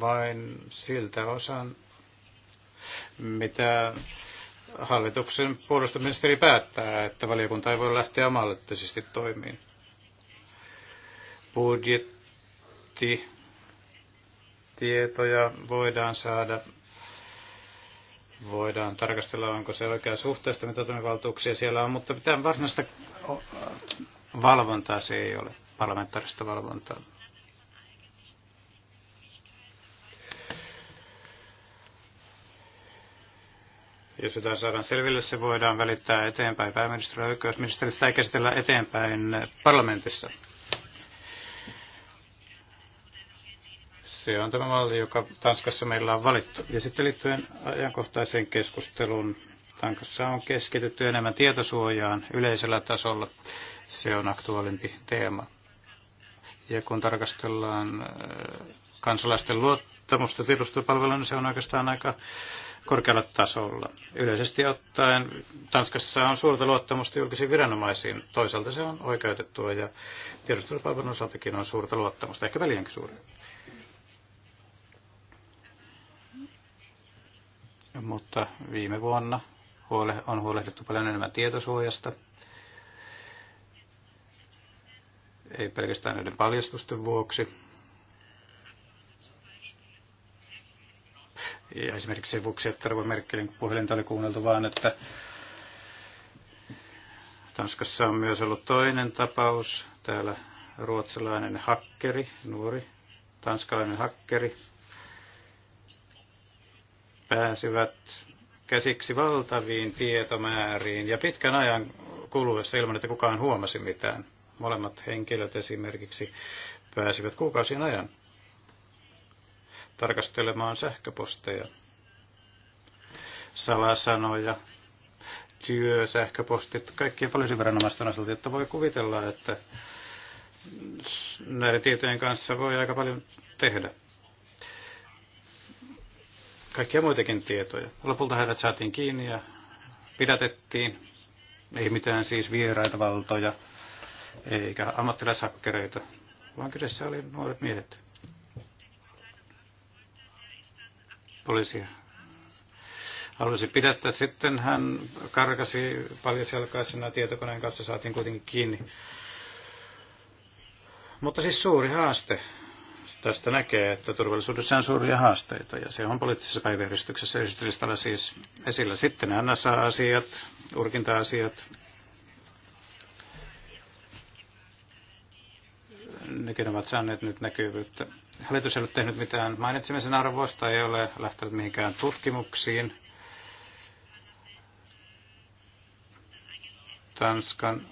vain siltä osan, mitä hallituksen puolustusministeri päättää, että valiokunta ei voi lähteä amalettisesti toimiin. Budjetti tietoja voidaan saada, voidaan tarkastella, onko se oikea suhteesta, mitä toimivaltuuksia siellä on, mutta mitään varsinaista valvontaa se ei ole, parlamentaarista valvontaa. Jos jotain saadaan selville, se voidaan välittää eteenpäin pääministerille ja oikeusministerille tai käsitellä eteenpäin parlamentissa. Se on tämä malli, joka Tanskassa meillä on valittu. Ja sitten liittyen ajankohtaiseen keskusteluun, Tanskassa on keskitytty enemmän tietosuojaan yleisellä tasolla. Se on aktuaalimpi teema. Ja kun tarkastellaan äh, kansalaisten luottamusta tiedustelupalveluun, niin se on oikeastaan aika korkealla tasolla. Yleisesti ottaen Tanskassa on suurta luottamusta julkisiin viranomaisiin. Toisaalta se on oikeutettua ja tiedustelupalvelun osaltakin on suurta luottamusta, ehkä väliinkin suuri. Mutta viime vuonna on huolehdittu paljon enemmän tietosuojasta. Ei pelkästään näiden paljastusten vuoksi, ja esimerkiksi sen vuoksi, että Rova Merkelin puhelinta oli kuunneltu, vaan että Tanskassa on myös ollut toinen tapaus. Täällä ruotsalainen hakkeri, nuori tanskalainen hakkeri, pääsivät käsiksi valtaviin tietomääriin ja pitkän ajan kuluessa ilman, että kukaan huomasi mitään. Molemmat henkilöt esimerkiksi pääsivät kuukausien ajan tarkastelemaan sähköposteja, salasanoja, työsähköpostit, sähköpostit, kaikkien poliisiviranomaisten osalta, että voi kuvitella, että näiden tietojen kanssa voi aika paljon tehdä. Kaikkia muitakin tietoja. Lopulta heidät saatiin kiinni ja pidätettiin. Ei mitään siis vieraita valtoja eikä ammattilaishakkereita, vaan kyseessä oli nuoret miehet. poliisi halusi pidättää. Sitten hän karkasi paljasjalkaisena tietokoneen kanssa, saatiin kuitenkin kiinni. Mutta siis suuri haaste. Tästä näkee, että turvallisuudessa on suuria haasteita ja se on poliittisessa päiväjärjestyksessä esityslistalla siis esillä. Sitten NSA-asiat, urkinta-asiat, nekin ovat saaneet nyt näkyvyyttä. Hallitus ei ole tehnyt mitään mainitsemisen arvoista, ei ole lähtenyt mihinkään tutkimuksiin. Tanskan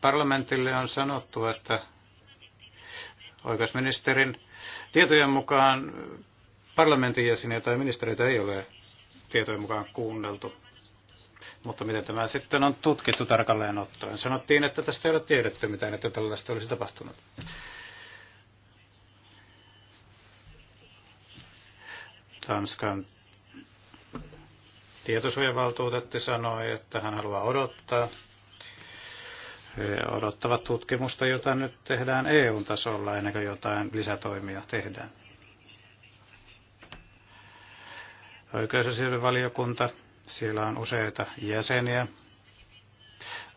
parlamentille on sanottu, että oikeusministerin tietojen mukaan parlamentin jäseniä tai ministeriöitä ei ole tietojen mukaan kuunneltu. Mutta miten tämä sitten on tutkittu tarkalleen ottaen? Sanottiin, että tästä ei ole tiedetty mitään, että tällaista olisi tapahtunut. Tanskan tietosuojavaltuutetti sanoi, että hän haluaa odottaa. He odottavat tutkimusta, jota nyt tehdään EU-tasolla ennen kuin jotain lisätoimia tehdään. Oikeusasioiden valiokunta siellä on useita jäseniä.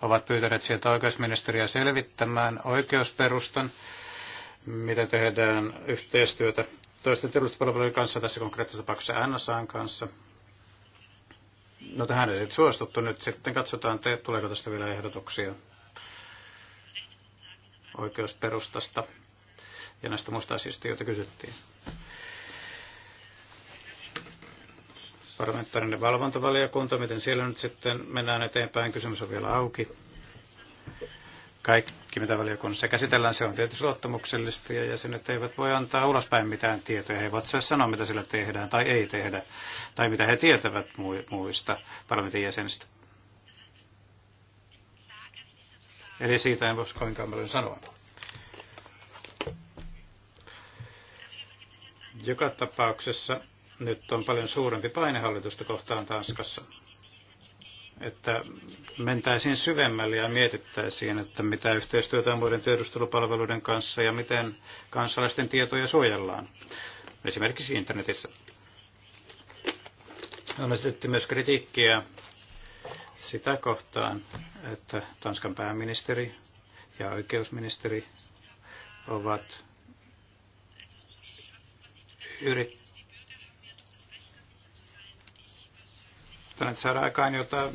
Ovat pyytäneet sieltä oikeusministeriä selvittämään oikeusperustan, mitä tehdään yhteistyötä toisten tiedustelupalvelujen kanssa, tässä konkreettisessa tapauksessa NSAn kanssa. No tähän ei suostuttu nyt. Sitten katsotaan, te, tuleeko tästä vielä ehdotuksia oikeusperustasta ja näistä muista asioista, joita kysyttiin. parlamentaarinen valvontavaliokunta, miten siellä nyt sitten mennään eteenpäin, kysymys on vielä auki. Kaikki, mitä valiokunnassa käsitellään, se on tietysti luottamuksellista ja jäsenet eivät voi antaa ulospäin mitään tietoja. He eivät saa siis sanoa, mitä sillä tehdään tai ei tehdä, tai mitä he tietävät muista parlamentin jäsenistä. Eli siitä en voisi kovinkaan paljon sanoa. Joka tapauksessa nyt on paljon suurempi paine hallitusta kohtaan Tanskassa, että mentäisiin syvemmälle ja mietittäisiin, että mitä yhteistyötä on muiden tiedustelupalveluiden kanssa ja miten kansalaisten tietoja suojellaan, esimerkiksi internetissä. On esitetty myös kritiikkiä sitä kohtaan, että Tanskan pääministeri ja oikeusministeri ovat yrittäneet yrittäneet saada aikaan, jota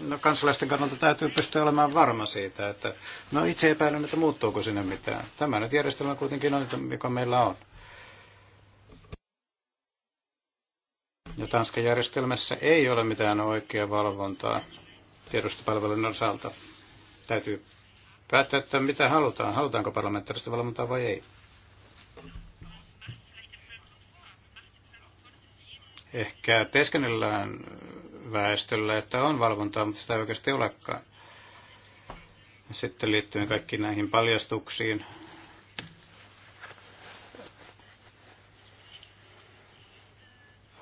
no, kansalaisten kannalta täytyy pystyä olemaan varma siitä, että no itse epäilen, että muuttuuko sinne mitään. Tämä nyt järjestelmä kuitenkin on, mikä meillä on. Ja Tanskan järjestelmässä ei ole mitään oikeaa valvontaa tiedostopalvelun osalta. Täytyy päättää, että mitä halutaan. Halutaanko parlamentaarista valvontaa vai ei. Ehkä teeskennellään väestöllä, että on valvontaa, mutta sitä ei oikeasti olekaan. Sitten liittyen kaikkiin näihin paljastuksiin.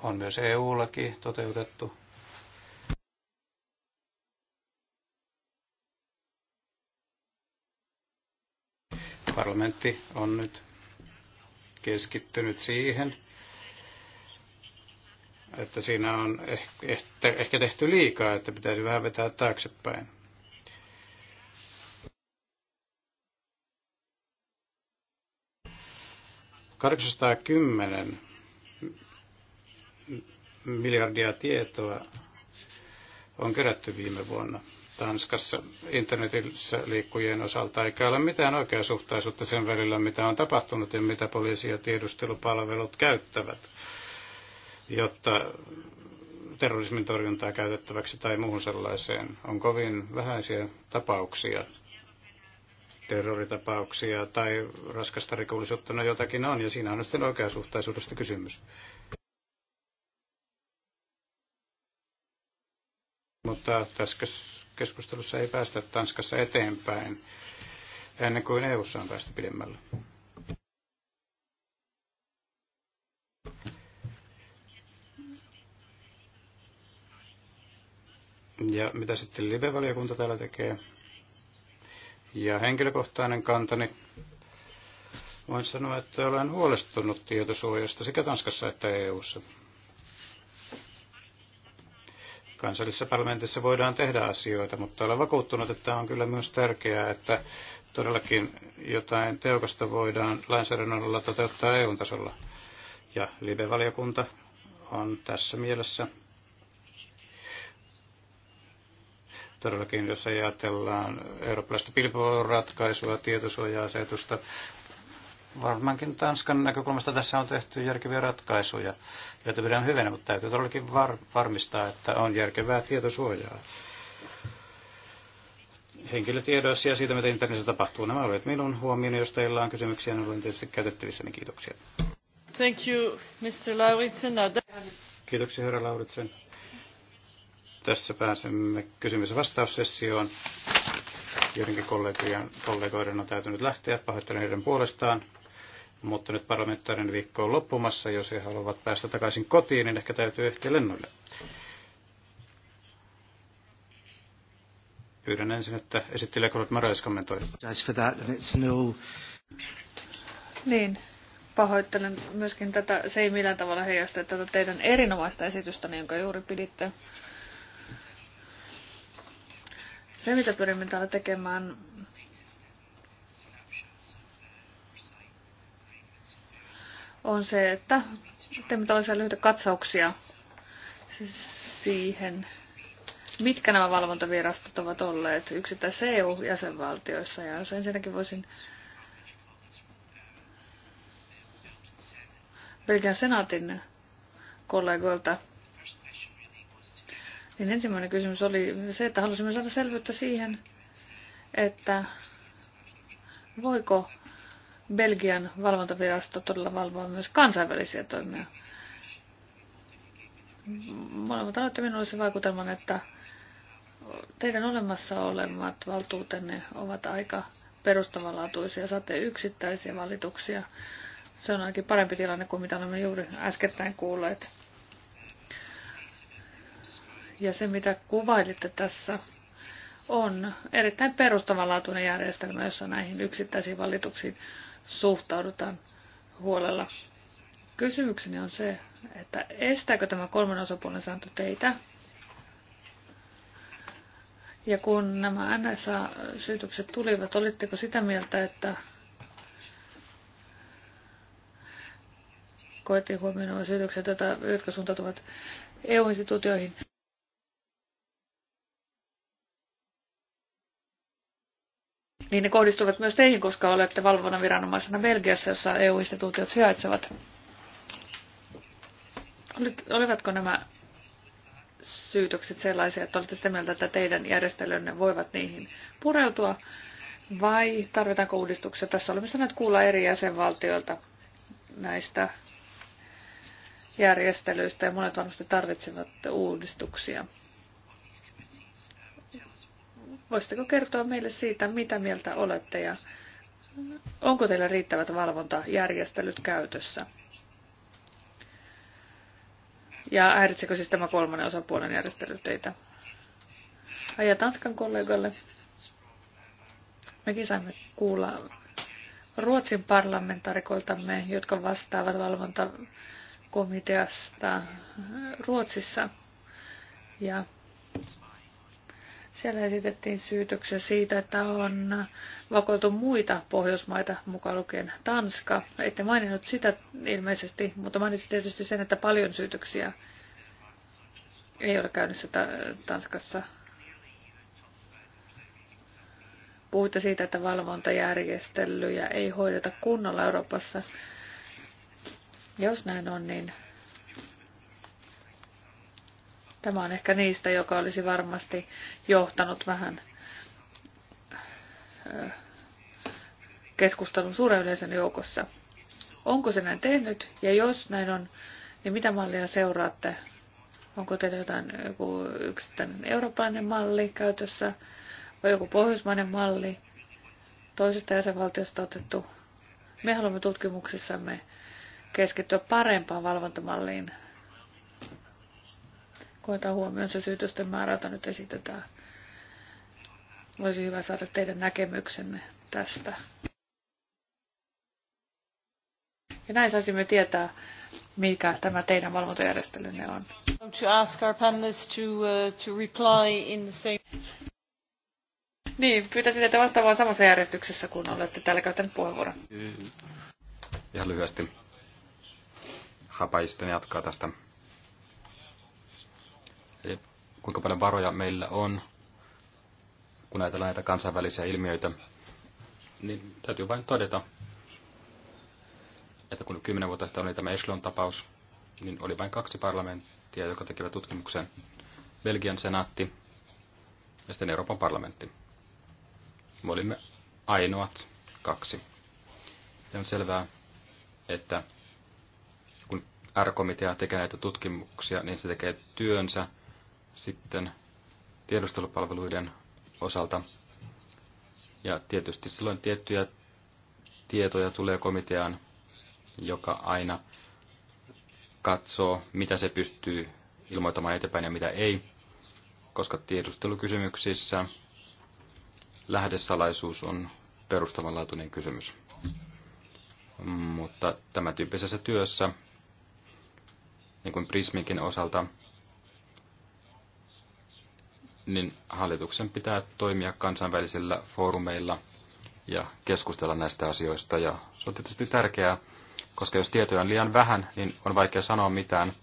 On myös EU-laki toteutettu. Parlamentti on nyt keskittynyt siihen, että siinä on ehkä, ehkä tehty liikaa, että pitäisi vähän vetää taaksepäin. kymmenen miljardia tietoa on kerätty viime vuonna Tanskassa internetissä liikkujien osalta, eikä ole mitään oikeasuhtaisuutta sen välillä, mitä on tapahtunut ja mitä poliisi ja tiedustelupalvelut käyttävät jotta terrorismin torjuntaa käytettäväksi tai muuhun sellaiseen. On kovin vähäisiä tapauksia, terroritapauksia tai raskasta rikollisuutta, no jotakin on, ja siinä on sitten oikeasuhtaisuudesta kysymys. Mutta tässä keskustelussa ei päästä Tanskassa eteenpäin ennen kuin EU:ssa on päästy pidemmälle. Ja mitä sitten live-valiokunta täällä tekee? Ja henkilökohtainen kantani. Voin sanoa, että olen huolestunut tietosuojasta sekä Tanskassa että EU:ssa. Kansallisessa parlamentissa voidaan tehdä asioita, mutta olen vakuuttunut, että on kyllä myös tärkeää, että todellakin jotain teokasta voidaan lainsäädännöllä toteuttaa EU-tasolla. Ja live-valiokunta on tässä mielessä Todellakin, jos ajatellaan eurooppalaista pilviratkaisua, tietosuoja-asetusta, varmaankin Tanskan näkökulmasta tässä on tehty järkeviä ratkaisuja, joita pidän hyvänä, mutta täytyy todellakin var- varmistaa, että on järkevää tietosuojaa. Henkilötiedoissa ja siitä, mitä internetissä tapahtuu. Nämä olivat minun huomioni. Jos teillä on kysymyksiä, niin olen tietysti käytettävissä, niin kiitoksia. Thank you, Mr. Lauritsen. Kiitoksia, herra Lauritsen. Tässä pääsemme kysymys- ja vastaussessioon. Joidenkin kollegojen, kollegoiden on täytynyt lähteä, pahoittelen heidän puolestaan. Mutta nyt parlamentaarinen viikko on loppumassa. Jos he haluavat päästä takaisin kotiin, niin ehkä täytyy ehtiä lennoille. Pyydän ensin, että esittelee Kolot Marais kommentoi. Niin, pahoittelen myöskin tätä, se ei millään tavalla heijasta tätä teidän erinomaista esitystä, jonka juuri piditte. Se, mitä pyrimme täällä tekemään, on se, että teemme tällaisia lyhyitä katsauksia siihen, mitkä nämä valvontavirastot ovat olleet yksittäisissä EU-jäsenvaltioissa. Ja jos ensinnäkin voisin Belgian senaatin kollegoilta niin ensimmäinen kysymys oli se, että halusimme saada selvyyttä siihen, että voiko Belgian valvontavirasto todella valvoa myös kansainvälisiä toimia. Molemmat annoitte minulle sen vaikutelman, että teidän olemassa olemat valtuutenne ovat aika perustavanlaatuisia, saatte yksittäisiä valituksia. Se on ainakin parempi tilanne kuin mitä olemme juuri äskettäin kuulleet. Ja se, mitä kuvailitte tässä, on erittäin perustavanlaatuinen järjestelmä, jossa näihin yksittäisiin valituksiin suhtaudutaan huolella. Kysymykseni on se, että estääkö tämä kolmen osapuolen sääntö teitä? Ja kun nämä NSA-syytökset tulivat, olitteko sitä mieltä, että koettiin huomioon syytökset, jotka suuntautuvat EU-instituutioihin? niin ne kohdistuvat myös teihin, koska olette valvonnan viranomaisena Belgiassa, jossa EU-instituutiot sijaitsevat. Olivatko nämä syytökset sellaisia, että olette sitä mieltä, että teidän järjestelynne voivat niihin pureutua, vai tarvitaanko uudistuksia? Tässä olemme saaneet kuulla eri jäsenvaltioilta näistä järjestelyistä ja monet varmasti tarvitsevat uudistuksia. Voisitteko kertoa meille siitä, mitä mieltä olette ja onko teillä riittävät valvontajärjestelyt käytössä? Ja häiritsekö siis tämä kolmannen osapuolen järjestely teitä? Aja Tanskan kollegalle. Mekin saimme kuulla Ruotsin parlamentaarikoiltamme, jotka vastaavat valvontakomiteasta Ruotsissa. Ja siellä esitettiin syytöksiä siitä, että on vakoiltu muita Pohjoismaita, mukaan lukien Tanska. Ette maininnut sitä ilmeisesti, mutta mainitsit tietysti sen, että paljon syytöksiä ei ole käynnissä Tanskassa. Puhuitte siitä, että valvontajärjestelyjä ei hoideta kunnolla Euroopassa. Jos näin on, niin Tämä on ehkä niistä, joka olisi varmasti johtanut vähän äh, keskustelun suuren yleisön joukossa. Onko se näin tehnyt? Ja jos näin on, niin mitä mallia seuraatte? Onko teillä jotain äh, joku yksittäinen eurooppalainen malli käytössä vai joku pohjoismainen malli toisesta jäsenvaltiosta otettu? Me haluamme tutkimuksissamme keskittyä parempaan valvontamalliin koetaan huomioon se syytösten määrä, jota nyt esitetään. Olisi hyvä saada teidän näkemyksenne tästä. Ja näin saisimme tietää, mikä tämä teidän valvontajärjestelynne on. To ask our panelists to, uh, to reply in the same... Niin, pyytäisin teitä vastaamaan samassa järjestyksessä, kun olette täällä käyttäneet puheenvuoron. Ihan lyhyesti. Hapaisten jatkaa tästä kuinka paljon varoja meillä on, kun ajatellaan näitä kansainvälisiä ilmiöitä, niin täytyy vain todeta, että kun kymmenen vuotta sitten oli tämä Eslon tapaus, niin oli vain kaksi parlamenttia, jotka tekivät tutkimuksen. Belgian senaatti ja sitten Euroopan parlamentti. Me olimme ainoat kaksi. Ja on selvää, että kun R-komitea tekee näitä tutkimuksia, niin se tekee työnsä sitten tiedustelupalveluiden osalta. Ja tietysti silloin tiettyjä tietoja tulee komiteaan, joka aina katsoo, mitä se pystyy ilmoittamaan eteenpäin ja mitä ei, koska tiedustelukysymyksissä lähdesalaisuus on perustavanlaatuinen kysymys. Mutta tämän tyyppisessä työssä, niin kuin Prismikin osalta, niin hallituksen pitää toimia kansainvälisillä foorumeilla ja keskustella näistä asioista. Ja se on tietysti tärkeää, koska jos tietoja on liian vähän, niin on vaikea sanoa mitään.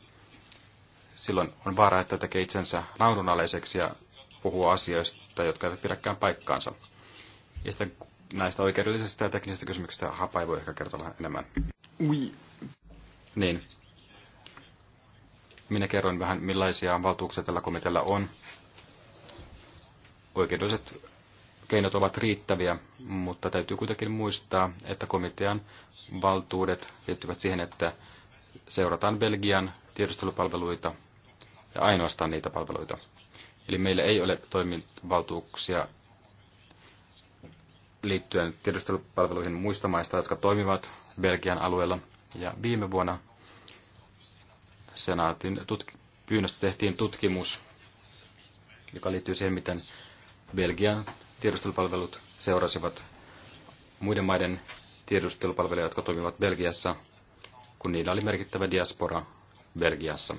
Silloin on vaara, että tekee itsensä naudunalaiseksi ja puhuu asioista, jotka eivät pidäkään paikkaansa. Ja sitten näistä oikeudellisista ja teknisistä kysymyksistä Hapai voi ehkä kertoa vähän enemmän. Ui. Niin. Minä kerroin vähän, millaisia valtuuksia tällä komitealla on oikeudelliset keinot ovat riittäviä, mutta täytyy kuitenkin muistaa, että komitean valtuudet liittyvät siihen, että seurataan Belgian tiedustelupalveluita ja ainoastaan niitä palveluita. Eli meillä ei ole toimivaltuuksia liittyen tiedustelupalveluihin muista maista, jotka toimivat Belgian alueella. Ja viime vuonna senaatin tutk- pyynnöstä tehtiin tutkimus, joka liittyy siihen, miten Belgian tiedustelupalvelut seurasivat muiden maiden tiedustelupalveluja, jotka toimivat Belgiassa, kun niillä oli merkittävä diaspora Belgiassa.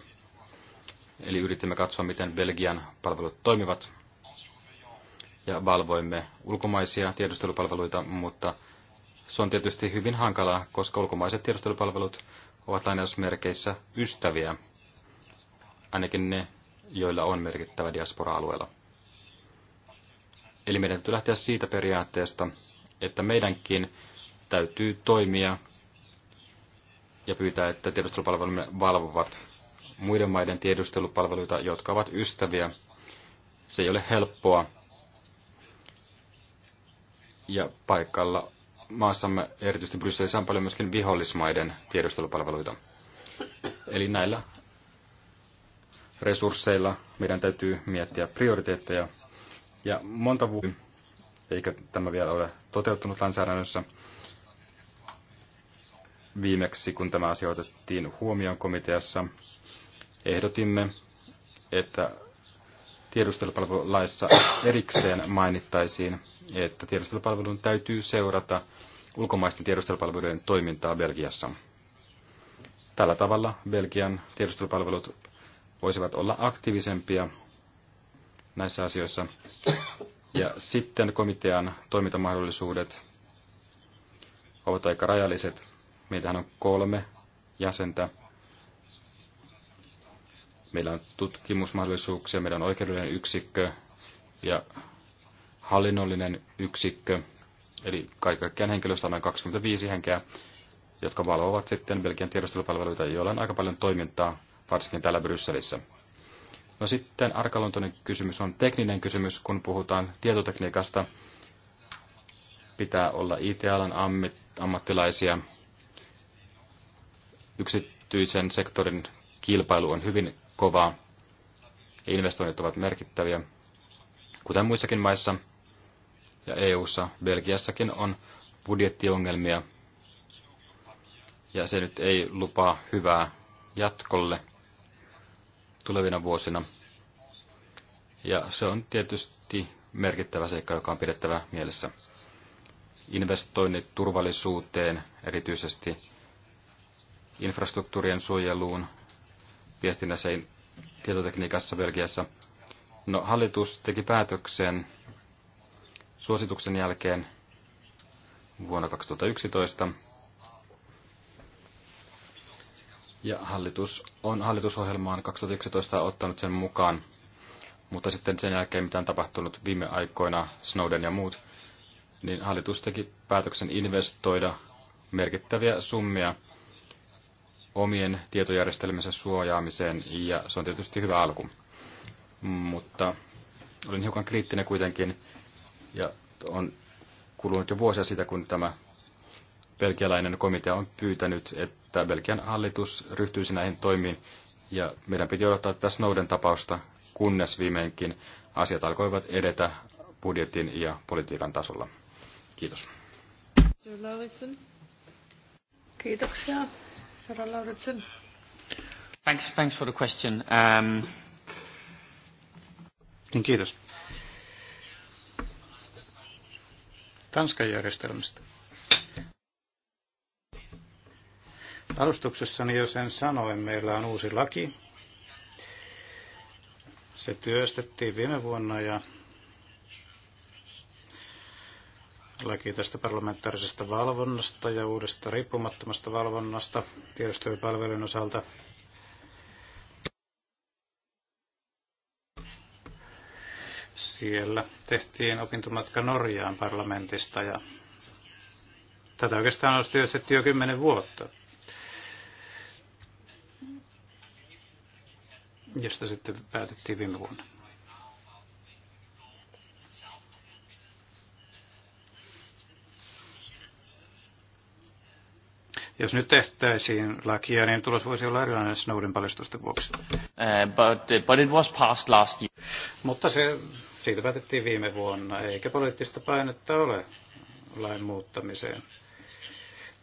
Eli yritimme katsoa, miten Belgian palvelut toimivat ja valvoimme ulkomaisia tiedustelupalveluita, mutta se on tietysti hyvin hankalaa, koska ulkomaiset tiedustelupalvelut ovat lainausmerkeissä ystäviä, ainakin ne, joilla on merkittävä diaspora-alueella. Eli meidän täytyy lähteä siitä periaatteesta, että meidänkin täytyy toimia ja pyytää, että tiedustelupalvelumme valvovat muiden maiden tiedustelupalveluita, jotka ovat ystäviä. Se ei ole helppoa. Ja paikalla maassamme, erityisesti Brysselissä, on paljon myöskin vihollismaiden tiedustelupalveluita. Eli näillä resursseilla meidän täytyy miettiä prioriteetteja ja monta vuotta, eikä tämä vielä ole toteutunut lainsäädännössä, viimeksi kun tämä asia otettiin huomioon komiteassa, ehdotimme, että tiedustelupalvelulaissa erikseen mainittaisiin, että tiedustelupalvelun täytyy seurata ulkomaisten tiedustelupalveluiden toimintaa Belgiassa. Tällä tavalla Belgian tiedustelupalvelut voisivat olla aktiivisempia näissä asioissa. Ja sitten komitean toimintamahdollisuudet ovat aika rajalliset. Meitähän on kolme jäsentä. Meillä on tutkimusmahdollisuuksia, meillä on oikeudellinen yksikkö ja hallinnollinen yksikkö. Eli kaikkiaan henkilöstä on noin 25 henkeä, jotka valvovat sitten Belgian tiedustelupalveluita, joilla on aika paljon toimintaa, varsinkin täällä Brysselissä. No sitten arkaluontoinen kysymys on tekninen kysymys, kun puhutaan tietotekniikasta. Pitää olla IT-alan ammattilaisia. Yksityisen sektorin kilpailu on hyvin kovaa ja investoinnit ovat merkittäviä. Kuten muissakin maissa ja EU:ssa, Belgiassakin on budjettiongelmia ja se nyt ei lupaa hyvää jatkolle – tulevina vuosina. Ja se on tietysti merkittävä seikka, joka on pidettävä mielessä. Investoinnit turvallisuuteen, erityisesti infrastruktuurien suojeluun, viestinnässä ja tietotekniikassa Belgiassa. No, hallitus teki päätöksen suosituksen jälkeen vuonna 2011 Ja hallitus on hallitusohjelmaan 2011 ottanut sen mukaan, mutta sitten sen jälkeen, mitä on tapahtunut viime aikoina, Snowden ja muut, niin hallitus teki päätöksen investoida merkittäviä summia omien tietojärjestelmänsä suojaamiseen, ja se on tietysti hyvä alku. Mutta olin hiukan kriittinen kuitenkin, ja on kulunut jo vuosia siitä, kun tämä belgialainen komitea on pyytänyt, että Belgian hallitus ryhtyisi näihin toimiin, ja meidän piti odottaa tätä Snowden tapausta, kunnes viimeinkin asiat alkoivat edetä budjetin ja politiikan tasolla. Kiitos. Kiitoksia. Herra Lauritsen. Thanks, thanks for the question. Um... Niin, kiitos. Tanskan järjestelmistä. Alustuksessani jo sen sanoin, meillä on uusi laki. Se työstettiin viime vuonna ja laki tästä parlamentaarisesta valvonnasta ja uudesta riippumattomasta valvonnasta tiedustelupalvelujen osalta. Siellä tehtiin opintomatka Norjaan parlamentista ja tätä oikeastaan on työstetty jo kymmenen vuotta. josta sitten päätettiin viime vuonna. Jos nyt tehtäisiin lakia, niin tulos voisi olla erilainen Snowden paljastusten vuoksi. Uh, but, uh, but it was passed last year. Mutta se, siitä päätettiin viime vuonna, eikä poliittista painetta ole lain muuttamiseen.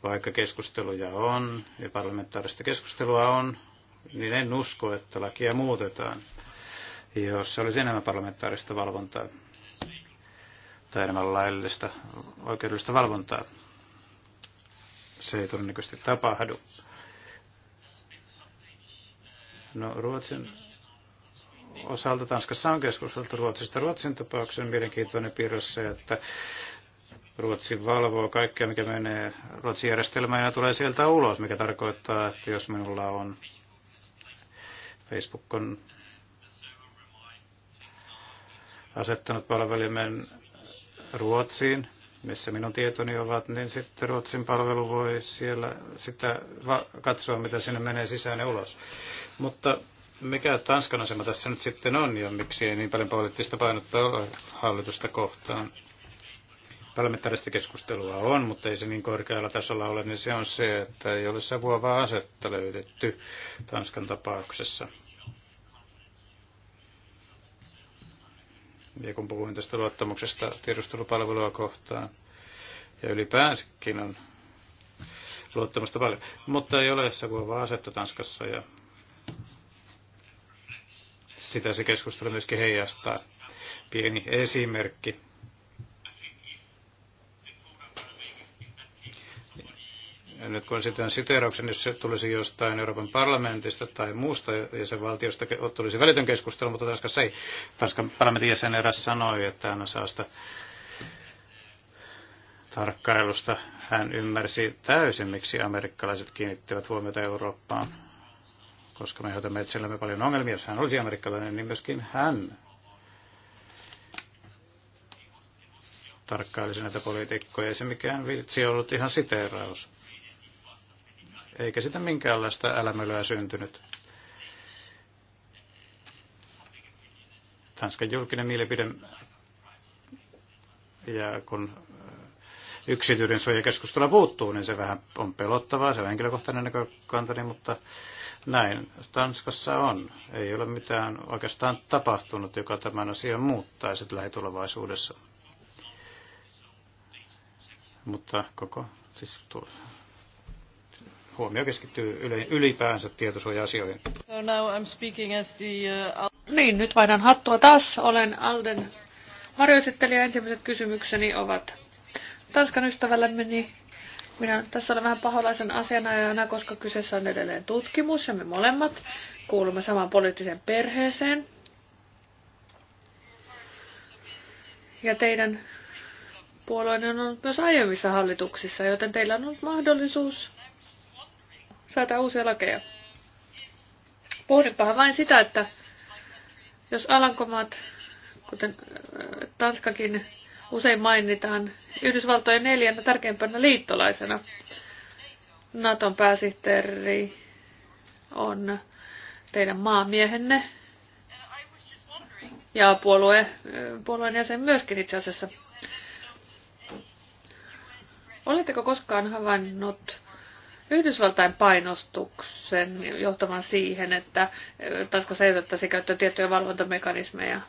Vaikka keskusteluja on ja parlamentaarista keskustelua on, niin en usko, että lakia muutetaan, jos olisi enemmän parlamentaarista valvontaa tai enemmän laillista oikeudellista valvontaa. Se ei todennäköisesti tapahdu. No, Ruotsin osalta Tanskassa on keskusteltu Ruotsista. Ruotsin tapauksen mielenkiintoinen piirre se, että Ruotsi valvoo kaikkea, mikä menee Ruotsin järjestelmään ja tulee sieltä ulos, mikä tarkoittaa, että jos minulla on Facebook on asettanut palvelimen Ruotsiin, missä minun tietoni ovat, niin sitten Ruotsin palvelu voi siellä sitä katsoa, mitä sinne menee sisään ja ulos. Mutta mikä Tanskan asema tässä nyt sitten on ja miksi ei niin paljon poliittista painetta ole hallitusta kohtaan? Parlamentaarista keskustelua on, mutta ei se niin korkealla tasolla ole, niin se on se, että ei ole savuavaa asetta löydetty Tanskan tapauksessa. Ja kun puhuin tästä luottamuksesta tiedustelupalvelua kohtaan, ja ylipäänsäkin on luottamusta paljon. Mutta ei ole kuva asetta Tanskassa ja sitä se keskustelu myöskin heijastaa. Pieni esimerkki nyt kun esitän siteerauksen, jos se tulisi jostain Euroopan parlamentista tai muusta jäsenvaltiosta, tulisi välitön keskustelu, mutta Tanskassa ei. Tanskan parlamentin jäsen eräs sanoi, että hän sitä tarkkailusta hän ymmärsi täysin, miksi amerikkalaiset kiinnittivät huomiota Eurooppaan, koska me hoitamme itsellemme paljon ongelmia. Jos hän olisi amerikkalainen, niin myöskin hän tarkkailisi näitä poliitikkoja. Ei se mikään vitsi ollut ihan siteeraus eikä sitä minkäänlaista älämölyä syntynyt. Tanskan julkinen mielipide ja kun äh, yksityinen suojakeskustelu puuttuu, niin se vähän on pelottavaa, se on henkilökohtainen näkökantani, mutta näin Tanskassa on. Ei ole mitään oikeastaan tapahtunut, joka tämän asian muuttaisi lähitulevaisuudessa. Mutta koko, siis tuo huomio keskittyy ylipäänsä tietosuoja-asioihin. So now I'm speaking as the, uh... Niin, nyt vaihdan hattua taas. Olen Alden harjoittelija Ensimmäiset kysymykseni ovat Tanskan ystävälläni. Niin minä tässä olen vähän paholaisen asianajana, koska kyseessä on edelleen tutkimus ja me molemmat kuulumme samaan poliittiseen perheeseen. Ja teidän puolueenne on ollut myös aiemmissa hallituksissa, joten teillä on ollut mahdollisuus säätää uusia lakeja. Pohdinpahan vain sitä, että jos Alankomaat, kuten äh, Tanskakin usein mainitaan, Yhdysvaltojen neljänä tärkeimpänä liittolaisena, Naton pääsihteeri on teidän maamiehenne ja puolue, äh, puolueen jäsen myöskin itse asiassa. Oletteko koskaan havainnut Yhdysvaltain painostuksen johtavan siihen, että Tanska ei käyttöön tiettyjä valvontamekanismeja?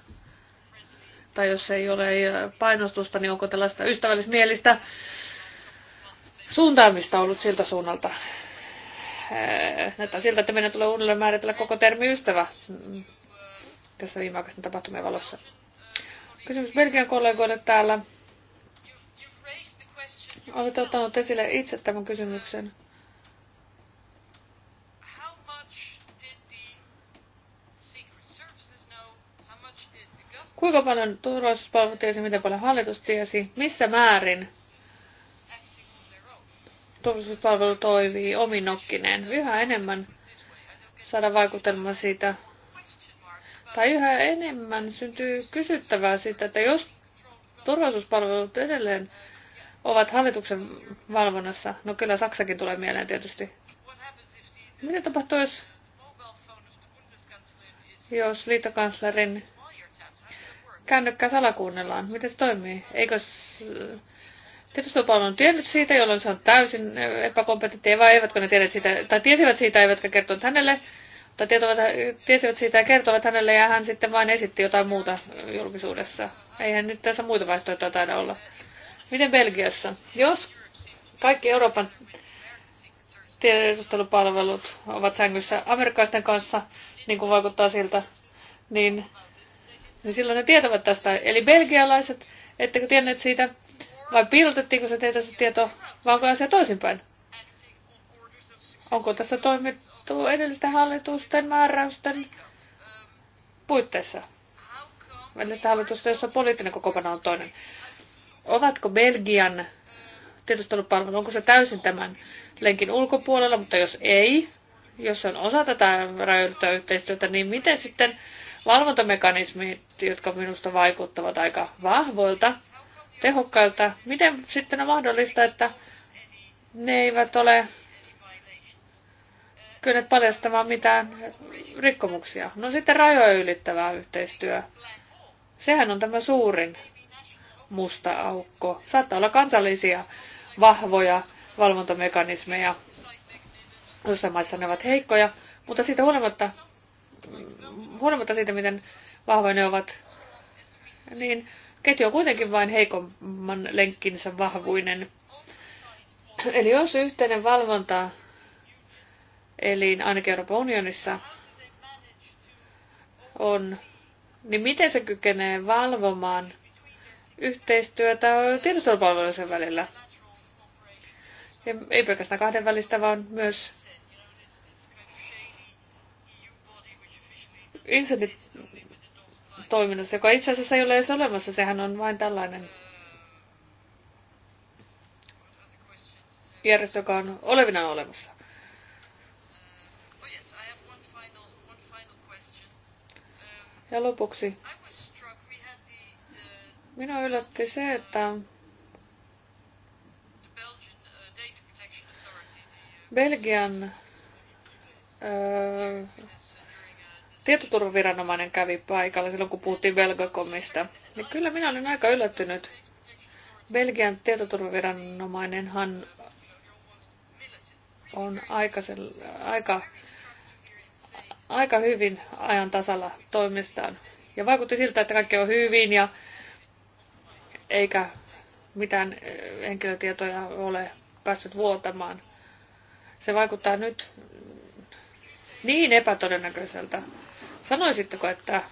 Tai jos ei ole painostusta, niin onko tällaista ystävällismielistä suuntaamista ollut siltä suunnalta? Näyttää siltä, että meidän tulee uudelleen määritellä koko termi ystävä mm, tässä viimeaikaisten tapahtumien valossa. Kysymys Belgian kollegoille täällä. Olette ottanut esille itse tämän kysymyksen. Kuinka paljon turvallisuuspalvelut tiesi, miten paljon hallitus tiesi, missä määrin turvallisuuspalvelu toimii ominokkineen. Yhä enemmän saada vaikutelma siitä, tai yhä enemmän syntyy kysyttävää siitä, että jos turvallisuuspalvelut edelleen ovat hallituksen valvonnassa, no kyllä Saksakin tulee mieleen tietysti. Mitä tapahtuisi, jos, jos liittokanslerin kännykkää salakuunnellaan. Miten se toimii? Eikö tiedustelupalvelu on tiennyt siitä, jolloin se on täysin epäkompetentti, vai eivätkö ne tiedä sitä, tai tiesivät siitä, eivätkä kertonut hänelle, tai tietovat, tiesivät siitä ja kertovat hänelle, ja hän sitten vain esitti jotain muuta julkisuudessa. Eihän nyt tässä muita vaihtoehtoja taida olla. Miten Belgiassa? Jos kaikki Euroopan tiedustelupalvelut ovat sängyssä amerikkalaisten kanssa, niin kuin vaikuttaa siltä, niin niin silloin ne tietävät tästä. Eli belgialaiset, ettekö tienneet siitä, vai piilotettiinko se teitä se tieto, vai onko asia toisinpäin? Onko tässä toimittu edellisten hallitusten määräysten puitteissa? Edellisten hallitusten, jossa poliittinen kokopana on toinen. Ovatko Belgian tiedustelupalvelu, onko se täysin tämän lenkin ulkopuolella, mutta jos ei, jos on osa tätä rajoitettua yhteistyötä, niin miten sitten valvontamekanismit, jotka minusta vaikuttavat aika vahvoilta, tehokkailta. Miten sitten on mahdollista, että ne eivät ole kyllä paljastamaan mitään rikkomuksia? No sitten rajoja ylittävää yhteistyö. Sehän on tämä suurin musta aukko. Saattaa olla kansallisia vahvoja valvontamekanismeja. Jossain maissa ne ovat heikkoja, mutta siitä huolimatta huolimatta siitä, miten vahvoja ne ovat, niin ketju on kuitenkin vain heikomman lenkkinsä vahvuinen. Eli jos yhteinen valvonta eli ainakin Euroopan unionissa on, niin miten se kykenee valvomaan yhteistyötä tiedustelupalveluiden välillä? Ja ei pelkästään kahden välistä, vaan myös insentoiminnassa, joka itse asiassa ei ole edes olemassa, sehän on vain tällainen järjestö, joka on olevina olemassa. Ja lopuksi. Minua yllätti se, että Belgian öö, tietoturvaviranomainen kävi paikalla silloin, kun puhuttiin Belgakomista. Ja niin kyllä minä olin aika yllättynyt. Belgian tietoturvaviranomainenhan on aika, aika, aika hyvin ajan tasalla toimistaan. Ja vaikutti siltä, että kaikki on hyvin ja eikä mitään eh, henkilötietoja ole päässyt vuotamaan. Se vaikuttaa nyt niin epätodennäköiseltä, Sanoisitteko, että,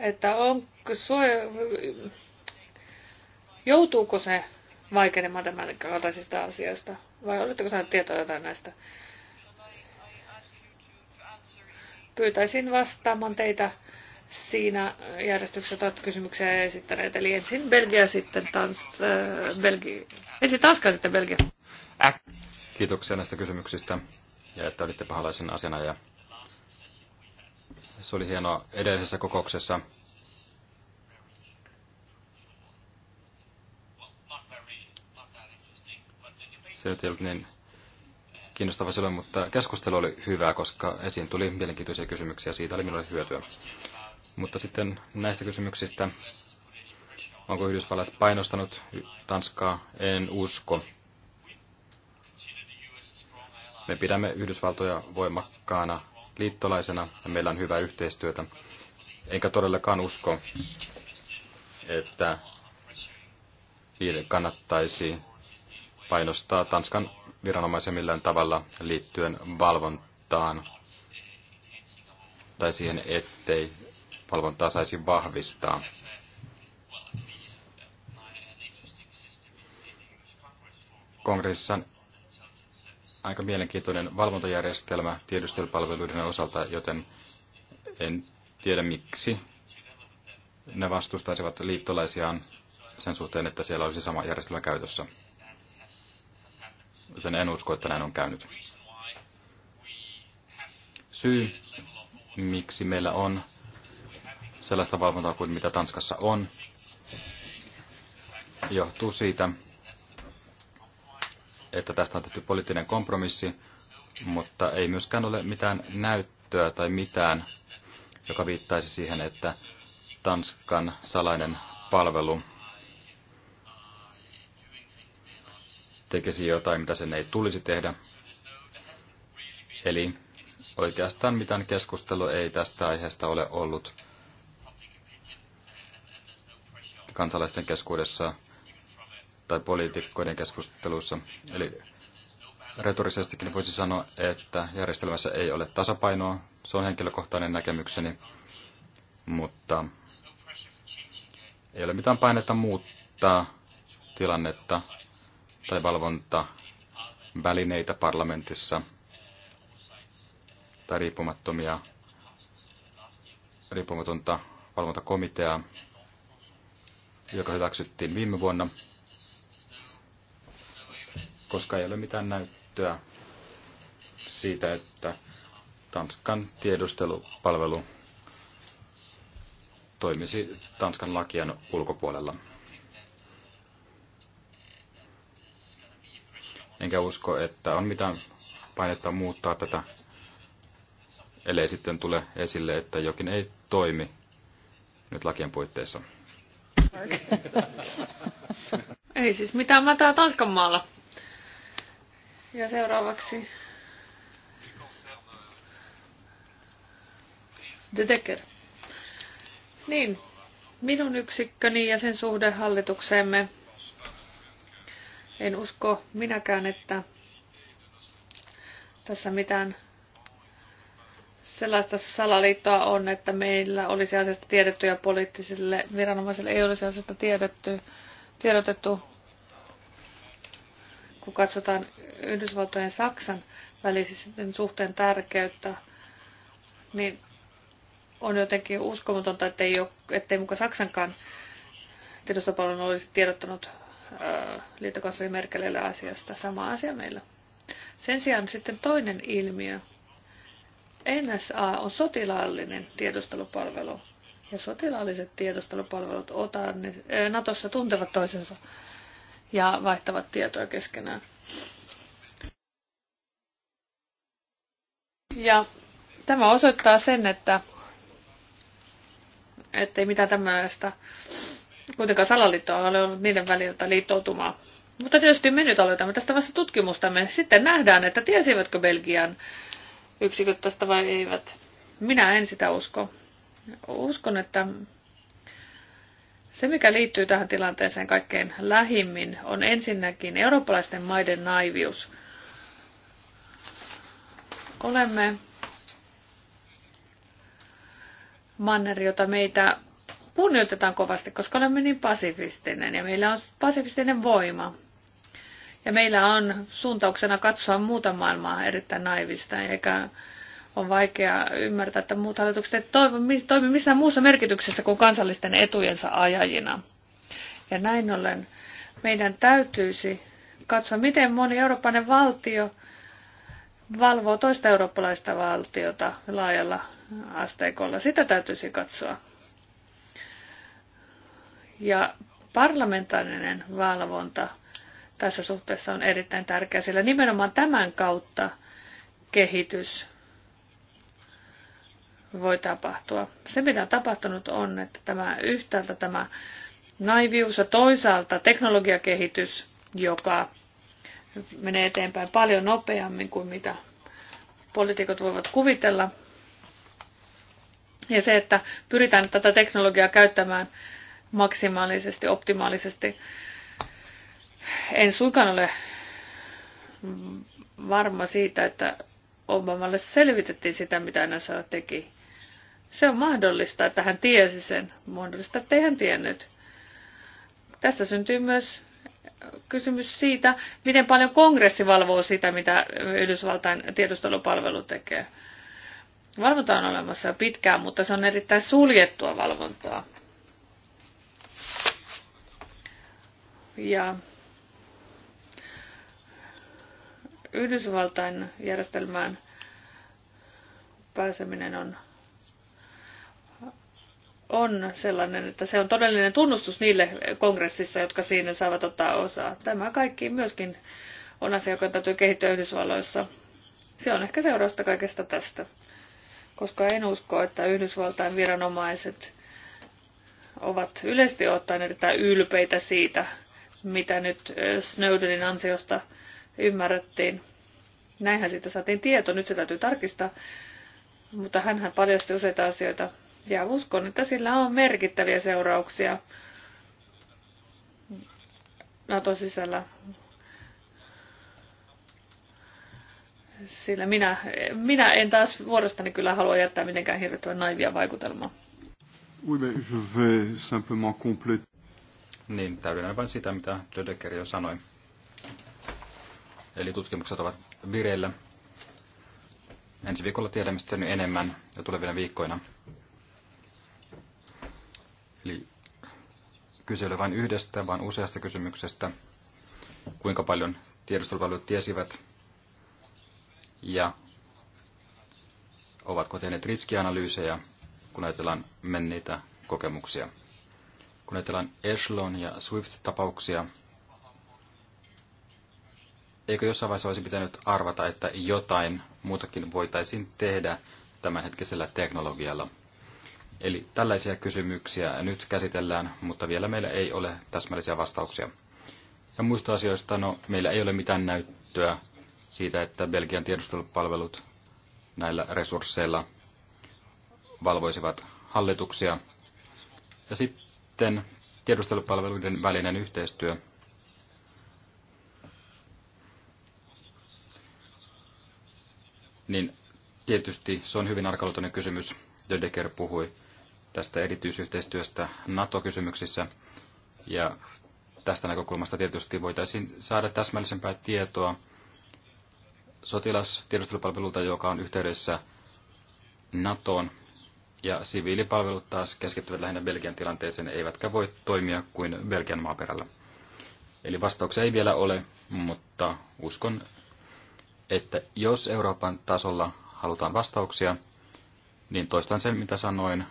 että on, suoja, joutuuko se vaikenemaan tämän kaltaisista asioista? Vai oletteko saaneet tietoa jotain näistä? Pyytäisin vastaamaan teitä siinä järjestyksessä olet kysymyksiä esittäneet. Eli ensin Belgia, sitten tans, äh, Belgi... ensin Tanska, sitten Belgia. Kiitoksia näistä kysymyksistä ja että olitte pahalaisen asiana ja se oli hienoa edellisessä kokouksessa. Se nyt ei ollut niin kiinnostava silloin, mutta keskustelu oli hyvä, koska esiin tuli mielenkiintoisia kysymyksiä. Siitä oli minulle hyötyä. Mutta sitten näistä kysymyksistä, onko Yhdysvallat painostanut Tanskaa, en usko. Me pidämme Yhdysvaltoja voimakkaana liittolaisena ja meillä on hyvää yhteistyötä. Enkä todellakaan usko, että niiden kannattaisi painostaa Tanskan viranomaisen millään tavalla liittyen valvontaan tai siihen, ettei valvontaa saisi vahvistaa. Kongressissa aika mielenkiintoinen valvontajärjestelmä tiedustelupalveluiden osalta, joten en tiedä miksi ne vastustaisivat liittolaisiaan sen suhteen, että siellä olisi sama järjestelmä käytössä. Joten en usko, että näin on käynyt. Syy, miksi meillä on sellaista valvontaa kuin mitä Tanskassa on, johtuu siitä, että tästä on tehty poliittinen kompromissi, mutta ei myöskään ole mitään näyttöä tai mitään, joka viittaisi siihen, että Tanskan salainen palvelu tekisi jotain, mitä sen ei tulisi tehdä. Eli oikeastaan mitään keskustelua ei tästä aiheesta ole ollut kansalaisten keskuudessa tai poliitikkoiden keskusteluissa. Eli retorisestikin voisi sanoa, että järjestelmässä ei ole tasapainoa. Se on henkilökohtainen näkemykseni, mutta ei ole mitään painetta muuttaa tilannetta tai valvonta välineitä parlamentissa tai riippumattomia, riippumatonta valvontakomiteaa, joka hyväksyttiin viime vuonna koska ei ole mitään näyttöä siitä, että Tanskan tiedustelupalvelu toimisi Tanskan lakien ulkopuolella. Enkä usko, että on mitään painetta muuttaa tätä, ellei sitten tule esille, että jokin ei toimi nyt lakien puitteissa. Ei siis mitään mätää Tanskan maalla. Ja seuraavaksi De Decker. Niin, minun yksikköni ja sen suhde hallitukseemme. En usko minäkään, että tässä mitään sellaista salaliittoa on, että meillä olisi asiasta tiedetty ja poliittisille viranomaisille ei olisi asiasta tiedetty, tiedotettu kun katsotaan Yhdysvaltojen ja Saksan välisen suhteen tärkeyttä, niin on jotenkin uskomatonta, ettei, ole, ettei muka Saksankaan tiedostopalvelun olisi tiedottanut äh, liittokansali Merkelille asiasta. Sama asia meillä. Sen sijaan sitten toinen ilmiö. NSA on sotilaallinen tiedustelupalvelu. Ja sotilaalliset tiedustelupalvelut otan, äh, Natossa tuntevat toisensa ja vaihtavat tietoa keskenään. Ja tämä osoittaa sen, että ei mitään tämmöistä kuitenkaan salaliittoa ole ollut niiden väliltä liittoutumaa. Mutta tietysti me nyt aloitamme tästä vasta tutkimustamme. Sitten nähdään, että tiesivätkö Belgian yksiköt tästä vai eivät. Minä en sitä usko. Uskon, että se, mikä liittyy tähän tilanteeseen kaikkein lähimmin, on ensinnäkin eurooppalaisten maiden naivius. Olemme manner, jota meitä kunnioitetaan kovasti, koska olemme niin pasifistinen ja meillä on pasifistinen voima. Ja meillä on suuntauksena katsoa muuta maailmaa erittäin naivista, eikä on vaikea ymmärtää, että muut hallitukset eivät toimi missään muussa merkityksessä kuin kansallisten etujensa ajajina. Ja näin ollen meidän täytyisi katsoa, miten moni eurooppalainen valtio valvoo toista eurooppalaista valtiota laajalla asteikolla. Sitä täytyisi katsoa. Ja parlamentaarinen valvonta tässä suhteessa on erittäin tärkeä, sillä nimenomaan tämän kautta kehitys voi tapahtua. Se, mitä on tapahtunut, on, että tämä yhtäältä tämä naivius ja toisaalta teknologiakehitys, joka menee eteenpäin paljon nopeammin kuin mitä poliitikot voivat kuvitella. Ja se, että pyritään tätä teknologiaa käyttämään maksimaalisesti, optimaalisesti. En suinkaan ole varma siitä, että Obamalle selvitettiin sitä, mitä NSA teki. Se on mahdollista, että hän tiesi sen. Mahdollista, että ei hän tiennyt. Tästä syntyy myös kysymys siitä, miten paljon kongressi valvoo sitä, mitä Yhdysvaltain tiedustelupalvelu tekee. Valvonta on olemassa jo pitkään, mutta se on erittäin suljettua valvontaa. Ja Yhdysvaltain järjestelmään pääseminen on on sellainen, että se on todellinen tunnustus niille kongressissa, jotka siinä saavat ottaa osaa. Tämä kaikki myöskin on asia, joka täytyy kehittyä Yhdysvalloissa. Se on ehkä seurausta kaikesta tästä, koska en usko, että Yhdysvaltain viranomaiset ovat yleisesti ottaen erittäin ylpeitä siitä, mitä nyt Snowdenin ansiosta ymmärrettiin. Näinhän siitä saatiin tieto, nyt se täytyy tarkistaa, mutta hän paljasti useita asioita, ja uskon, että sillä on merkittäviä seurauksia Naton sisällä. Sillä minä, minä en taas vuorostani kyllä halua jättää mitenkään hirveän naivia vaikutelmaa. Oui, mais je vais simplement compléter. Niin, täydennän vain sitä, mitä Dödecker jo sanoi. Eli tutkimukset ovat vireillä. Ensi viikolla tiedämme sitten enemmän ja tulevina viikkoina. Eli kyse oli vain yhdestä, vaan useasta kysymyksestä, kuinka paljon tiedustelupalvelut tiesivät ja ovatko tehneet riskianalyysejä, kun ajatellaan menneitä kokemuksia. Kun ajatellaan Echelon ja Swift-tapauksia, eikö jossain vaiheessa olisi pitänyt arvata, että jotain muutakin voitaisiin tehdä tämänhetkisellä teknologialla – Eli tällaisia kysymyksiä nyt käsitellään, mutta vielä meillä ei ole täsmällisiä vastauksia. Ja muista asioista, no meillä ei ole mitään näyttöä siitä, että Belgian tiedustelupalvelut näillä resursseilla valvoisivat hallituksia. Ja sitten tiedustelupalveluiden välinen yhteistyö. Niin tietysti se on hyvin arkaluontoinen kysymys. Dödeker puhui tästä erityisyhteistyöstä NATO-kysymyksissä. Ja tästä näkökulmasta tietysti voitaisiin saada täsmällisempää tietoa sotilastiedustelupalvelulta, joka on yhteydessä NATOon, ja siviilipalvelut taas keskittyvät lähinnä Belgian tilanteeseen, eivätkä voi toimia kuin Belgian maaperällä. Eli vastauksia ei vielä ole, mutta uskon, että jos Euroopan tasolla halutaan vastauksia, niin toistan sen, mitä sanoin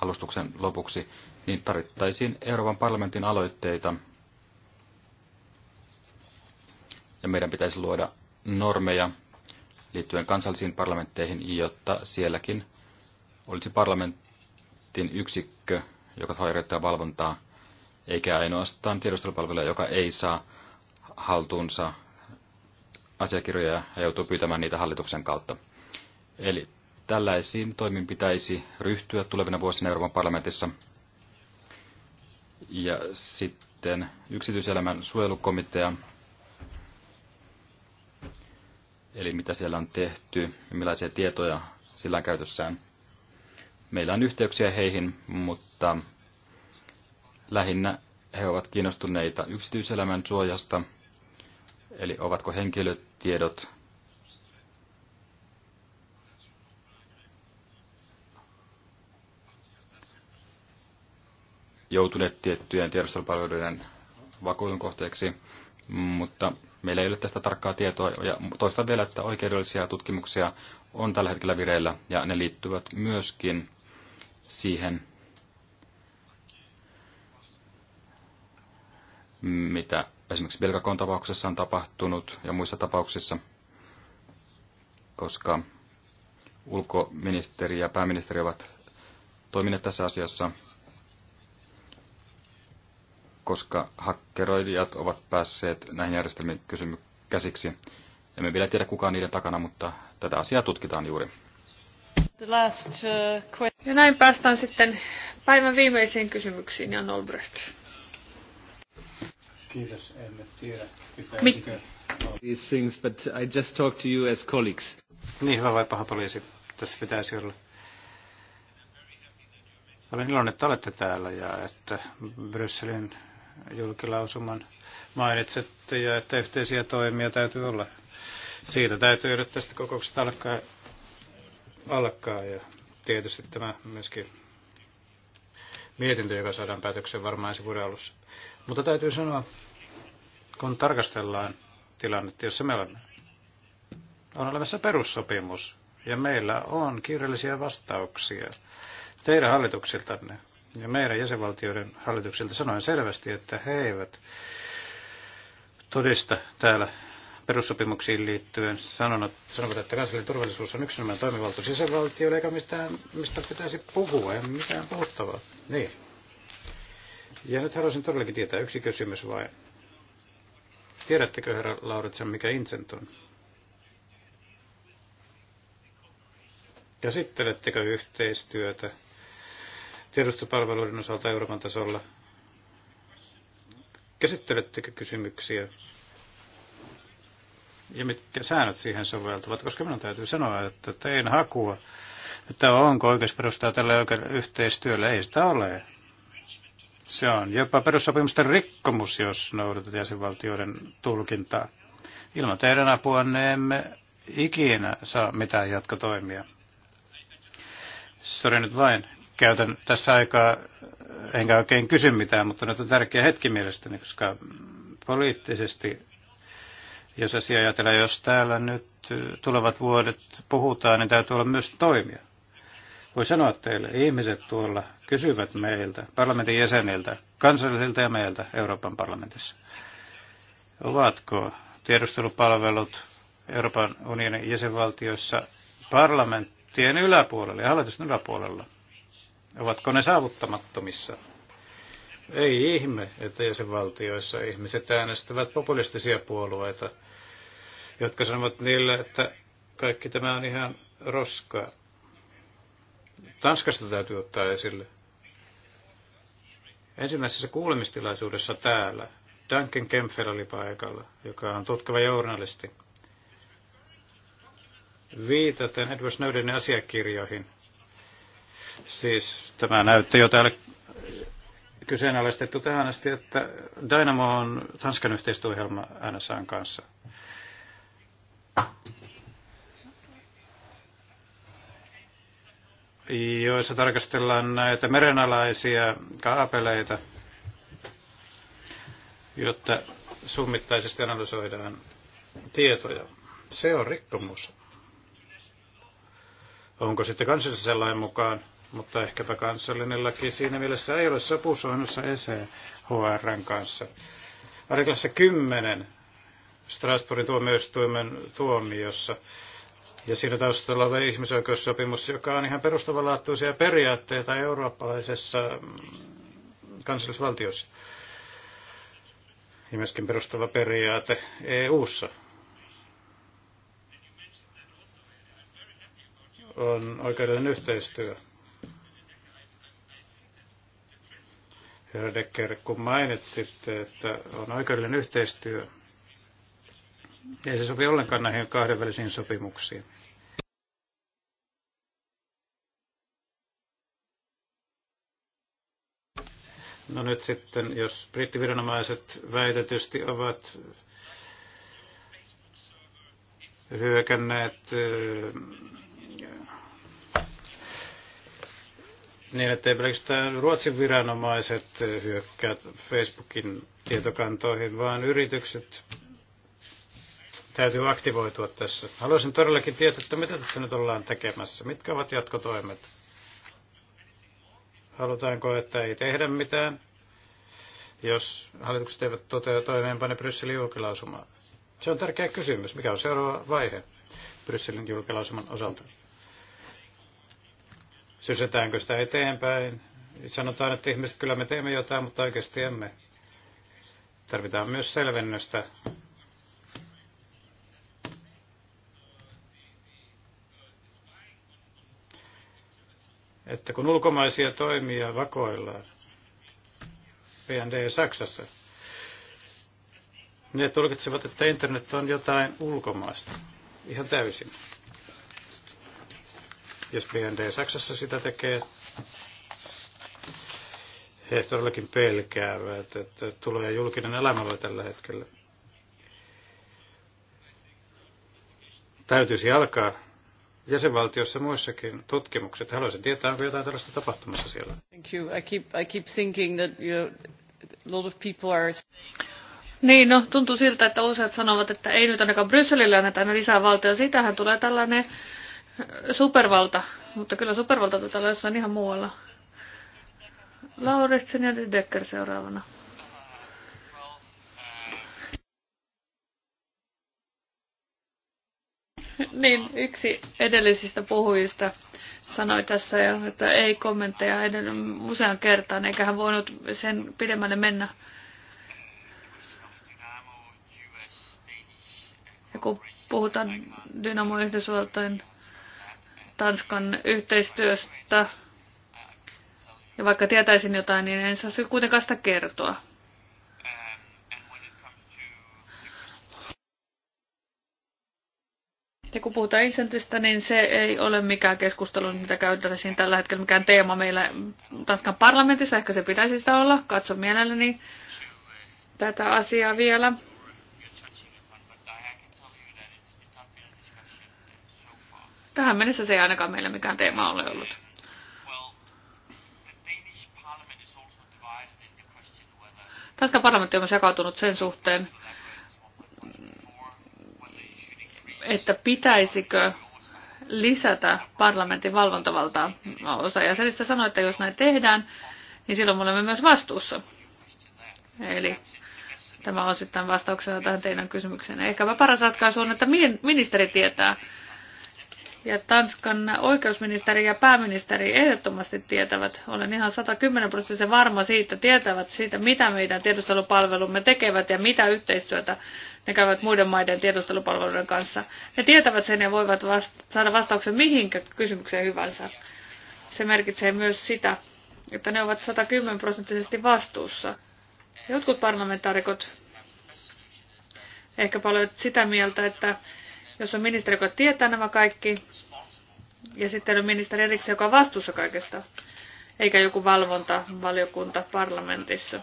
alustuksen lopuksi, niin tarvittaisiin Euroopan parlamentin aloitteita. Ja meidän pitäisi luoda normeja liittyen kansallisiin parlamentteihin, jotta sielläkin olisi parlamentin yksikkö, joka harjoittaa valvontaa, eikä ainoastaan tiedustelupalveluja, joka ei saa haltuunsa asiakirjoja ja joutuu pyytämään niitä hallituksen kautta. Eli Tällaisiin toimiin pitäisi ryhtyä tulevina vuosina Euroopan parlamentissa. Ja sitten yksityiselämän suojelukomitea, eli mitä siellä on tehty ja millaisia tietoja sillä on käytössään. Meillä on yhteyksiä heihin, mutta lähinnä he ovat kiinnostuneita yksityiselämän suojasta, eli ovatko henkilötiedot joutuneet tiettyjen tiedustelupalveluiden vakuutun kohteeksi, mutta meillä ei ole tästä tarkkaa tietoa. Ja toistan vielä, että oikeudellisia tutkimuksia on tällä hetkellä vireillä ja ne liittyvät myöskin siihen, mitä esimerkiksi Belgakon tapauksessa on tapahtunut ja muissa tapauksissa, koska ulkoministeri ja pääministeri ovat toimineet tässä asiassa koska hakkeroidijat ovat päässeet näihin järjestelmiin kysymy- käsiksi. Emme vielä tiedä kuka niiden takana, mutta tätä asiaa tutkitaan juuri. Uh, ja näin päästään sitten päivän viimeisiin kysymyksiin, Jan Olbrecht. Kiitos, emme tiedä. These things, but I just talk to you as colleagues. Niin hyvä vai paha poliisi tässä pitäisi olla. Olen iloinen, että olette täällä ja että Brysselin julkilausuman mainitsette ja että yhteisiä toimia täytyy olla. Siitä täytyy nyt tästä kokouksesta alkaa, alkaa ja tietysti tämä myöskin mietintö, joka saadaan päätöksen varmaan ensi vuoden alussa. Mutta täytyy sanoa, kun tarkastellaan tilannetta, jossa me olemme, on olemassa perussopimus ja meillä on kirjallisia vastauksia teidän hallituksiltanne ja meidän jäsenvaltioiden hallituksilta sanoen selvästi, että he eivät todista täällä perussopimuksiin liittyen sanovat, että kansallinen turvallisuus on yksinomainen toimivaltuus jäsenvaltioille, eikä mistään, mistä pitäisi puhua, ei mitään puhuttavaa. Niin. Ja nyt haluaisin todellakin tietää yksi kysymys vai? Tiedättekö, herra Lauritsen, mikä Incent on? Käsittelettekö yhteistyötä tiedostopalveluiden osalta Euroopan tasolla. Käsittelettekö kysymyksiä? Ja mitkä säännöt siihen soveltuvat? Koska minun täytyy sanoa, että tein hakua, että onko perustaa tälle yhteistyölle. Ei sitä ole. Se on jopa perussopimusten rikkomus, jos noudatat jäsenvaltioiden tulkintaa. Ilman teidän apuanne emme ikinä saa mitään jatkotoimia. Sori nyt vain, käytän tässä aikaa, enkä oikein kysy mitään, mutta nyt on tärkeä hetki mielestäni, koska poliittisesti, jos asia ajatellaan, jos täällä nyt tulevat vuodet puhutaan, niin täytyy olla myös toimia. Voi sanoa teille, ihmiset tuolla kysyvät meiltä, parlamentin jäseniltä, kansallisilta ja meiltä Euroopan parlamentissa. Ovatko tiedustelupalvelut Euroopan unionin jäsenvaltioissa parlamenttien yläpuolella ja hallitusten yläpuolella? Ovatko ne saavuttamattomissa? Ei ihme, että jäsenvaltioissa ihmiset äänestävät populistisia puolueita, jotka sanovat niille, että kaikki tämä on ihan roskaa. Tanskasta täytyy ottaa esille. Ensimmäisessä kuulemistilaisuudessa täällä Duncan Kempfer oli paikalla, joka on tutkiva journalisti. Viitaten Edward Snowdenin asiakirjoihin, Siis tämä näyttö jo täällä kyseenalaistettu tähän asti, että Dynamo on Tanskan yhteistyöohjelma NSAn kanssa. joissa tarkastellaan näitä merenalaisia kaapeleita, jotta summittaisesti analysoidaan tietoja. Se on rikkomus. Onko sitten kansallisen lain mukaan mutta ehkäpä kansallinen laki siinä mielessä ei ole sopusoinnussa ECHRn kanssa. Artiklassa 10 Strasbourgin tuomioistuimen tuomiossa ja siinä taustalla on ihmisoikeussopimus, joka on ihan perustavanlaatuisia periaatteita eurooppalaisessa mm, kansallisvaltiossa. Ja myöskin perustava periaate EU-ssa. On oikeudellinen yhteistyö. Herra Decker, kun mainitsitte, että on oikeudellinen yhteistyö, ei se sovi ollenkaan näihin kahdenvälisiin sopimuksiin. No nyt sitten, jos brittiviranomaiset väitetysti ovat hyökänneet niin, ei pelkästään Ruotsin viranomaiset hyökkää Facebookin tietokantoihin, vaan yritykset täytyy aktivoitua tässä. Haluaisin todellakin tietää, että mitä tässä nyt ollaan tekemässä. Mitkä ovat jatkotoimet? Halutaanko, että ei tehdä mitään, jos hallitukset eivät toteuta toimeenpane Brysselin julkilausumaa? Se on tärkeä kysymys. Mikä on seuraava vaihe Brysselin julkilausuman osalta? sysätäänkö sitä eteenpäin. Sanotaan, että ihmiset kyllä me teemme jotain, mutta oikeasti emme. Tarvitaan myös selvennystä että kun ulkomaisia toimia vakoillaan, PND Saksassa, ne tulkitsevat, että internet on jotain ulkomaista. Ihan täysin. Jos BND Saksassa sitä tekee, he todellakin pelkäävät, että tulee julkinen elämä voi tällä hetkellä. Täytyisi alkaa jäsenvaltiossa muissakin tutkimukset. Haluaisin tietää, onko jotain tällaista tapahtumassa siellä. Thank you. I keep, I keep thinking that you know, a lot of people are... Niin, no tuntuu siltä, että useat sanovat, että ei nyt ainakaan Brysselille anneta aina lisää valtioon. Siitähän tulee tällainen supervalta, mutta kyllä supervalta tätä löysää jossain ihan muualla. Lauritsen ja Decker seuraavana. Niin, yksi edellisistä puhujista sanoi tässä jo, että ei kommentteja edelleen usean kertaan, eikä hän voinut sen pidemmälle mennä. Ja kun puhutaan Dynamo Yhdysvaltojen Tanskan yhteistyöstä. Ja vaikka tietäisin jotain, niin en saa kuitenkaan sitä kertoa. Ja kun puhutaan insentistä, niin se ei ole mikään keskustelu, mitä käytäisiin tällä hetkellä, mikään teema meillä Tanskan parlamentissa. Ehkä se pitäisi sitä olla. Katso mielelläni tätä asiaa vielä. Tähän mennessä se ei ainakaan meillä mikään teema ole ollut. Tanskan parlamentti on myös jakautunut sen suhteen, että pitäisikö lisätä parlamentin valvontavaltaa. No, osa jäsenistä sanoi, että jos näin tehdään, niin silloin me olemme myös vastuussa. Eli tämä on sitten vastauksena tähän teidän kysymykseen. Ehkäpä paras ratkaisu on, että ministeri tietää, ja Tanskan oikeusministeri ja pääministeri ehdottomasti tietävät, olen ihan 110 prosenttisen varma siitä, tietävät siitä, mitä meidän tiedustelupalvelumme tekevät ja mitä yhteistyötä ne käyvät muiden maiden tiedustelupalveluiden kanssa. Ne tietävät sen ja voivat vasta- saada vastauksen mihinkä kysymykseen hyvänsä. Se merkitsee myös sitä, että ne ovat 110 prosenttisesti vastuussa. Jotkut parlamentaarikot ehkä paljon sitä mieltä, että jos on ministeri, joka tietää nämä kaikki, ja sitten on ministeri erikseen, joka on vastuussa kaikesta, eikä joku valvontavaliokunta parlamentissa.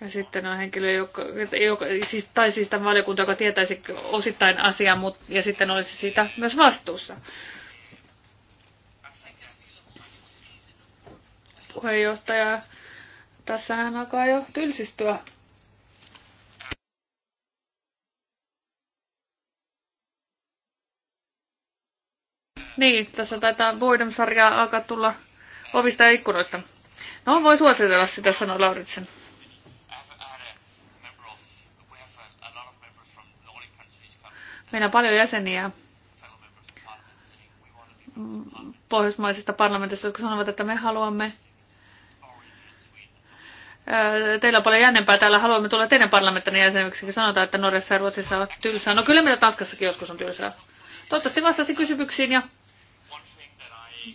Ja sitten on henkilö, joka, joka siis, tai siis tämän valiokunta, joka tietäisi osittain asiaa, ja sitten olisi siitä myös vastuussa. Puheenjohtaja, tässähän alkaa jo tylsistyä. Niin, tässä taitaa Voidem-sarjaa alkaa tulla ovista ja ikkunoista. No, voi suositella sitä, sanoi Lauritsen. Meillä on paljon jäseniä pohjoismaisista parlamentista, jotka sanovat, että me haluamme teillä on paljon jännempää täällä, haluamme tulla teidän parlamenttanne jäseneksi, sanotaan, että Norjassa ja Ruotsissa on tylsää. No kyllä meillä Tanskassakin joskus on tylsää. Toivottavasti vastasi kysymyksiin ja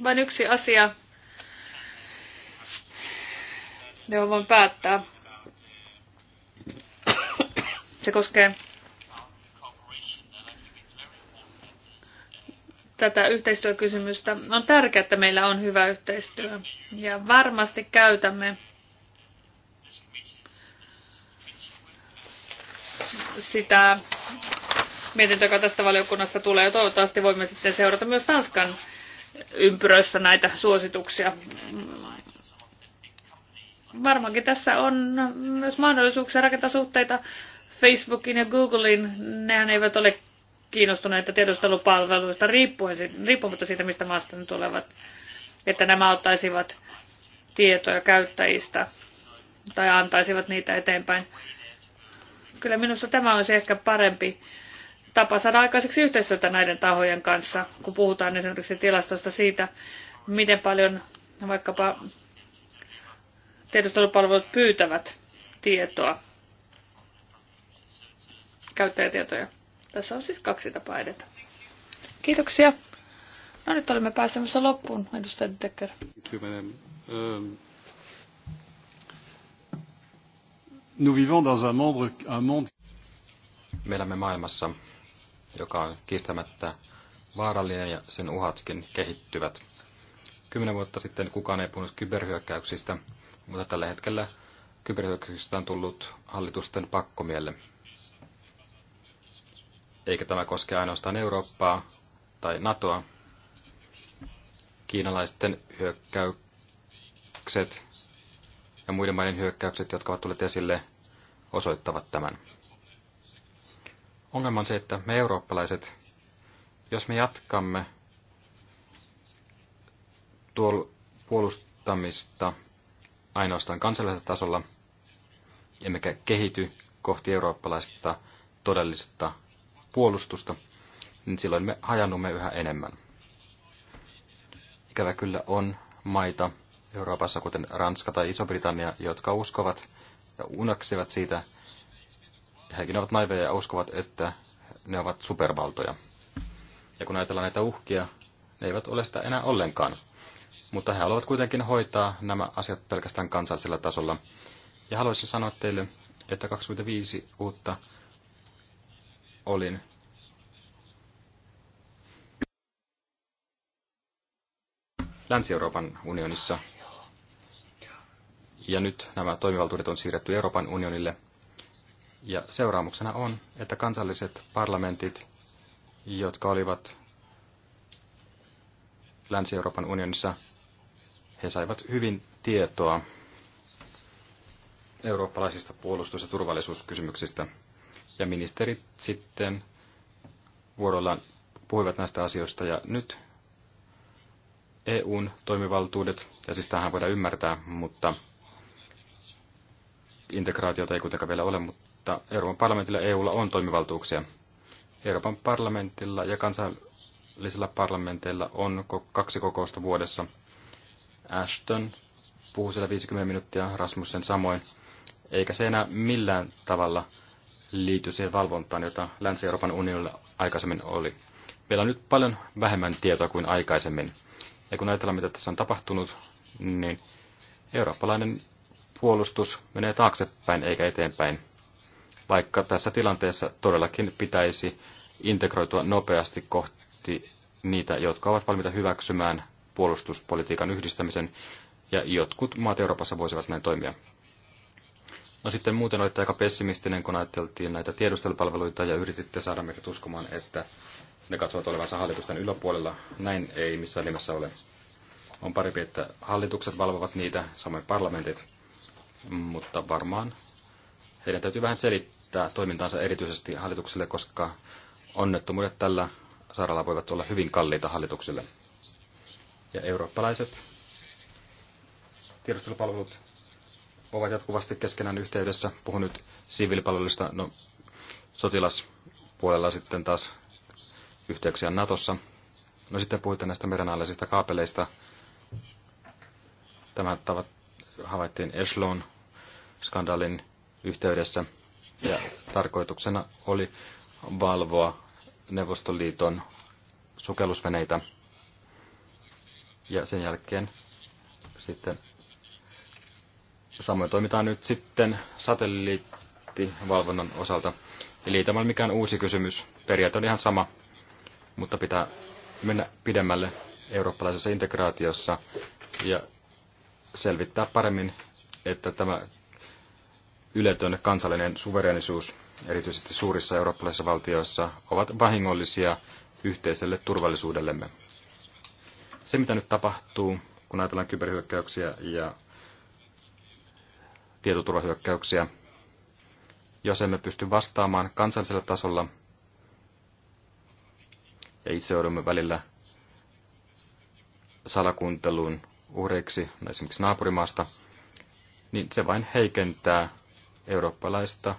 vain yksi asia, johon voin päättää. Se koskee tätä yhteistyökysymystä. On tärkeää, että meillä on hyvä yhteistyö ja varmasti käytämme sitä mietintöä, joka tästä valiokunnasta tulee. Toivottavasti voimme sitten seurata myös Tanskan ympyröissä näitä suosituksia. Varmaankin tässä on myös mahdollisuuksia rakentaa suhteita Facebookin ja Googlein. Nehän eivät ole kiinnostuneita tiedustelupalveluista riippumatta siitä, mistä maasta ne tulevat, että nämä ottaisivat tietoja käyttäjistä tai antaisivat niitä eteenpäin. Kyllä minusta tämä olisi ehkä parempi tapa saada aikaiseksi yhteistyötä näiden tahojen kanssa, kun puhutaan esimerkiksi tilastosta siitä, miten paljon vaikkapa tiedustelupalvelut pyytävät tietoa, käyttäjätietoja. Tässä on siis kaksi tapaa edetä. Kiitoksia. No nyt olemme pääsemässä loppuun, edustaja Decker. Nous vivons dans un monde, un monde... Me elämme maailmassa, joka on kistämättä vaarallinen ja sen uhatkin kehittyvät. Kymmenen vuotta sitten kukaan ei puhunut kyberhyökkäyksistä, mutta tällä hetkellä kyberhyökkäyksistä on tullut hallitusten pakkomielle. Eikä tämä koske ainoastaan Eurooppaa tai NATOa. Kiinalaisten hyökkäykset ja muiden maiden hyökkäykset, jotka ovat tulleet esille, osoittavat tämän. Ongelma on se, että me eurooppalaiset, jos me jatkamme tuol puolustamista ainoastaan kansallisella tasolla, emmekä kehity kohti eurooppalaista todellista puolustusta, niin silloin me hajannumme yhä enemmän. Ikävä kyllä on maita Euroopassa, kuten Ranska tai Iso-Britannia, jotka uskovat ja unaksivat siitä, hekin ovat naiveja ja uskovat, että ne ovat supervaltoja. Ja kun ajatellaan näitä uhkia, ne eivät ole sitä enää ollenkaan. Mutta he haluavat kuitenkin hoitaa nämä asiat pelkästään kansallisella tasolla. Ja haluaisin sanoa teille, että 25 uutta olin Länsi-Euroopan unionissa. Ja nyt nämä toimivaltuudet on siirretty Euroopan unionille, ja seuraamuksena on, että kansalliset parlamentit, jotka olivat Länsi-Euroopan unionissa, he saivat hyvin tietoa eurooppalaisista puolustus- ja turvallisuuskysymyksistä. Ja ministerit sitten vuorollaan puhuivat näistä asioista ja nyt EUn toimivaltuudet, ja siis tähän voidaan ymmärtää, mutta integraatiota ei kuitenkaan vielä ole, mutta mutta Euroopan parlamentilla ja EUlla on toimivaltuuksia. Euroopan parlamentilla ja kansallisilla parlamenteilla on kaksi kokousta vuodessa. Ashton puhuu siellä 50 minuuttia, Rasmussen samoin, eikä se enää millään tavalla liity siihen valvontaan, jota Länsi-Euroopan unionilla aikaisemmin oli. Meillä on nyt paljon vähemmän tietoa kuin aikaisemmin. Ja kun ajatellaan, mitä tässä on tapahtunut, niin eurooppalainen puolustus menee taaksepäin eikä eteenpäin vaikka tässä tilanteessa todellakin pitäisi integroitua nopeasti kohti niitä, jotka ovat valmiita hyväksymään puolustuspolitiikan yhdistämisen, ja jotkut maat Euroopassa voisivat näin toimia. No sitten muuten olitte aika pessimistinen, kun ajateltiin näitä tiedustelupalveluita ja yrititte saada meidät uskomaan, että ne katsovat olevansa hallitusten yläpuolella. Näin ei missään nimessä ole. On parempi, että hallitukset valvovat niitä, samoin parlamentit, mutta varmaan heidän täytyy vähän selittää selittää toimintaansa erityisesti hallitukselle, koska onnettomuudet tällä saralla voivat olla hyvin kalliita hallitukselle. Ja eurooppalaiset tiedustelupalvelut ovat jatkuvasti keskenään yhteydessä. Puhun nyt siviilipalveluista, no sotilaspuolella sitten taas yhteyksiä Natossa. No sitten puhutte näistä merenalaisista kaapeleista. Tämä tavat, havaittiin Eslon skandaalin yhteydessä ja tarkoituksena oli valvoa Neuvostoliiton sukellusveneitä. Ja sen jälkeen sitten samoin toimitaan nyt sitten satelliittivalvonnan osalta. Eli ei tämä ole mikään uusi kysymys. Periaate on ihan sama, mutta pitää mennä pidemmälle eurooppalaisessa integraatiossa ja selvittää paremmin, että tämä yletön kansallinen suverenisuus, erityisesti suurissa eurooppalaisissa valtioissa, ovat vahingollisia yhteiselle turvallisuudellemme. Se, mitä nyt tapahtuu, kun ajatellaan kyberhyökkäyksiä ja tietoturvahyökkäyksiä, jos emme pysty vastaamaan kansallisella tasolla ja itse joudumme välillä salakuuntelun uhreiksi, esimerkiksi naapurimaasta, niin se vain heikentää eurooppalaista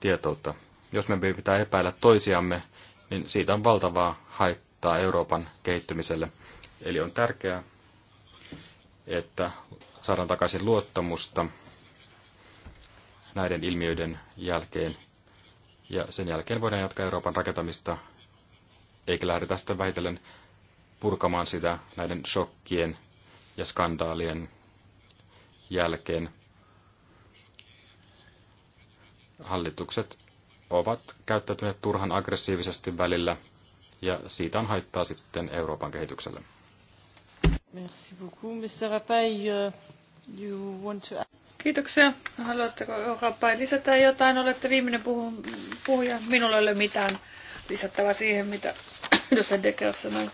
tietoutta. Jos me pitää epäillä toisiamme, niin siitä on valtavaa haittaa Euroopan kehittymiselle. Eli on tärkeää, että saadaan takaisin luottamusta näiden ilmiöiden jälkeen. Ja sen jälkeen voidaan jatkaa Euroopan rakentamista, eikä lähdetä sitten vähitellen purkamaan sitä näiden shokkien ja skandaalien jälkeen, hallitukset ovat käyttäytyneet turhan aggressiivisesti välillä, ja siitä on haittaa sitten Euroopan kehitykselle. Merci beaucoup. Mr. Uh, you want to... Kiitoksia. Haluatteko Rappai lisätä jotain? Olette viimeinen puhu, puhuja. Minulla ei ole mitään lisättävää siihen, mitä [coughs] edustaja Decker sanoi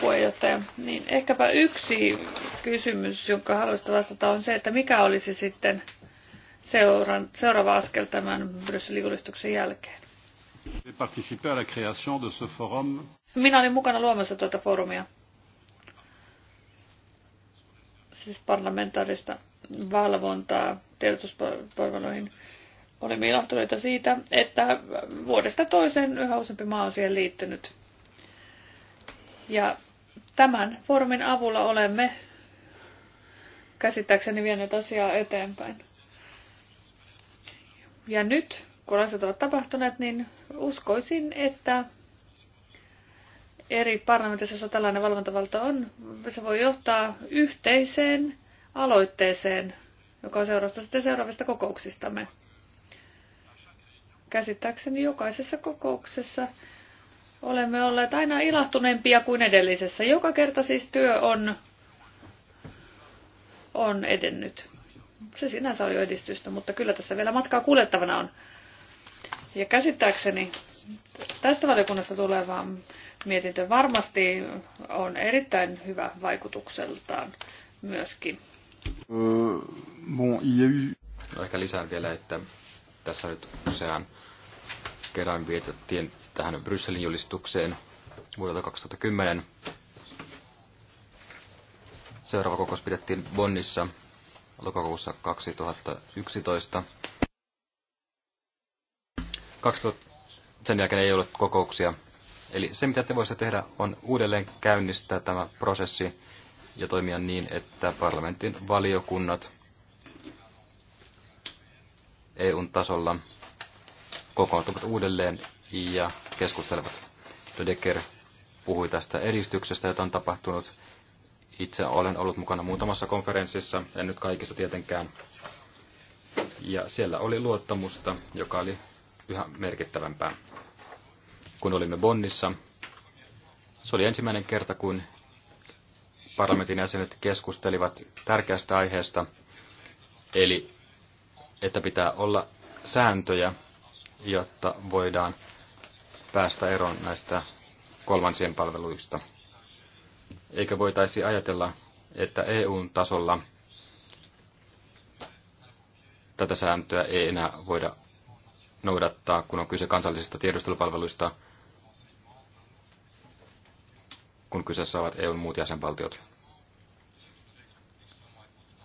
puheenjohtaja. Niin ehkäpä yksi kysymys, jonka haluaisitte vastata, on se, että mikä olisi sitten seuran, seuraava askel tämän Brysselin julistuksen jälkeen. Minä olin mukana luomassa tuota foorumia. Siis parlamentaarista valvontaa tiedotuspalveluihin. Olimme ilahtuneita siitä, että vuodesta toiseen yhä useampi maa on siihen liittynyt. Ja tämän foorumin avulla olemme käsittääkseni vieneet asiaa eteenpäin. Ja nyt, kun asiat ovat tapahtuneet, niin uskoisin, että eri parlamentissa, jossa tällainen valvontavalta on, se voi johtaa yhteiseen aloitteeseen, joka on seurausta sitten seuraavista kokouksistamme. Käsittääkseni jokaisessa kokouksessa olemme olleet aina ilahtuneempia kuin edellisessä. Joka kerta siis työ on, on edennyt. Se sinänsä on jo edistystä, mutta kyllä tässä vielä matkaa kuljettavana on. Ja käsittääkseni tästä valiokunnasta tuleva mietintö varmasti on erittäin hyvä vaikutukseltaan myöskin. No, Ehkä lisään vielä, että tässä nyt usean kerran vietettiin tähän Brysselin julistukseen vuodelta 2010. Seuraava kokous pidettiin Bonnissa lokakuussa 2011. 2000, sen jälkeen ei ollut kokouksia. Eli se, mitä te voisitte tehdä, on uudelleen käynnistää tämä prosessi ja toimia niin, että parlamentin valiokunnat EUn tasolla kokoontuvat uudelleen ja keskustelevat. Dedeker puhui tästä edistyksestä, jota on tapahtunut itse olen ollut mukana muutamassa konferenssissa, en nyt kaikissa tietenkään. Ja siellä oli luottamusta, joka oli yhä merkittävämpää. Kun olimme Bonnissa, se oli ensimmäinen kerta, kun parlamentin jäsenet keskustelivat tärkeästä aiheesta, eli että pitää olla sääntöjä, jotta voidaan päästä eroon näistä kolmansien palveluista. Eikä voitaisi ajatella, että EUn tasolla tätä sääntöä ei enää voida noudattaa, kun on kyse kansallisista tiedustelupalveluista, kun kyseessä ovat EUn muut jäsenvaltiot.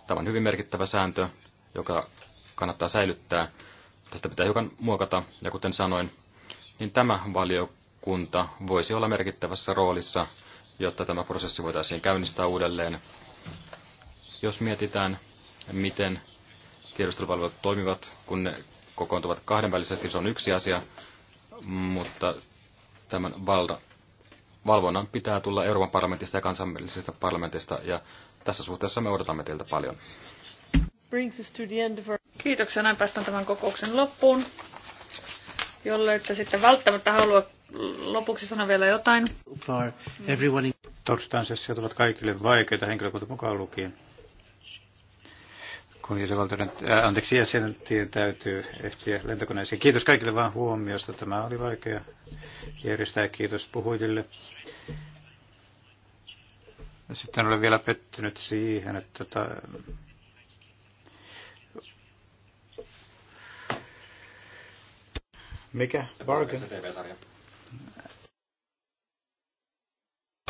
Tämä on hyvin merkittävä sääntö, joka kannattaa säilyttää. Tästä pitää hiukan muokata, ja kuten sanoin, niin tämä valiokunta voisi olla merkittävässä roolissa jotta tämä prosessi voitaisiin käynnistää uudelleen. Jos mietitään, miten tiedustelupalvelut toimivat, kun ne kokoontuvat kahdenvälisesti, se on yksi asia, mutta tämän valta, valvonnan pitää tulla Euroopan parlamentista ja kansainvälisestä parlamentista, ja tässä suhteessa me odotamme teiltä paljon. Kiitoksia, näin päästään tämän kokouksen loppuun jolle että sitten välttämättä halua lopuksi sanon vielä jotain. Torstain sessiot ovat kaikille vaikeita henkilökunta mukaan lukien. Kun jäsenvaltioiden, äh, anteeksi, jäsentien täytyy ehtiä lentokoneeseen. Kiitos kaikille vaan huomiosta. Tämä oli vaikea järjestää. Kiitos puhujille. Sitten olen vielä pettynyt siihen, että tota, mikä? Bargain.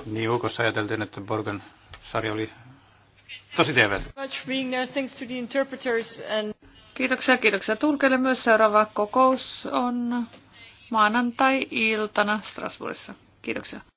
Niin ulkossa ajateltiin, että borgen sarja oli tosi TV. Kiitoksia, kiitoksia tulkeille. Myös seuraava kokous on maanantai-iltana Strasbourgissa. Kiitoksia.